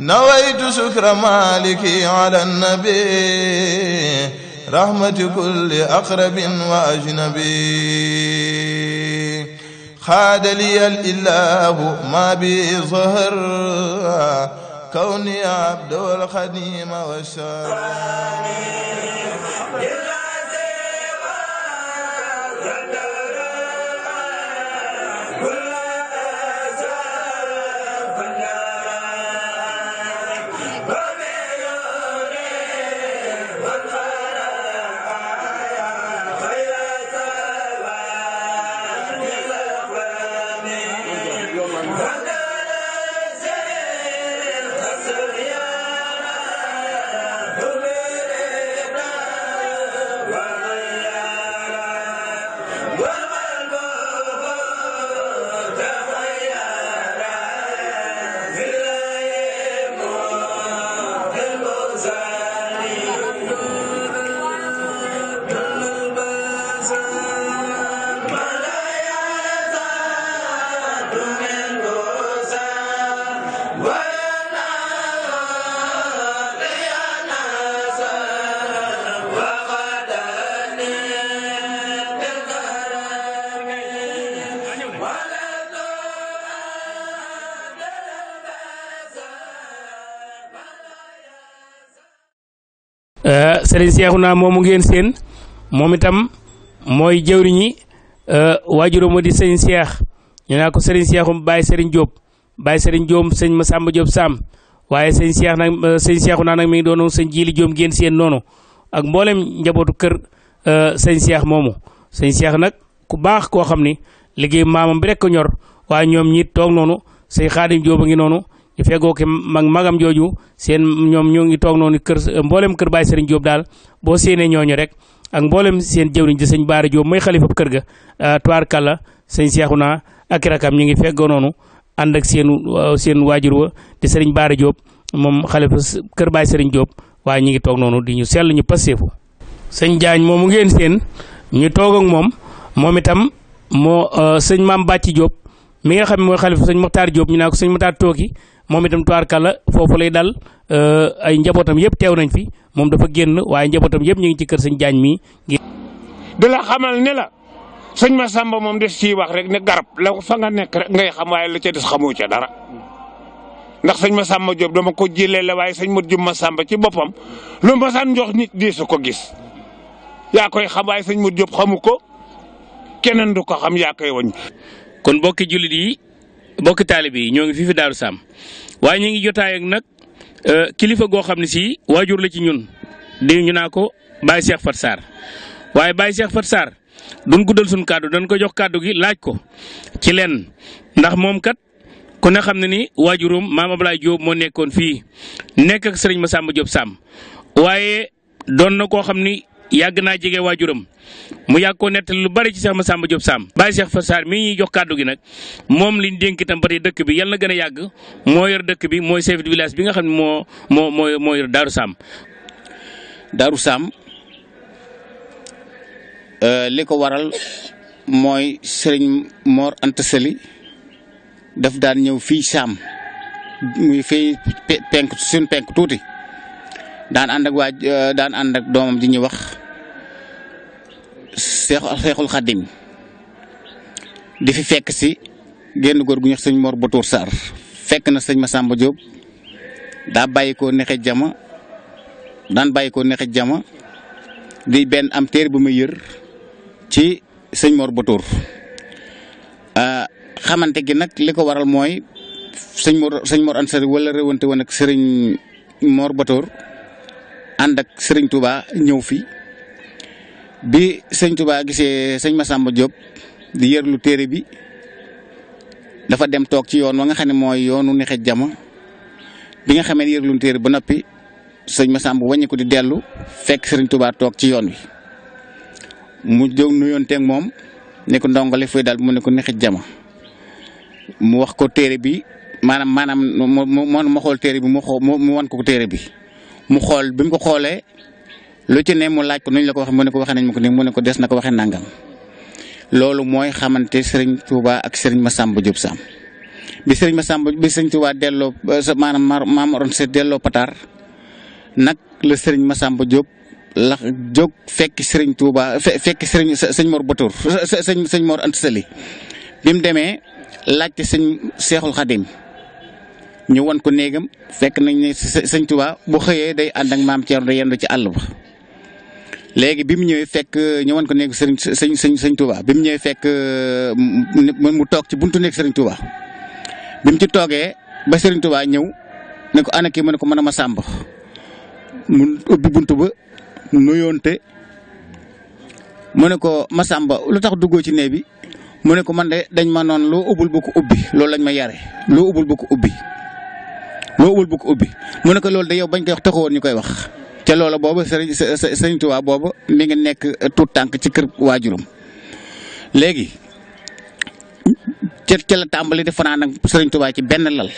nawaytu sukra maliki ala nabi rahmati kulli aqrabin wa ajnabi xaadali al ilaahu ma bi zahar kawni abdul xadima wa shar sëriñ Seexuna moomu ngeen seen moom itam mooy jëwriñi euh, waajuram di sëriñ Seex ñu naa ko sëriñ Seexum Baye sëriñ Diop Baye sëriñ Diop sëñ ma Masamba Diop Sam waaye sëñ Seex nag sëñ euh, Seexuna nag mi ngi doon sëñ Jili jóob ngeen seen noonu ak mbooleem njabootu kër sëñ euh, Seex moomu sëñ Seex nag ku baax koo xam ni liggéey maamam bi rekk ko ñor waa ñoom ñi toog noonu sëñ Xaadim Diop ngi noonu. fegoo ki mag magam jooju seen ñoom ñoo ngi toog noonu mbooleem mboolem kër Baye Serigne Diop daal boo séenee ñooñu rek ak mboolem seen jëwriñ di sëñ Baara Diop mooy xalifa kër ga euh, Touare Kalla sëñ Cheikhouna ak rakam ñu ngi feggoo noonu ànd ak seen euh, seen waajur wa di sëriñ Baara Diop moom xalifa kër baay sëriñ Diop waaye ñu ngi toog noonu di ñu sell ñu passeefu sëñ moom moomu ngeen seen ñu toog ak moom moom itam moo euh, sëñ maam Bàcci Diop mi nga xam mooy xalifa sëñ Mokhtar Diop ñu naa ko sëñ Mokhtar Tooki moom itam tubaarkàlla foofu lay dal euh, ay njabootam yëpp teew nañ fi moom dafa génn waaye njabootam yëpp ñu ngi ci kër sëñ Jaañ mi di la xamal ne la sëñ Massamba moom de ciy wax rek ne garab la fa nga nekk rek ngay xam waaye la ca des xamoo ca dara ndax sëñ Massamba Diop dama ko jëlee la waaye sëñ Modou ma sàmba ci boppam lu masaan jox nit di su ko gis yaa koy xam waaye sëñ Modou Diop xamu ko keneen du ko xam yaa koy wañ kon bokki jullit yi mbokki taalibe yi ñoo ngi fii fi Daaru Saam waaye ñu ngi jotaay ak nag euh, kilifa goo xam ne si waajur la ci ñun di ñu naa ko baay Cheikh Fat saar waaye Baye Cheikh Fat Sarr duñ guddal sun kàddu dañ ko jox kàddu gi laaj ko ci leen ndax moom kat ku ne xam ne ni waajuram maam Ablaye Diop moo nekkoon fii nekk ak sëriñ ma Diop Sam waaye doon na koo xam ni yàgg naa jege waajuram mu yàgg ko nettali lu bari ci Cheikh Massamba Diop Sam bàyyi Cheikh Fa Sarr mii ñuy jox kàddu gi nag moom li dénk itam ba tey dëkk bi yàlla na gën a yàgg moo yor dëkk bi mooy chef de village bi nga xam ne moo moo moo moo Daaru Sam Daaru Sam euh, li ko waral mooy sëriñ Mor Anta Sali daf daan ñëw fii Sam muy fii penk suñ penk tuuti daan ànd ak euh, daan ànd ak doomam ji wax seexul xaddim di fi fekk si genn góor gu ñuy sëñ Mor Batour Sarr fekk na sëñ ma sàmba jóg daa bàyyi ko nexe jama daan bàyyi ko nexe jama di benn am téere bu muy yër ci sëñ Mor Batour ah, xamante gi nag li ko waral mooy sëñ Mor sëñ Mor Ansari wala réewante woon ak sëriñ Mor Batour ànd sëriñ Touba ñëw fi bi sëñ tubaa gisee sëñ Massamba Diop di yërlu téere bi dafa dem toog ci yoon wa nga xam ne mooy yoonu nexe jama bi nga xamee ne yërlu téere ba noppi sëñ Massamba wàññi ko di dellu fekk sëriñ tubaa toog ci yoon wi mu jóg nuyonteeg moom nekk ko ndongole fuy dal mu ne ko nexe jama mu wax ko téere bi maanaam maanaam mu mu mu xool téere wan ko téere bi mu xool bi mu xoolee. lu ci ne mu laaj ko nuñ la ko waxee mu ne ko waxee nañ ko nii mu ne na ko waxee nangam loolu mooy xamante sëriñ Touba ak sëriñ Massamba Diop Sam bi sëriñ Massamba bi sëriñ Touba delloo euh, maanaam maam Aron Seck delloo Pataar nag la sëriñ Massamba Diop la jóg fekk sëriñ Touba fekk sëriñ sëñ Mor Batour sëñ sëñ Mor Anta Sali bi mu demee laajte sëñ Seexul Xadim ñu won ko néegam fekk nañ ne sëñ Touba bu xëyee day ànd ak maam Thierno day yendu ci àll ba. léegi bi mu ñëwee fekk ñëwan ko nekk sëriñ sëñ sëñ sëñ bi mu ñëwee fekk mu toog ci buntu néeg sëriñ Touba ci toogee ba sëriñ Touba ñëw ne ko ana kii mu ne ko mën a ma sàmb mu ubbi buntu ba nuyoonte mu ne ko ma lu tax duggoo ci néeg bi mu ne ko man de dañ ma noon lu ubbul bu ko ubbi loolu lañ ma yare loo ubbul bu ko ubbi loo ubbul bu ko ubbi mu ne ko loolu de yow bañ koy wax taxawoon ñu koy wax. te loola booba sëriñ sëriñ Tuubaa booba mi ngi nekk tuut tànk ci kër waajuram léegi ca la tàmbali di fanaan ak sëriñ Tuubaa ci benn lal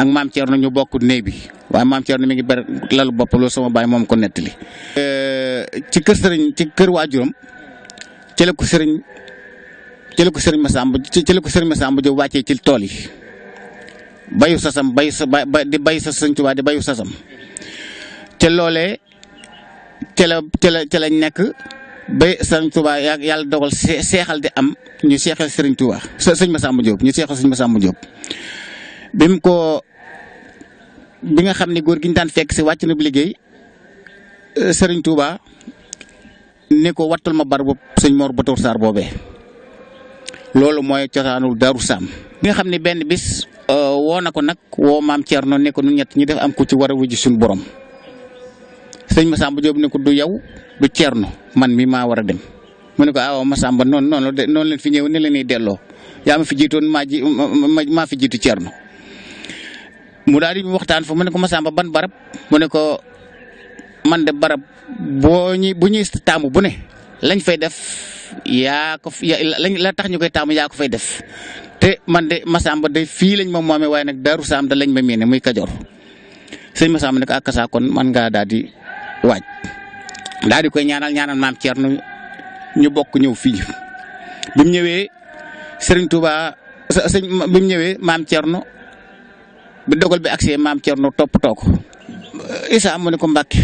ak maam Thierno ñu bokk néeg bi waaye maam na mi ngi ber lalu bopp loolu sama baay moom ko nettali. ci kër sëriñ ci kër waajuram ca ko sëriñ ca la ko sëriñ Massamba ca la ko sëriñ Massamba Diop wàccee ci tool yi bayu sasam bayu sa ba di sa sëriñ Tuubaa di bayu sasam. te loole te la te lañ nekk ba sëriñ Touba yàlla dogal seexal di am ñu seexal sëriñ Touba sëñ ma Diop ñu seexal sëñ Massamba Diop. bi mu ko bi nga xam ne góor gi daan fekk si wàcc na bu liggéey euh, sëriñ Touba ne ko wattul ma bar boobu sëñ Mor Batour Sarr boobee loolu mooy cosaanul daru Sam. bi nga xam ne benn bis euh, woo na ko nag woo maam Thierno ne ko nu ñett ñi def am ku ci war a wujj suñu borom. sëñ Massamba Diop ne ko du yow du Thierno man mi maa war a dem mu ne ko ah waaw Massamba noonu noonu la noonu leen fi ñëw ne la ñuy delloo yaa ma fi jiitoon maa ji maa fi jiitu Thierno mu daal di waxtaan fa mu ne ko Massamba ban barab mu ne ko man de barab boo ñuy bu ñuy taamu bu ne lañ fay def yaa ko la tax ñu koy taamu yaa ko fay def te man de Massamba de fii lañ ma moomee waaye nag Darou Sam da lañ ma miine muy Kajoor sëñ Massamba ne ko ak ah, kon man nga daal waaj daal di koy ñaanal ñaanal maam Thierno ñu bokk ñëw fii bi mu ñëwee Serigne Touba sëñ bi mu ñëwee maam Thierno bi dogal bi accès maam Thierno toppatoo ko Issa mu ne ko Mbàkke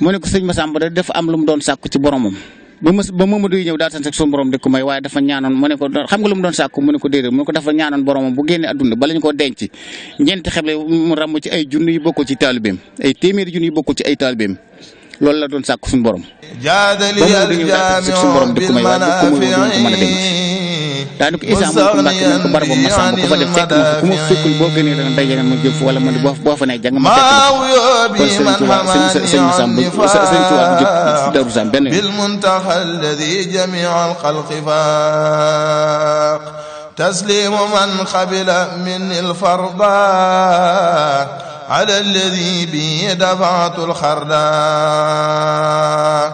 mu ne ko sëñ Massamba dafa am lu mu doon sàkku ci boromam. ba ma ba Mamadou yi ñëw daa tànn ak suñu borom di ko may waaye dafa ñaanoon mu ne ko xam nga lu mu doon sàkku mu ne ko déedéet mu ne ko dafa ñaanoon boromam bu génnee adduna bala ñu ko denc ñeenti xeble mu ràmm ci ay junni yu bokkul ci taalibeem ay téeméeri junni yu bokkul ci ay taalibeem loolu la doon sàkku suñu borom. jaadali al jaamiu bil manaafi'i daani ko isa mun ko mbàkk mun ko barabu ma sàmm ko fa def fekk ma fi ku ma fekkul boo gënee danga day jàng ma jëf wala man boo boo fa ne jàng ma fekk kon sëñ Tuubaa sëñ sëñ ma sàmm sëñ Tuubaa bu jëkk daru sàmm benn تسليم من قبل من الفرضاء على الذي به دفعت الخرداء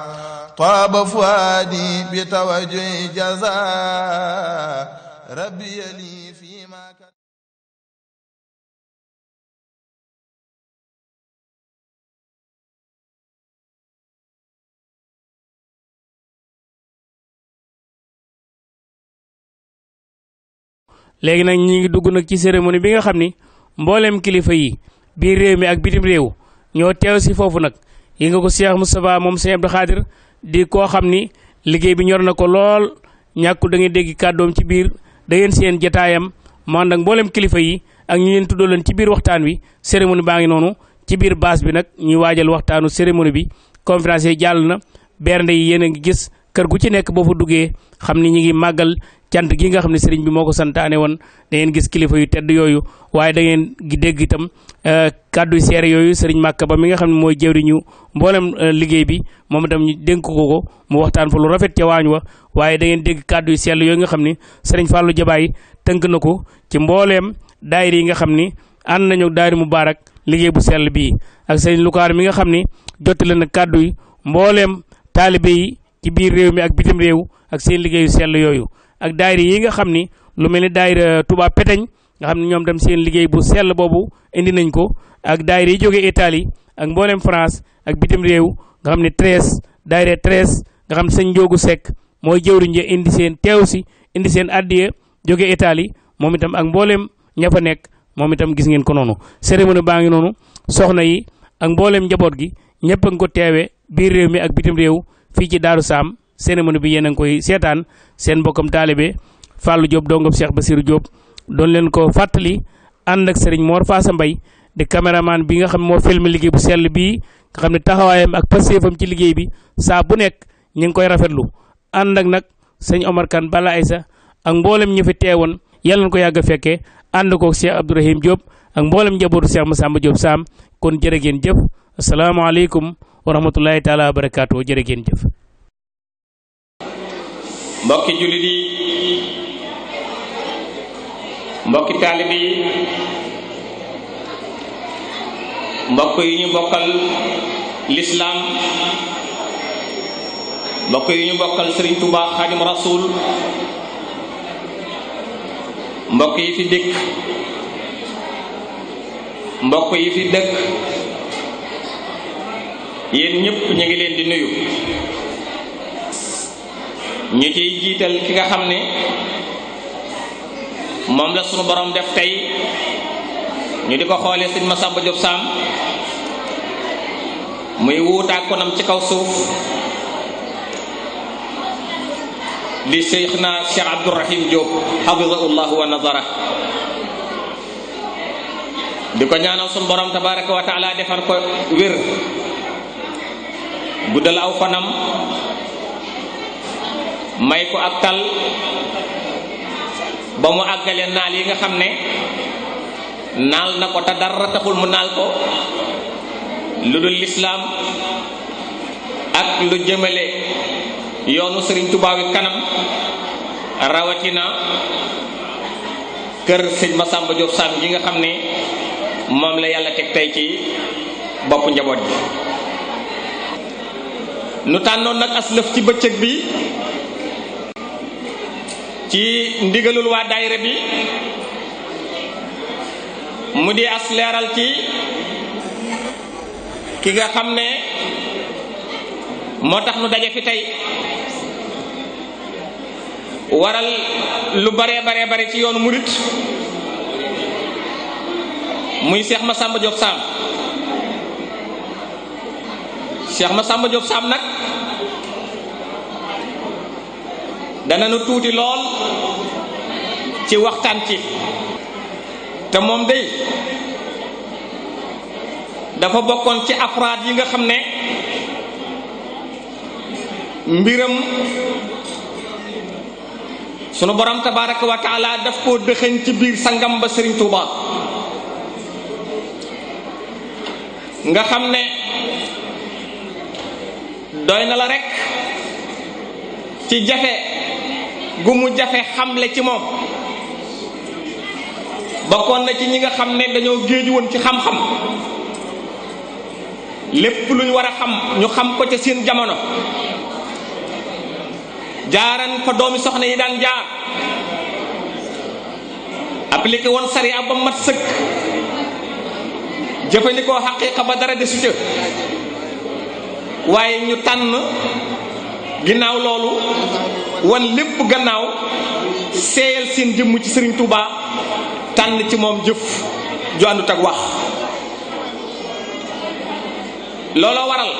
طاب فؤادي léegi nag ñi ngi dugg nag ci cérémonie bi nga xam ni mbooleem kilifa yi biir réew mi ak bitim réew ñoo teew si foofu nag yi nga ko Cheikh Moustapha moom Sëñ Abdou Khadir di koo xam ni liggéey bi ñor na ko lool ñàkkul da ngeen dégg kàddoom ci biir da ngeen seen jataayam mu ànd ak mboolem kilifa yi ak ñu leen tuddoo leen ci biir waxtaan wi cérémonie baa ngi noonu ci biir baas bi nag ñuy waajal waxtaanu cérémonie bi conférence yi jàll na bernde yi yéen a ngi gis kër gu ci nekk boo fa duggee xam ni ñu ngi màggal cant gi nga xam ne sëriñ bi moo ko santaane woon da ngeen gis kilifa yu tedd yooyu waaye da ngeen gi dégg itam euh, kàddu seere yooyu sëriñ Màkka ba mi nga xam ne mooy jëwriñu mboolem euh, liggéey bi moom itam ñu mu waxtaan fa lu rafet ca waañ wa waaye da dégg kàddu yu sell yooyu nga xam ne sëriñ Fallou Jabaay tënk na ko ci mbooleem daayir yi nga xam ni ànd nañu daayir Mubaarak liggéey bu sell bii ak sëriñ Lukaar mi nga xam ne jottali na kàddu yi mbooleem taalibe yi ci biir réew mi ak bitim réew ak seen liggéeyu sell yooyu ak daayira yi nga xam ni lu mel ni daayira tubaab Peteñ nga xam ne ñoom dem seen liggéey bu sell boobu indi nañ ko ak daayira yi jógee itali ak mboolem France ak bitim réew nga xam ne treize daayira treize nga xam ne sëñ Njoogu Sekk mooy jëwriñ ja indi seen teew si indi seen addiya jógee Italie moom itam ak mboolem ña fa nekk moom itam gis ngeen ko noonu cérémonie baa ngi noonu soxna yi ak mboolem njaboot gi ñëpp a ngi ko teewee biir réew mi ak bitim réew fii ci Daaru cérémonie bi yéen a ngi koy seetaan seen mbokkam taalibe Fallou Diop dongob Cheikh Basirou Diop doon leen ko fàttali ànd ak Serigne Mor sa Mbay di maan bi nga xam moo ma liggéey bu sell bii nga xam ne taxawaayam ak pasteefam ci liggéey bi saa bu nekk ñu ngi koy rafet lu ànd ak nag sëñ Omar Kane Bala sax ak mboolem ñu fi teewoon yàlla na ko yàgg a fekkee ànd koog Cheikh Abdourahim Diop ak mboolem njabootu Cheikh Massamba Diop Sam kon jërë ngeen jëf asalaamaaleykum wa rahmatullahi taala wa barakaatu jërë ngeen jëf. mbokki jullit yi mbokki taalib yi mbokk yi ñu bokkal lislaam mbokk yi ñu bokkal sëriñ Tuubaa Xaadim Rasuul mbokk yi fi dëkk mbokk yi fi dëkk yéen ñépp ñu ngi leen di nuyu ñu ciy jiital ki nga xam ne moom la sunu boroom def tey ñu di ko xoolee sëñ Masamba Diop Sam muy wuutaa konam ci kaw suuf di Cheikhna Cheikh Abdourahim Diop xafidahullahu wa nazara di ko ñaanal suñu borom tabaraka wa taala defar ko wér guddal aw fanam may ko ak tal ba mu àggale naal yi nga xam ne naal na ko te dara taxul mu naal ko lu dul lislaam ak lu jëmale yoonu sëriñ Tuubaa wi kanam rawatina kër ma Masamba Diop Sam gi nga xam ne moom la yàlla teg tey ci boppu njaboot gi nu tànnoon nag aslëf ci bëccëg bi ci ndigalul waa daayira bi mu di as leeral ci ki nga xam ne moo tax nu daje fi tey waral lu bare bare bare ci yoonu murit muy sàmba Massamba Diop Sam ma sàmba Diop Sam nag danañu tuuti lool ci waxtaan ci te moom day dafa bokkoon ci afraad yi nga xam ne mbiram sunu borom tabaraka wa taala daf koo dëxëñ ci biir sangam ba Serigne Touba nga xam ne doy na la rekk ci jafe gu mu jafe xamle ci moom bokkoon na ci ñi nga xam ne dañoo géeju woon ci xam-xam lépp lu ñu war a xam ñu xam ko ca seen jamono jaaran fa doomi soxna yi daan jaar appliqué woon sariya ba mu mat sëkk jëfandikoo xaqiiqa ba dara desu ca waaye ñu tànn ginnaaw loolu wan lépp gannaaw seeyal seen jëmm ci sëriñ Touba tànn ci moom jëf ju ak wax looloo waral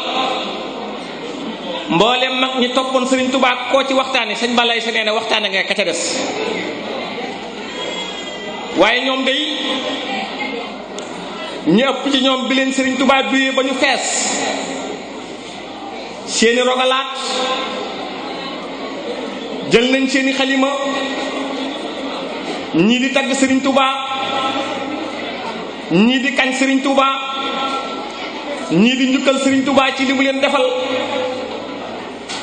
mboolem mag ñu toppoon sëriñ Touba koo ci waxtaane sëñ balay sa nee na waxtaane nga ka ca des waaye ñoom day ñu ëpp ci ñoom bi leen sëriñ Touba duyee ba ñu fees seeni rogalaat jël nañ seeni xalima ñii di tagg sëriñ Touba ñii di kañ sëriñ Touba ñii di njukkal sëriñ Touba ci li mu leen defal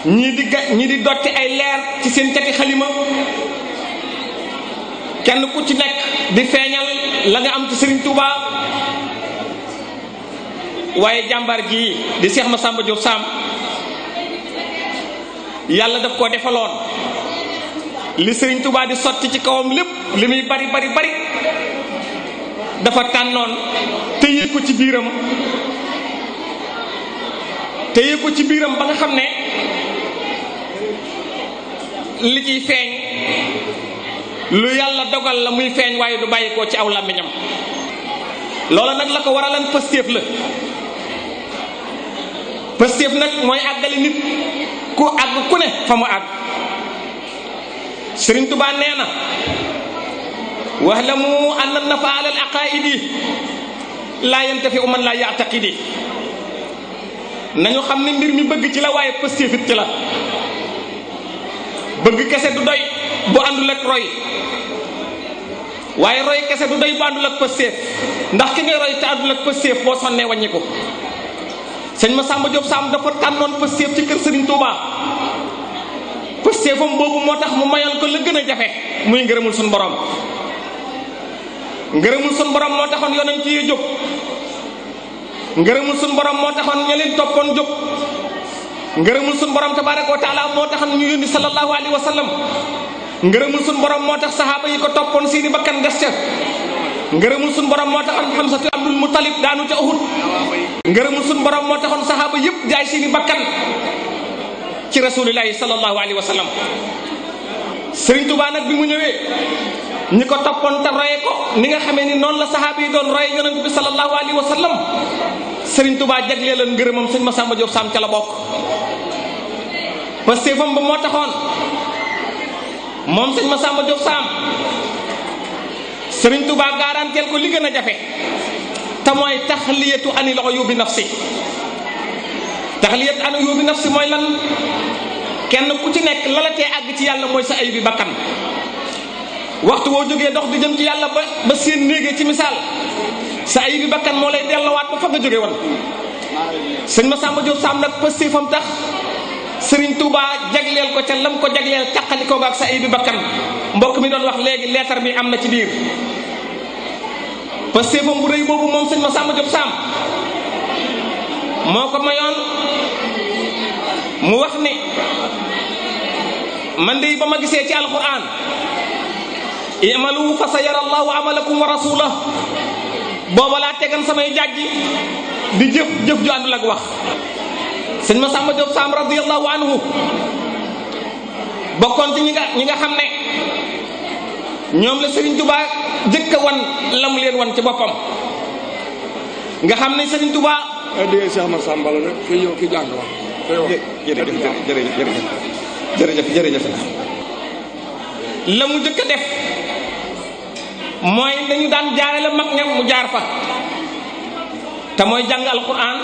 ñii di ga ñii di dotti ay leer ci seen cati xalima kenn ku ci nekk di feeñal la nga am ci sëriñ Touba waaye jàmbar gii di Cheikh Massamba Diop Sam yàlla daf koo defaloon li sëriñ tubaa di sotti ci kawam lépp li muy bari bari bari dafa tànnoon téye ko ci biiram téye ko ci biiram ba nga xam ne li ciy feeñ lu yàlla dogal la muy feeñ waaye du bàyyi ko ci aw làmmiñam loola nag la ko waralan pëstéef la pëstéef nag mooy àggale nit ku àgg ku ne fa mu àgg Sëriñ Tuubaa nee na wax la mu an na nafa alal aqaidi laa yantafi uman laa yaqtaqidi nañu xam ne mbir mi bëgg ci la waaye pëstéefit ci la bëgg kese du doy bu àndul ak roy waaye roy kese du doy bu àndul ak pëstéef ndax ki ngay roy te àndul ak pëstéef boo sonnee wàññi sëñ Massamba Diop Samb dafa tànnoon pëstéef ci kër Serigne Touba pëstéefam boobu moo tax mu mayoon ko la gën a jafe muy ngërëmul suñu borom ngërëmul suñu borom moo taxoon yonent yi jóg ngërëmul suñu borom moo taxoon ña leen toppoon jóg ngërëmul suñu borom tabaraka wa taala moo taxoon ñu yónni sallallahu alayhi wa sallam ngërëmul suñu borom moo tax sahaaba yi ko toppoon seeni bakkan des ca ngërëmul suñ borom moo taxoon Hamsatu Abdul Mutalib daanu ca Uhud ngërëmul suñ borom moo taxoon saxaaba yëpp jaay seeni bakkan ci rasulillahi sallallahu alayhi wa sallam Sëriñ Tuubaa nag bi mu ñëwee ñi ko toppoon te roye ko ni nga xamee ni noonu la saxaaba yi doon roye yonent bi sallallahu alayhi wa sallam Sëriñ Tuubaa jaglee leen ngërëmam sëñ Masamba Diop Sam ca la bokk parce ba moo taxoon moom sëñ ma Diop Sam sëriñ Tuubaa gaaranteel ko li gën a jafe te mooy taxliyatu ani loxo yóbbi nafsi taxliyatu ani yóbbi nafsi mooy lan kenn ku ci nekk lala tee àgg ci yàlla mooy sa ay bi bakkan waxtu woo jógee dox bi jëm ci yàlla ba ba seen néegee ci misaal sa ay bi bakkan moo lay dellowaat ba fa nga jóge ma Samba Diop Samb nag pëstéefam tax sëriñ Touba jagleel ko ca lam ko jagleel caqalikoo ak sa ay bi bakkan mbokk mi doon wax léegi leetar bi am na ci biir parce que bu boobu moom sëñ ma Diop saam moo ko mayoon mu wax ni man de ba ma gisee ci alquran imalu fa sa yara allahu amalakum wa rasulah booba laa tegan samay jàjji di jëf jëf ju àndul ak wax sëñ Masamba Diop Samb radiyallahu anhu bokkoon ci ñi nga ñi nga xam ne ñoom la Serigne Touba jëkk a wan la mu leen wan ci boppam nga xam ne Serigne Touba. addiyee Cheikh Massamba la nag fii yow ki jàng wax. jërëjëf jërëjëf jërëjëf jërëjëf mu jëkk a def mooy dañu daan jaare la mag ña mu jaar fa te mooy jàng alquran.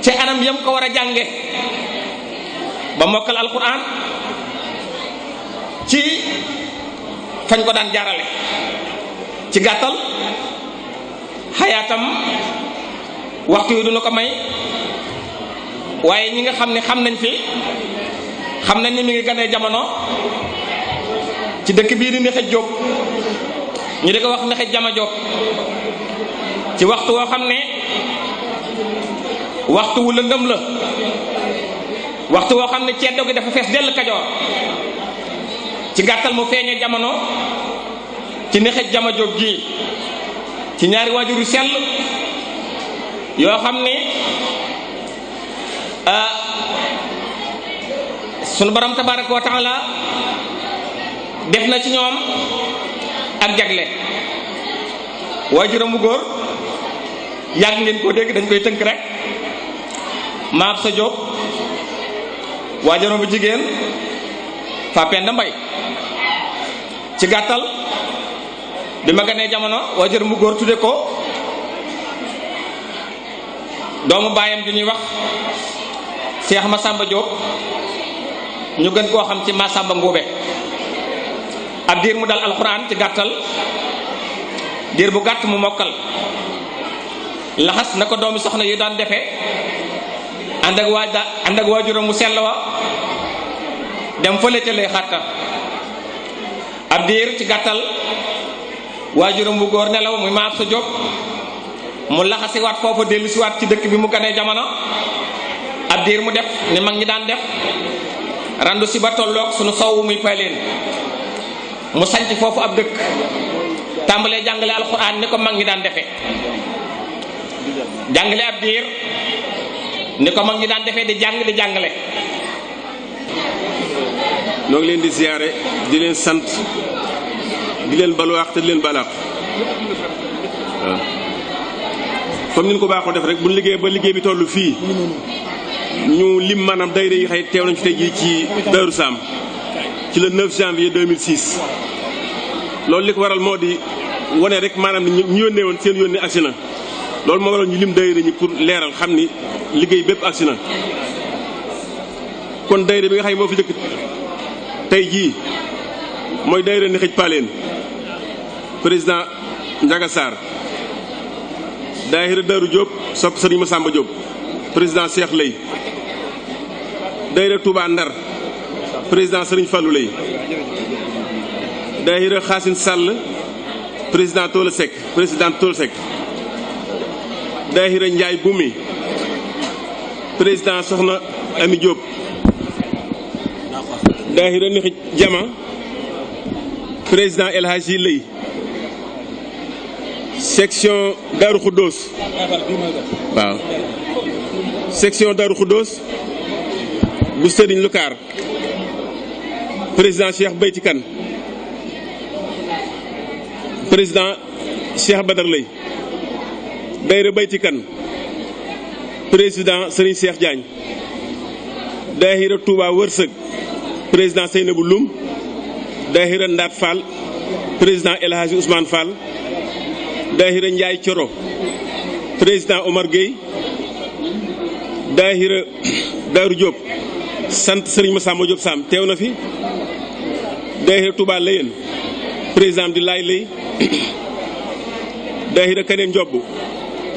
ci anam yam ko war a jànge ba mokkal alquran ci fañ ko daan jaarale ci gàttal xayaatam waxtu yu dunu ko may waaye ñi nga xam ne xam nañ fi xam nañ ni mi ngi ganee jamono ci dëkk bii di nexe jóob ñu di ko wax nexe jama jóob ci waxtu woo xam ne waxtu wu la waxtu woo xam ne ceddo gi dafa fees dell kajoor ci gàttal mu feeñee jamono ci nexej jama jóg ci ñaari waajuru sell yoo xam ne ah, sunu borom tabaraka wa la def na ci ñoom ak jagle waajuramu góor yàgg ngeen koo dégg dañ koy tënk rekk maam sa waa waajuram bu jigéen Fapenda Mbay ci gàttal bi ma ganee jamono waajuram bu góor tudde ko doomu baayam ju ñuy wax Cheikh Massamba Diop ñu gën koo xam ci Massamba Ngoube ab diir mu dal alxuraan ci gàttal diir bu gàtt mu mokkal laxas na ko doomi soxna yi daan defe ànd ak ànd ak waajuram mu sell wa dem fële ca lay xàtta ab diir ci gàttal waajuram bu góor nelaw muy maam sa jóg mu laxasiwaat foofu dellu siwaat ci dëkk bi mu ganee jamono ab diir mu def ni mag ñi daan def randu si ba tollook suñu sowwu muy paleen mu sanc foofu ab dëkk tàmbalee jàngale alxuraan ni ko mag ñi daan defe jàngale ab diir ni ko mag ñi daan defee di jàng di jàngale noo ngi leen di ziyaare di leen sant di leen balwaax te di leen balaax waaw comme ni ko baaxoo def rek bu liggéey ba liggéey bi toll fii ñu lim maanaam dayre yi xëy teew nañu fi tey jii ci Daaru Saam ci le 9 janvier 2006 loolu li ko waral moo di wane rek maanaam ñu yónnee woon seen yónnee agsi na loolu moo waral ñu lim daayira ñi pour leeral xam ni liggéey bépp agsi na kon daayira bi nga xam ne moo fi jëkk tey jii mooy dayre ni xëj paaleen président Ndiaga Sarr daayira Daaru Diop sopp sëriñ Massamba Diop président Cheikh Lay daayira Touba Ndar président sëriñ Fallou Lay daayira Xaasin Sall président Tola Seck président Tola Seck Dahira Ndiaye Boumi président Soxna Ami Diop Dahira Nixi Jama président El Hadji Lay section Darou Khoudoos waaw section Darou Khoudoos bu Serigne Lukaar président Cheikh Beyti Kane président Cheikh Badar Lay dayra bayti kan président Serigne Cheikh Diagne daahira Touba Wërsëg président Seynabou Loum daahira Ndaat Fall président El Hadji Ousmane Fall daahira Ndiaye Thioro président Omar Gueye daahira Daaru Diop sant Serigne Massamba Diop Sam teew na fi daahira Touba Layen président di Laay Lay daahira Kaneen Ndiob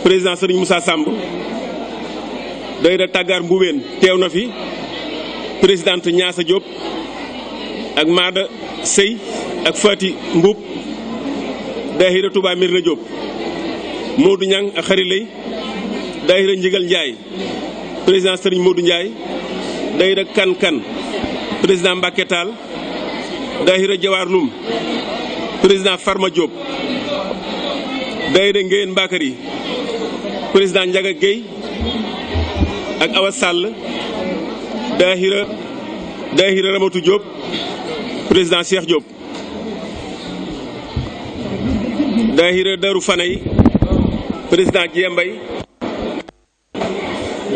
président Serigne Moussa Samb dayra tàggaar mbubeen teew na fi présidente Ñaasa Diop ak Maada sëy ak Fati Mbuub da Touba Mirna Diop Modou Ñang ak Xari Lay daahira Njigal Njaay président Serigne Modou Ndiaye daahira Kan Kan président Mbacke Tall daahira Jawaar Lum président Farma da daahira Ngéyeen yi président Ndiaga Gueye ak Awa Sall daahira daahira Ramatu Diop président Cheikh Diop daahira Daru Fanay président Diembay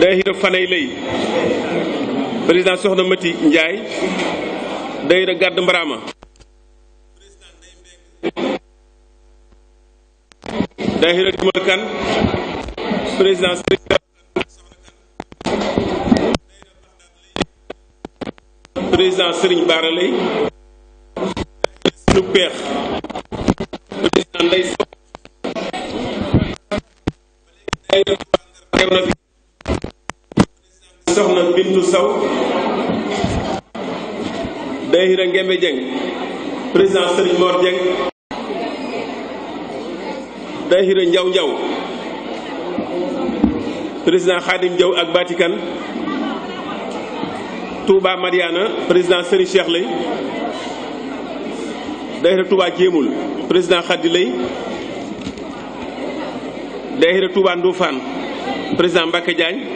daahira Fanay Lay président Soxna Mati Ndiaye daahira Gàdd Mbarama daahira Dimal Kan présidence président Serigne Bara Lay nu peex président Ndeye Sow teew na fi soxna Bintu Sow Dahira Ngembe Dieng président Serigne Mor Dieng Dahira Njaw Njaw président Khadim Diaw ak Batikan Touba Mariana président Serigne Cheikh lay daayira Touba Jéemul président Khady lay daayira Touba Ndoufane président Mbacke Diagne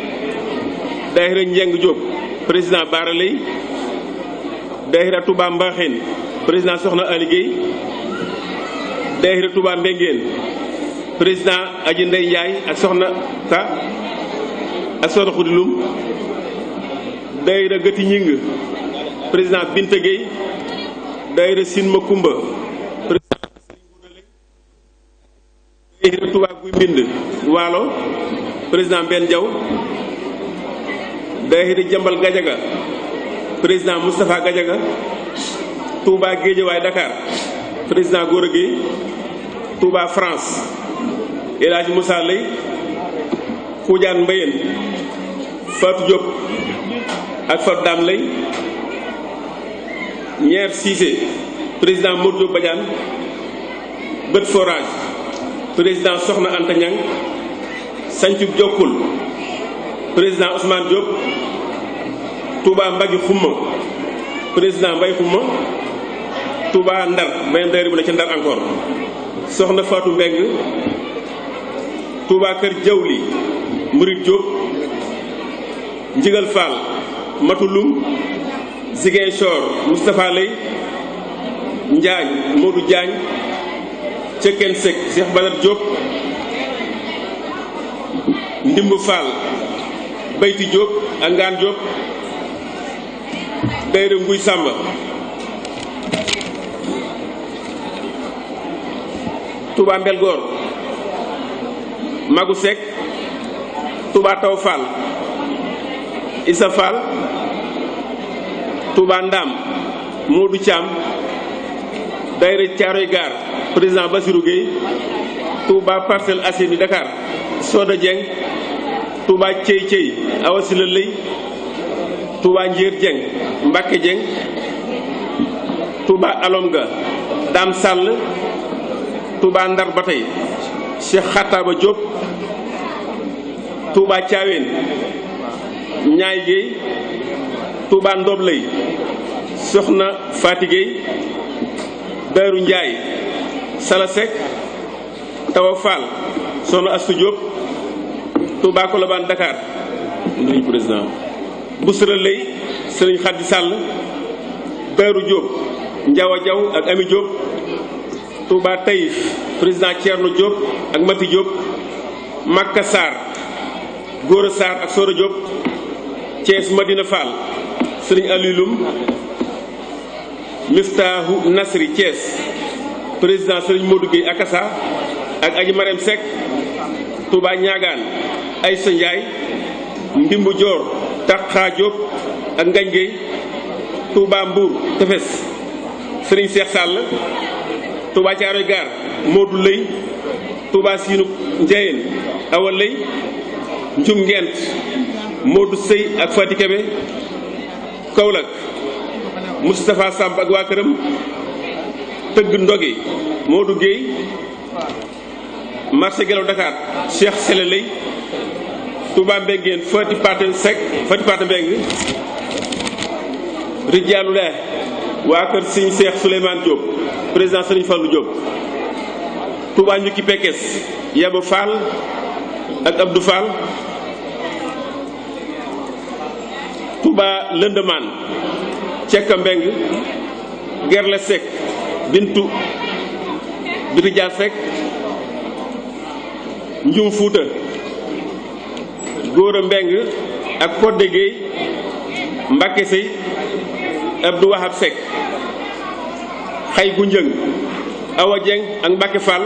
daayira Njeng Diop président Bara lay daayira Touba Mbaxeen président Soxna Ali Guèye daayira Touba Mbengeen président Aji Ndey Njaay ak Soxna Ka Assane Khoudilum daayira Gëti Ñing président Binta Gueye daayira Sine Makumba président daayira Touba Guy Mbind Waalo président Mbenn Diaw daayira Jambal Gajaga président Moustapha Gajaga Touba Guédiawaye Dakar président Gora Gueye Touba France El Hadj Moussa Lay Koujaan Mbayeen Fatou Diop ak Fatou Dame Lay Ñeer Cissé président Modou Diop Badiane Bët Forage président Soxna Anta Ñang Sancu Jokkul président Ousmane Diop Touba Mbagi Xumma président Mbay Xumma Touba Ndar beneen daayira bu ne ci Ndar encore soxna Fatou Mbeng Touba Kër Jawli Murit Diop Njigal Fall Matulum Ziguinchor Moustapha Lay Njaañ Modou Diagne Cekkeen Seck Cheikh Badar Diop Ndimb Fall Bayti Diop Angaan Diop Dayra Nguy Samba Touba Mbelgoor Magu Seck Touba Taw Fall Issa Fall Touba Ndam Modou Thiam Daïra Thiaroye Gare président Bassirou Gueye Touba Parcelles Assainies Dakar Soda Dieng Touba Thiey Thiey Awa Sylla Lëy Touba Ndiir Dieng Mbacké Dieng Touba Alomga Dame Sall Touba Ndar ba tey Cheikh Khataba Diop Touba Thiawéne Ñaay Guèye Touba Ndoblay Soxna Faati Guèye Daaru Njaay Sala Sekk Tawa Fall Soxna Astu Diop Touba Colobane Dakar nuyu président Bousra Lay Sëriñ Xaddi Sàll Daaru Diop Njawa Jaw ak Ami Diop Touba Taïf président Thierno Diop ak Mati Diop Makka Sarr Gora Sarr ak Sora Diop Thiès Madina Fall Serigne Aliou Loum Miftaahu Nasri Thiès président Serigne Modou Gueye Akassa ak Aji Marème Seck Touba Ñaagaan Aïssa Ndiaye Mbimbu Dior Takha Diop ak Ngagne Gueye Touba Mbour Tefes Serigne Cheikh Sall Touba Thiaroye Gare Modou Ley Touba Sinu Ndiayeen Awa Ley Njum Ngent Modou Sey ak Fadi Kebe Kaolack Moustapha Samb ak waa këram tëgg ndogi Modou Guèye marché Gelaw Dakar Cheikh Sele Ley Touba Mbengeen Fati Pate Seck Rijaalu Leh waa kër Sëñ Cheikh Souleymane Diop président Serigne Fallou Diop Touba Ñukki Pekes Yaba Fall ak Abdou Fall Touba Lëndëmaan Cekka Mbeng Gerle Seck Bintu Birija Seck Njum Fuuta Góora Mbeng ak Kodde Gueye Mbàkke Sey Abdou Wahab Seck xay gu njëng Awa Dieng ak Mbacke Fall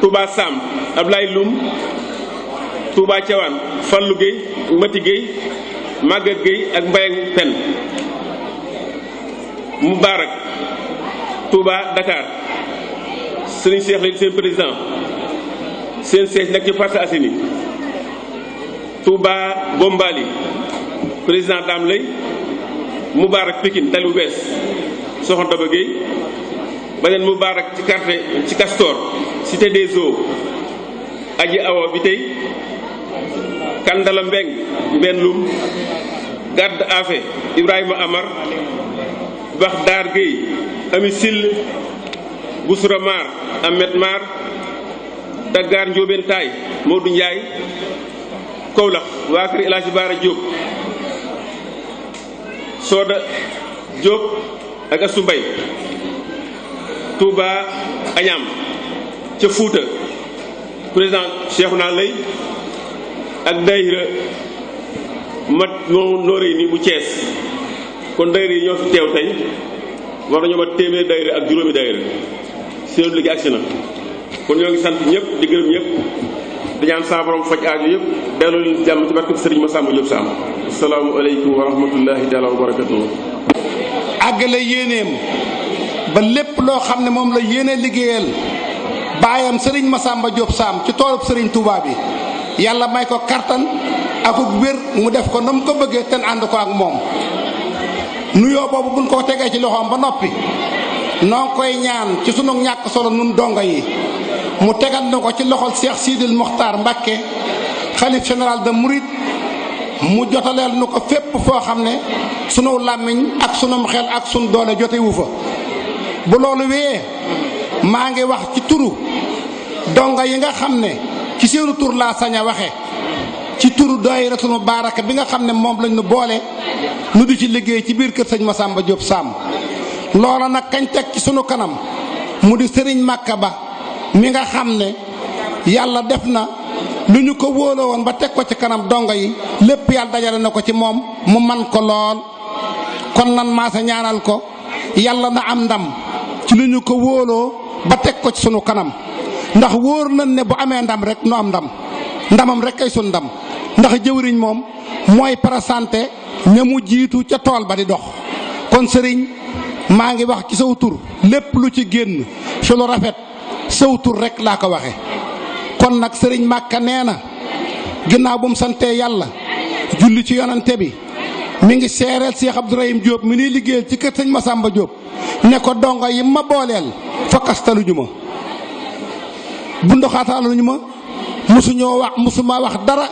Touba Sam Ablaye Loum Touba Cawaan Fallou Gueye Mati Gueye Maguette Gueye ak Mbayang Pen Moubarak Touba Dakar sëriñ Cheikh lañ seen président seen siège nag ci Parcelles Assainies Touba Gombali président Dame Lay Moubarak Pikine tali bu bees Soxna Daba Gueye beneen Moubarak ci quartier ci Castor cité des eaux aji awo bi tey kandala mbeng mbellum gadd afe ibrahima amar bax daar gueye ami sill busra maar amet maar daggaar njóobeen taay moodu njaay kowlax waa kër elaaji baara jóob sooda jóob ak asu mbay touba ca fuuta président Cheikhouna Lay ak daayira mat moom nooree nii bu Cees kon daayira yi ñoo fi teew tey war nañoo mat téeméer daayira ak juróomi daayira seen liggéey agsi na kon ñoo ngi sant ñëpp di gërëm ñëpp di ñaan sa borom faj aaju yëpp jàmm ci barkeb sëriñ Massamba Diop Samb asalaamu aleykum wa rahmatullahi taala wa barakatuhu àggale yéeneem ba lépp loo xam ne moom la yéene liggéeyal baayam sëriñ sàmba Diop saam ci toolub sëriñ tubaab yi yàlla may ko kartan akuk wér mu def ko nam ko bëggee ten ànd ko ak moom nuyoo boobu buñ ko tegee ci loxoom ba noppi noo koy ñaan ci sunu ñàkk solo nun donga yi mu tegal na ko ci loxol Cheikh Sidil Mokhtar Mbacké xalif général de murit mu jotaleel nu ko fépp foo xam ne sunu làmmiñ ak sunum xel ak sunu doole jotewu fa bu loolu wéyee maa ngi wax ci turu dongo yi nga xam ne ci seenu tur laa sañ a waxe ci tur turu daayiratul mubaaraka bi nga xam ne moom lañ nu boole lu di ci liggéey ci biir kër sëñ sàmba Diop Samb loola nag kañ teg ci suñu kanam mu di sëriñ Màkka ba mi nga xam ne yàlla def na lu ñu ko wóoloo woon ba teg ko ci kanam dongo yi lépp yàlla dajale na ko ci moom mu man ko lool kon nan maasa ñaanal ko yàlla na am ndam ci lu ñu ko wóoloo ba teg ko ci sunu kanam ndax wóor nañ ne bu amee ndam rek nu am ndam ndamam rek kay sun ndam ndax jëwriñ moom mooy présenté ña mu jiitu ca tool ba di dox kon sëriñ maa ngi wax ci saw lépp lu ci génn su lu rafet saw tur rek laa ko waxe kon nag sëriñ Màkka nee na ginnaaw bu mu santee yàlla julli ci yonante bi mi ngi seereel Cheikh Abdourahim Diop mi nuy liggéeyal ci kër sañ ma sàmba Diop ne ko dongo yi ma booleel fakkastaluñu ma bu ndoxaataanuñu ma mosuñoo wax mosumaa wax dara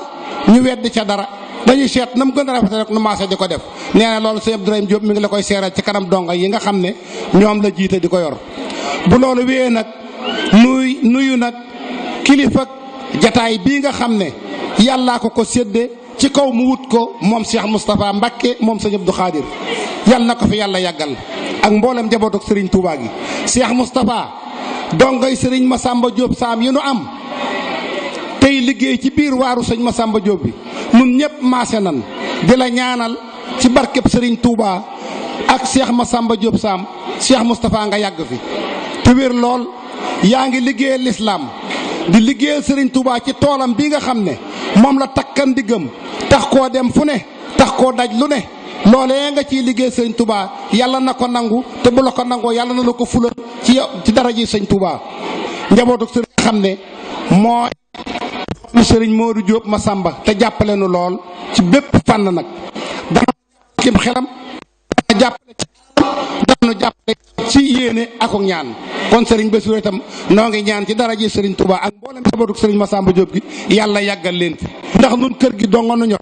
ñu weddi ca dara dañuy seet na mu gën a rafet rek nu maase di ko def nee na loolu sëñ Abdourahim Diop mi ngi la koy seeral ci kanam donga yi nga xam ne ñoom la jiite di ko yor bu loolu wéyee nag nuy nuyu nag kilifa jataay bii nga xam ne yàllaa ko ko sédde ci kaw mu wut ko moom Cheikh Moustapha Mbacke moom sëñ Abdou Khadir yàlla na ko fi yàlla yàggal ak mboolem jabootu Serigne Touba gi Cheikh Moustapha dongay sëriñ Masamba Diop saam yi nu am tey liggéey ci biir waaru sëñ Masamba Diop bi nun ñépp maase nan di la ñaanal ci barkeb sëriñ Touba ak seex Masamba Diop saam seex Moustapha nga yàgg fi te wér lool yaa ngi liggéeyal lislaam di liggéeyal sëriñ Touba ci toolam bi nga xam ne moom la takkan di gëm tax koo dem fu ne tax koo daj lu ne loolee nga ciy liggéey sëñ tubaa yàlla na ko nangu te bu la ko nangoo yàlla na la ko fulal ci ci dara ji sëñ tubaa njabootu ne mooy sëriñ Modou Diop Massamba te jàppale nu lool ci bépp fànn nag dana kim xelam dana jàppale ci dana jàppale ci yéene ak kon sëriñ Bassirou itam noo ngi ñaan ci dara ji sëriñ tubaa ak mboolem njabootu sëriñ Massamba Diop gi yàlla yàggal leen ndax nun kër gi dongo nu ñor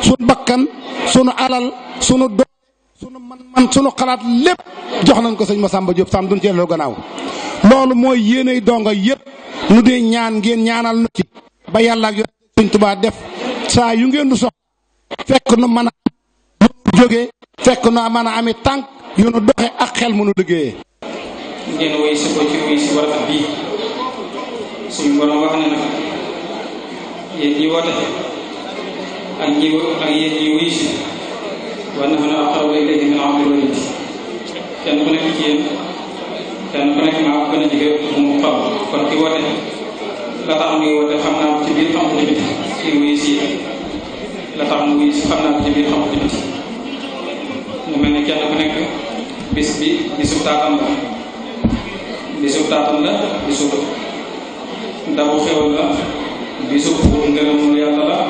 sunu bakkan sunu alal sunu doole sunu man-man sunu xalaat lépp jox nañ ko sëñ Massamba Diop Sam duñ ci delloo gannaaw loolu mooy yéenay donga yépp nu dee ñaan ngeen ñaanal nu ci ba yàlla ak yoon sëñ Tuubaa def saa yu ngeen du sox fekk nu mën a jógee fekk nu mën tànk yu nu doxe ak xel mënu liggéeyee ak ñi ak yéen ñi wuyu si war na mën a aqrabu ilayhi min abdil walid kenn ku nekk ci yéen kenn ku nekk maa gën a jege mu xam kon ki woote la tax muy woote xam naa ko ci biir xam ko ci biti ki wuyu si la tax mu wuyu si xam naa ko ci biir xam ko ci biti mu mel ni kenn ku nekk bis bi bisub taatam la bisub taatam la bisub dabu xewal la bisub ngërëm yàlla la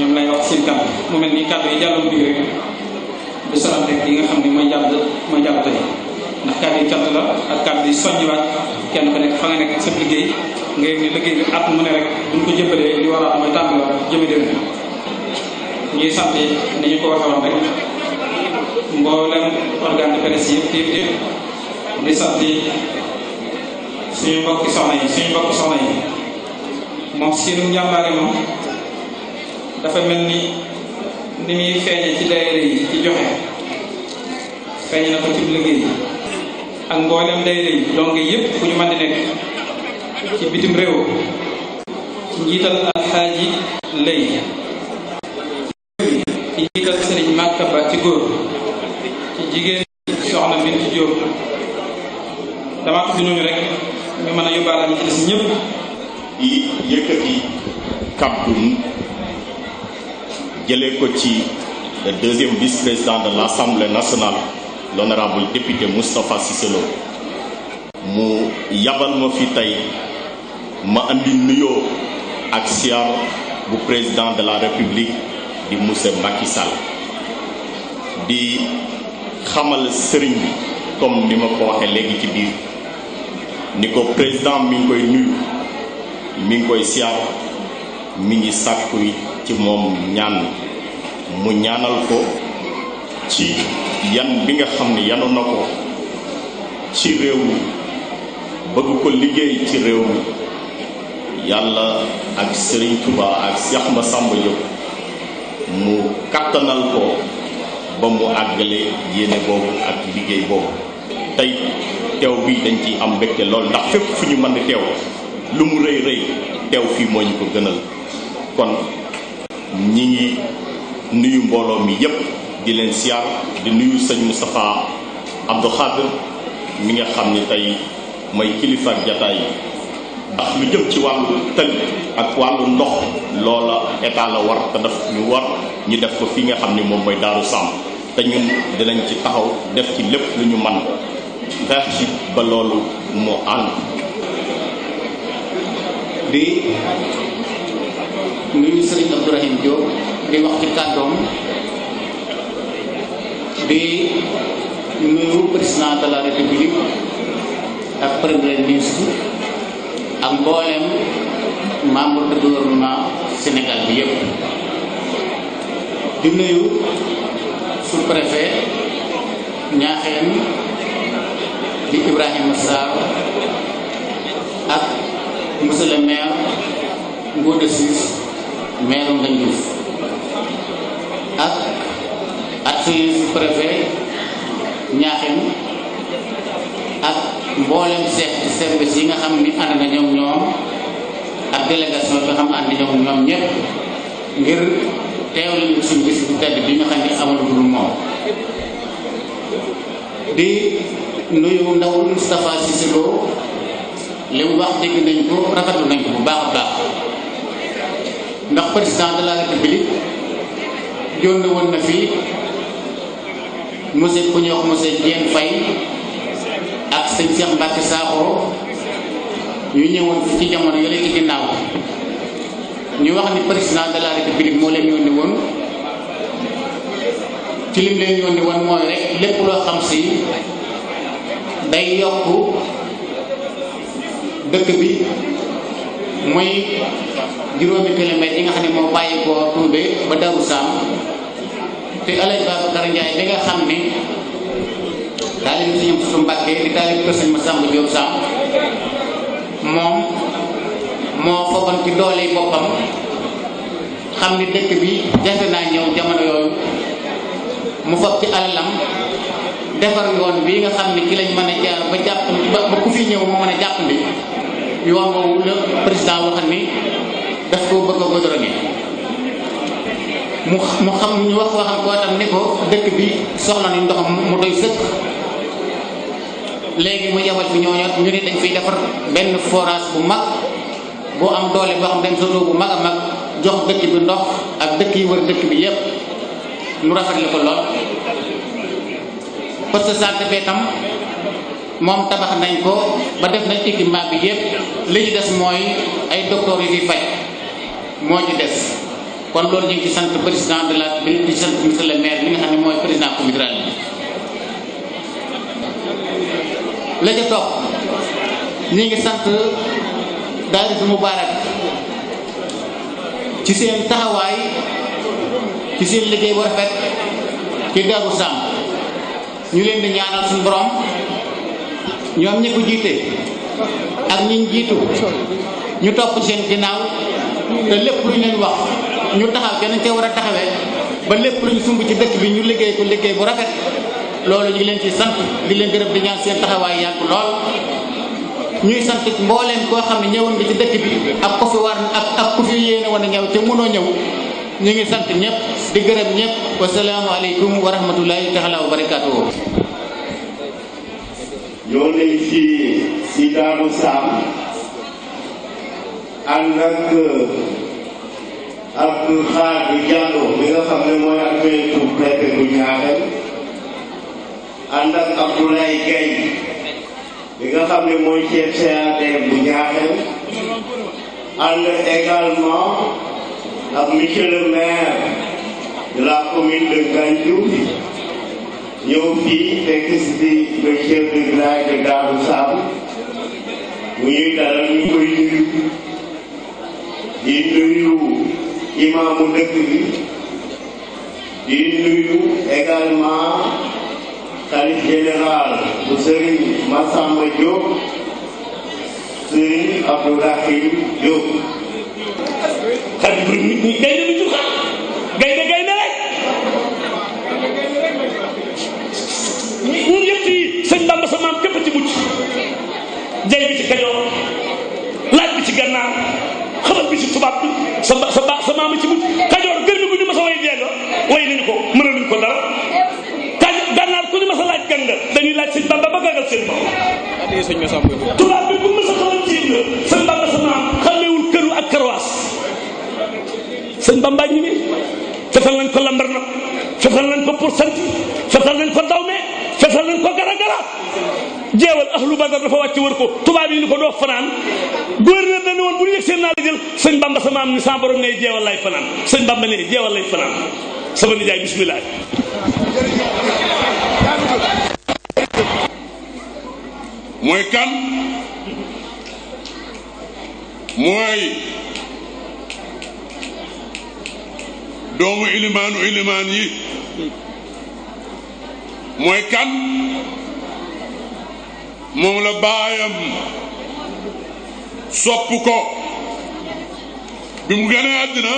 ñoom lay wax seen kàddu mu mel ni kàddu yi jàlloon bi yooyu du salam rek yi nga xam ne mooy jàll mooy jàll tey ndax kàddu yi cant la ak kàddu yi soññiwaat kenn ku nekk fa nga nekk sa liggéey nga yëg ne liggéey bi at mu ne rek duñ ko jëmbalee li war a mooy tàmbaliwaat jëme dem ñuy sant ko waxe woon de presse yëpp yëpp yëpp di sant suñu mbokki soxna yi suñu mbokki soxna yi moom seenu njàmbaare moom dafa mel ni ni muy feeñe ci daayira yi ci joxe feeñ na ko ci liggéey ak mboolem daayira yi donc yëpp fu ñu mën di ci bitim réew ci njiital alxaaji lay ci njiital sëriñ Màkka Ba ci góor ci jigéen soxna Bintu Jóob damaa tudd ñooñu rek ñu mën a yóbbaale ñi ci des ñëpp yi yëkkati kàddu jëlee ko ci le deuxième vice-président de l'Assemblée nationale l'honorable député Moustapha Cissé mu yabal ma fi tey ma andi nuyoo ak siyaar bu président de la république di monsieur Macky Sall di xamal sëriñ bi comme ni ma ko waxee léegi ci biir ni ko président mi ngi koy nuyu mi ngi koy siyaar mi sàkkuy ci moom ñaan mu ñaanal ko ci yan bi nga xam ne yanu na ko ci réew mi bëgg ko liggéey ci réew mi yàlla ak sëriñ Touba ak Cheikh Massamba Diop mu kattanal ko ba mu àggale yéene boobu ak liggéey boobu tey teew bi dañ ci am mbégte lool ndax fépp fu ñu mën di teew lu mu rëy rëy teew fii moo ñu ko gënal kon ñi ngi nuyu mbooloo mi yépp di leen siyaar di nuyu sëñ Moustapha Abdou Khadr mi nga xam ni tey mooy kilifa jataay ndax lu jëm ci wàllu tël ak wàllu ndox loola état war te daf ñu war ñu def ko fi nga xam ni moom mooy Daaru Sam te ñun dinañ ci taxaw def ci lépp lu ñu man xeex ci ba loolu moo ànd di nuyu Serigne Abdourahim Diop di wax ci kàddoom di nuyu président de la république ak premier ministre ak mbooleem membre de gouvernement Sénégal bi yëpp di nuyu sous-préfet Ñaaxeen di Ibrahima Sarr ak monsieur le maire Ngode maire Ngagne Diouf ak acti sous-préfet Niakhine ak mboolem chef de service yi nga xam ni ànd na ñoom ñoom ak délégation bi nga xam ànd na ñoom ñoom ñëpp ngir teewlu suñu bis bu tedd bi nga xam ni amul dul moom di nuyu ndawul Moustapha Cissé Lo li wax dégg nañ ko rafetlu nañ ko bu baax baax ndax président de la république yónni woon na fii monsieur ku ñuy wax monsieur Diène Faye ak sëñ Cheikh Mbacke Sakho ñu ñëwoon ci jamono yële ci ginnaaw ñu wax ni président de la république moo leen yónni woon ci lim leen yónni woon mooy rek lépp loo xam si day yokk dëkk bi muy juróomi kilomètre yi nga xam ne moo bàyyi ko Tuubé ba Daru Saam te Alaaji Babacar Njaay di nga xam ne taalib Sëñ Amsatu Mbàkke di taalib ko Sëñ Masamba Jóob Saam moom moo foogoon ci doole yi boppam xam ni dëkk bi jafe naa ñëw jamono yooyu mu fab ci alalam defar yoon bii nga xam ni ki lañ mën a jaar ba jàpp ba ku fi ñëw mu mën a jàpp bi yoon woowu la président wax ni def koo bëgg a goudronné mu mu xam ñu wax waxam koo tam ni ko dëkk bi soxla nañ ndoxam mu doy sëkk léegi mu yabal fi ñooñu ñu ne dañ fiy defar benn forage bu mag boo am doole boo xam dañ sotoo bu mag a mag jox dëkk bi ndox ak dëkk yi wër dëkk bi yépp ñu rafetlu ko lool poste santé bi tam moom tabax nañ ko ba def nañ équipement bi yépp li ñu des mooy ay docteurs yu fi faj moo ci des kon loolu ñu ngi sant président de la bi di sant monsieur le maire mi nga xam ne mooy président comité rural bi la ca topp ñu ngi sant Daaru Mubarak ci seen taxawaay ci seen liggéey bu rafet ci Daaru Sam ñu leen di ñaanal suñu borom ñoom jiite ak ñi jiitu ñu topp seen ginnaaw te lépp luñ leen wax ñu taxaw kenn cee war a taxawee ba lépp luñ sumb ci dëkk bi ñu liggéey ko liggéey bu rafet loolu ñu leen ci sant di leen gërëb di ñaar seen taxawaay yàgg lool. ñuy sant mbooleen koo xam ne ñëwoon nga ci dëkk bi ak ku fi war ak ku fi yéene woon a ñëw te mënoo ñëw ñu ngi sant ñëpp di gërëm ñëpp wasalaamaaleykum wa rahmatulahi taala wa barakaatuhu ñoo ngi ci si Daaru ànd ak Abdou Khadre Diallo mi nga xam ne mooy ak maire bu préfet bu Niakhène ànd ak Abdoulaye Gueye mi nga xam ne mooy chef CAD bu Niakhène ànd également ak monsieur le maire de la commune de Gandiou ñëw fii fekk si di le chef de village de Darou Sam mu ñuy dalal ñu koy di nuyu imaamu dëkk bi di nuyu également xalif général bu sëriñ Massamba Diop sëriñ Abdourahim Diop. xalif sëñ Masamba Diop. tubaab bi bu mu sa xalam jiit la sëñ ak karwaas sëñ Bamba ñu ne nañ ko lambar na fetal nañ ko pour sant fetal nañ ko dawme fetal nañ ko gara gara jeewal ahlu badar dafa wàcc wër ko tubaab ni ko doo fanaan gouverneur dañu woon bu ñu yëg seen naa la jël sëñ Bamba sama am ni sa borom ngay jeewal lay fanaan sëñ ne jeewal lay fanaan sama nijaay bismillah mooy kan mooy doomu ilimaanu ilimaan yi mooy kan moom la baayam sopp ko bi mu gënee àddina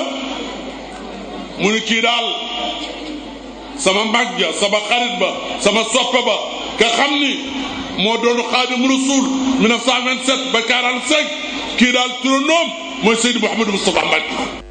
mu ni kii daal sama mag sama xarit ba sama soppe ba ka xam ni moo doon xaadim rasul 1927 ba 45 kii daal turandoom mooy Seydi Mouhamadou Moustapha Mbacké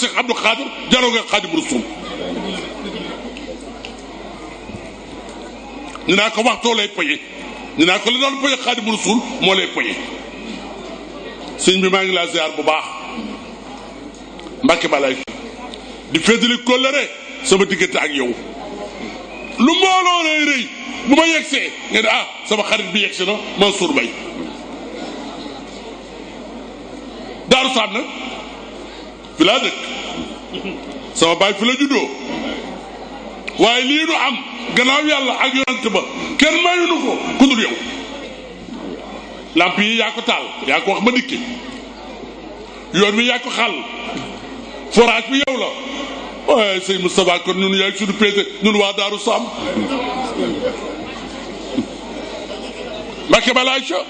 Cheikh Abdou Khadir jaroo nga Khadim Rasul ñu ko waxtoo lay poñe ñu naa la doon poñe Khadim Rasul moo lay poñe sëñ bi maa ngi laa ziar bu baax Mbàkke balaay di féetali kóllëre sama diggante ak yow lu mbooloo lay rëy bu ma yegsee nga ne ah sama xarit bi yegsi na Mansour Mbaye Daaru Saam nag fi sama baay fi la juddoo waaye lii nu am gannaaw yàlla ak yonent ba kenn mayunu ko ku dul yow làmp yi yaa ko taal ma dikki yoon wi yaa ko xàll forage bi yow la waaye sëñ Moustapha kon ñun yaay suñu péete ñun waa Daaru Saam Mbàkke balaay ca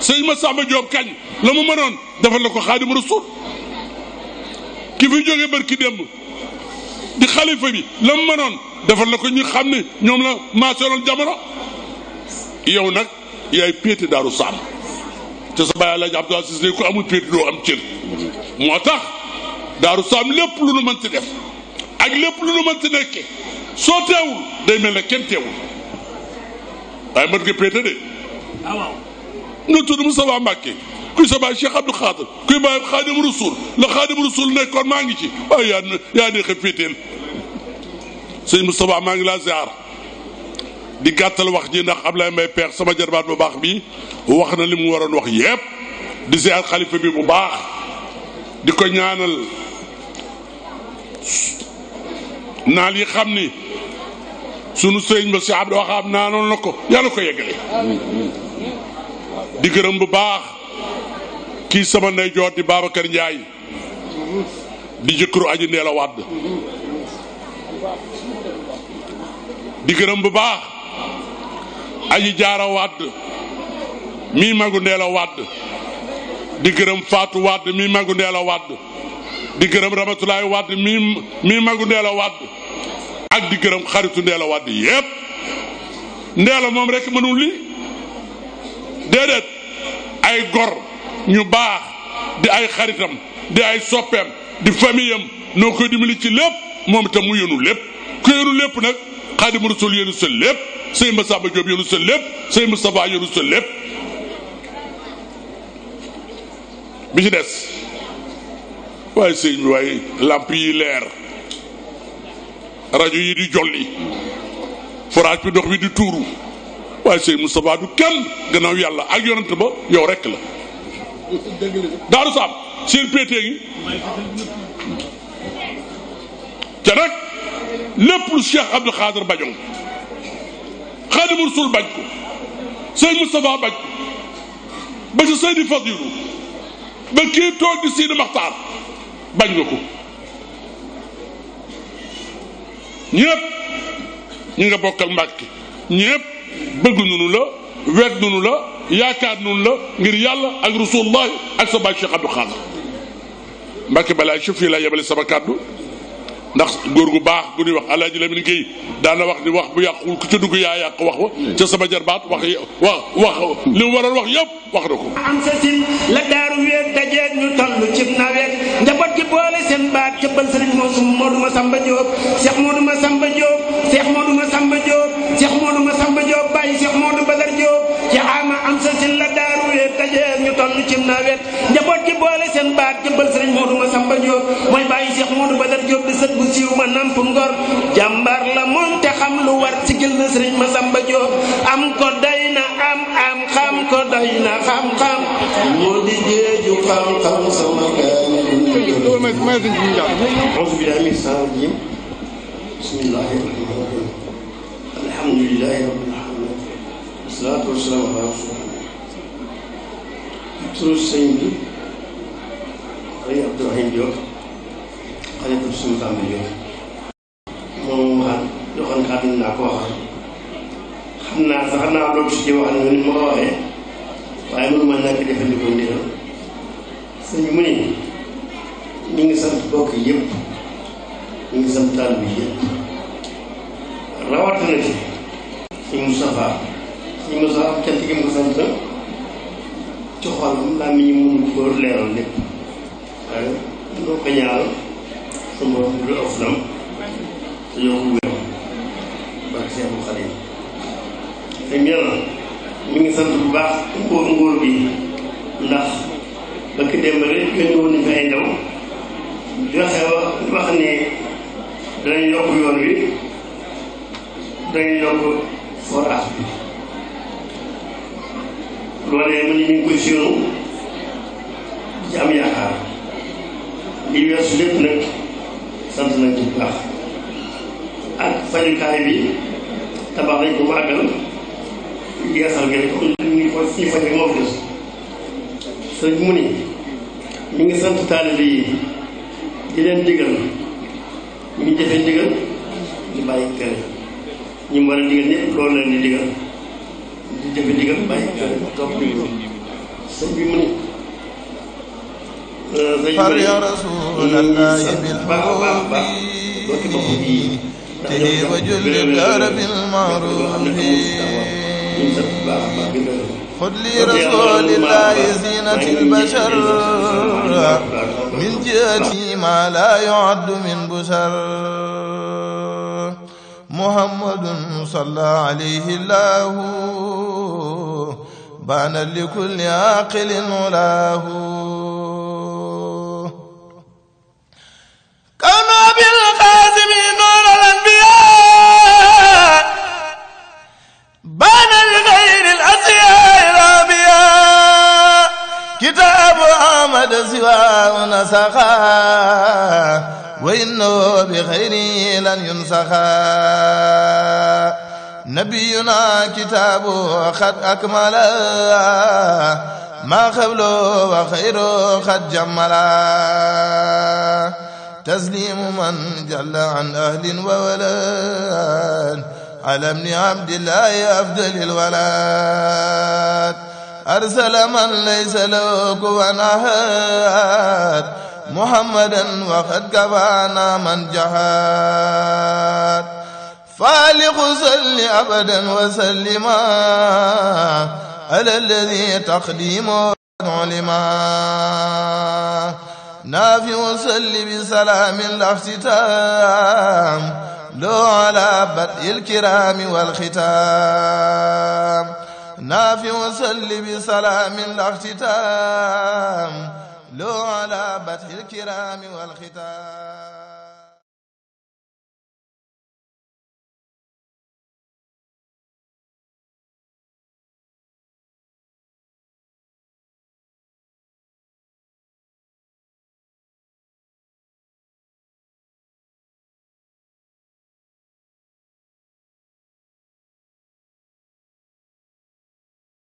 sëñ Massamba Diop kañ la mu mënoon defal na ko Xaadimu Rasuul ki fi jóge barki démb di xalifa bi la mu mënoon defal la ko ñu xam ne ñoom la maasoloon jamono yow nag yaay péete daaru saam te sa bàyyi laaj Abdou Aziz ne ku doo am cër moo tax daaru saam lépp lu nu mënti def ak lépp lu nu mënti nekke soo teewul day mel na kenn teewul waaye mën nga péete de ah, nu tudd Moustapha Mbacké kuy sa baay Cheikh Abdou Khadr kuy baay Xaadimu Rasuul la Xaadimu Rasuul nekkoon maa ngi ci waaye yaa yaa neex a féeteel sëñ Moustapha maa ngi laa ziar di gàttal wax ji ndax Ablaye Mbaye Pekh sama jarbaat bu baax bi wax na li mu waroon wax yépp di ziar xalifa bi bu baax di ko ñaanal naal yi xam ni sunu sëriñ ba si Abdou Wahab naanoon na ko yàlla ko yeggale di gërëm bu baax kii sama ndeyjoor di Babacar Ndiaye di jëkkëru aji neela a di gërëm bu baax aji jaara wàdd mi magu ndeel a di gërëm faatu wàdd mi magu ndeel a wàdd di gërëm Ramatulaay wàdd mi mi magu ndeel a ak di gërëm xaritu ndeel a wàdd yépp ndeel moom rek mënul li déedéet ay gor ñu baax di ay xaritam di ay soppeem di famille am noo koy dimbali ci lépp moom itam mu yenu lépp ku yenu lépp nag xaadimu rasul yenu sa lépp sëñ Masamba Diop yenu sa lépp sëñ Moustapha yenu sa lépp bi ci des waaye sëñ bi waaye làmp yi leer rajo yi di jolli forage bi ndox bi di tuuru waaye sëñ Moustapha du kenn gannaaw yàlla ak yonent ba yow rekk la daaru saam seen péete ngi te nag lépp lu Cheikh Abdou Khadir bañoon Xaadimu Rasul bañ ko sëñ Moustapha bañ ko ba ci Seydi Fadilu ba kii toog di Sidi Maxtaar bañ nga ko ñëpp ñi nga bokkal Mbàkke ñëpp bëgg nunu la wet nunu la yaakaar nunu la ngir yàlla ak rasulullah ak sa baay Cheikh Abdou Khadre Mbacke balaa chef fii laa yebale sama kàddu ndax góor gu baax gu ñuy wax alaaji Lamine Gueye daana wax ni wax bu yàqul ku ca dugg yaa yàq wax wa ca sama jarbaat wax wax wax li mu waroon wax yëpp wax na ko am sa sin la daaru wéet dajeeg ñu toll ci nawet njaboot gi boole seen baat cëbbal sëriñ moosum Modou Massamba Diop Cheikh Modou Massamba Diop Cheikh Modou Masamba Diop bàyyi Cheikh Modou Badar Diop ci ama am sa sin la daaru leen tajee ñu toll ci nawet njaboot gi boole seen baat jëmbal sëriñ Modou Masamba Diop mooy bàyyi Cheikh Modou Badar Diop di sët bu siiw ma namp ngor jàmbar la moom te xam lu war ci gil na sëriñ Masamba Diop am ko day na am am xam ko day na xam-xam moo di jeeju xam-xam sama gaay auzu billaahi mina shaytaani rajiim bismillaahi rahmaani rahiim alhamdulilahi rabbil alamin wasalaatu wasalaam ala rasulillah sunu sëñ bi xëy Abdourahim Diop xale bu suñu tàmbi Diop moom waxaat joxoon kàddu naa ko waxal xam naa sax xam naa loo gis di wax ne ni ma ko waxee waaye mënuma nekk defandikoo ndigal sëñ bi mu ne ñu ngi sant bokk yëpp ñu ngi sant taal bi yëpp rawatina ci suñu Moustapha suñu Moustapha cant gi mu ko sant ci xolam laa mi ñu mënul fóor leeral lépp waaye doo ko ñaar sa borom lu aw fanam te yokku wéram barke Seexul Xadiim te ñëla mi ngi sant bu baax nguur nguur bi ndax bëkk démb rek gën woon nañu fi wax ne danañ yokk yoon forage bi loolee ma ne ñu ngi koy séenu am yaakaar li weesu lépp nag sant nañ bu baax ak fajukaay bi tabax nañ ko wàggal yeesal ngeen ko ñu ko ñu faje moo fi des sëñ mu ni ñu ngi sant taalibe yi di leen digal ñu ngi jëfe ndigal bàyyi tere ñi mu war a digal ñëpp loolu la ni digal di jëfe digal bàyyi topp digal sëñ bi mu ni far ya rasulallahi bil ma'rufi tadi wa julli dara bil ma'rufi خذ لرسول الله زينة البشر من جهتي ما لا يعد من بشر محمد صلى عليه الله بان لكل عاقل علاه كما بالقاسم نور الانبياء بان لغير الاسياء الابياء كتاب احمد سواه نسخا wa innahu bi xayri lan yunsaxa nabiyuna kitaabu xad akmala maa xablo wa xayru xad jammala taslimu man jalla an ahlin wa walad ala ibni abdillahi afdalil walad arsala man laysa lahu kufuwan ahad محمدا وقد كفانا من جحد فالق صل أبدا وسلما على الذي تقديمه علما نافع صل بسلام الاختتام لو على بدء الكرام والختام نافع صل بسلام الاختتام loo ala badxil kiraami wal xitaam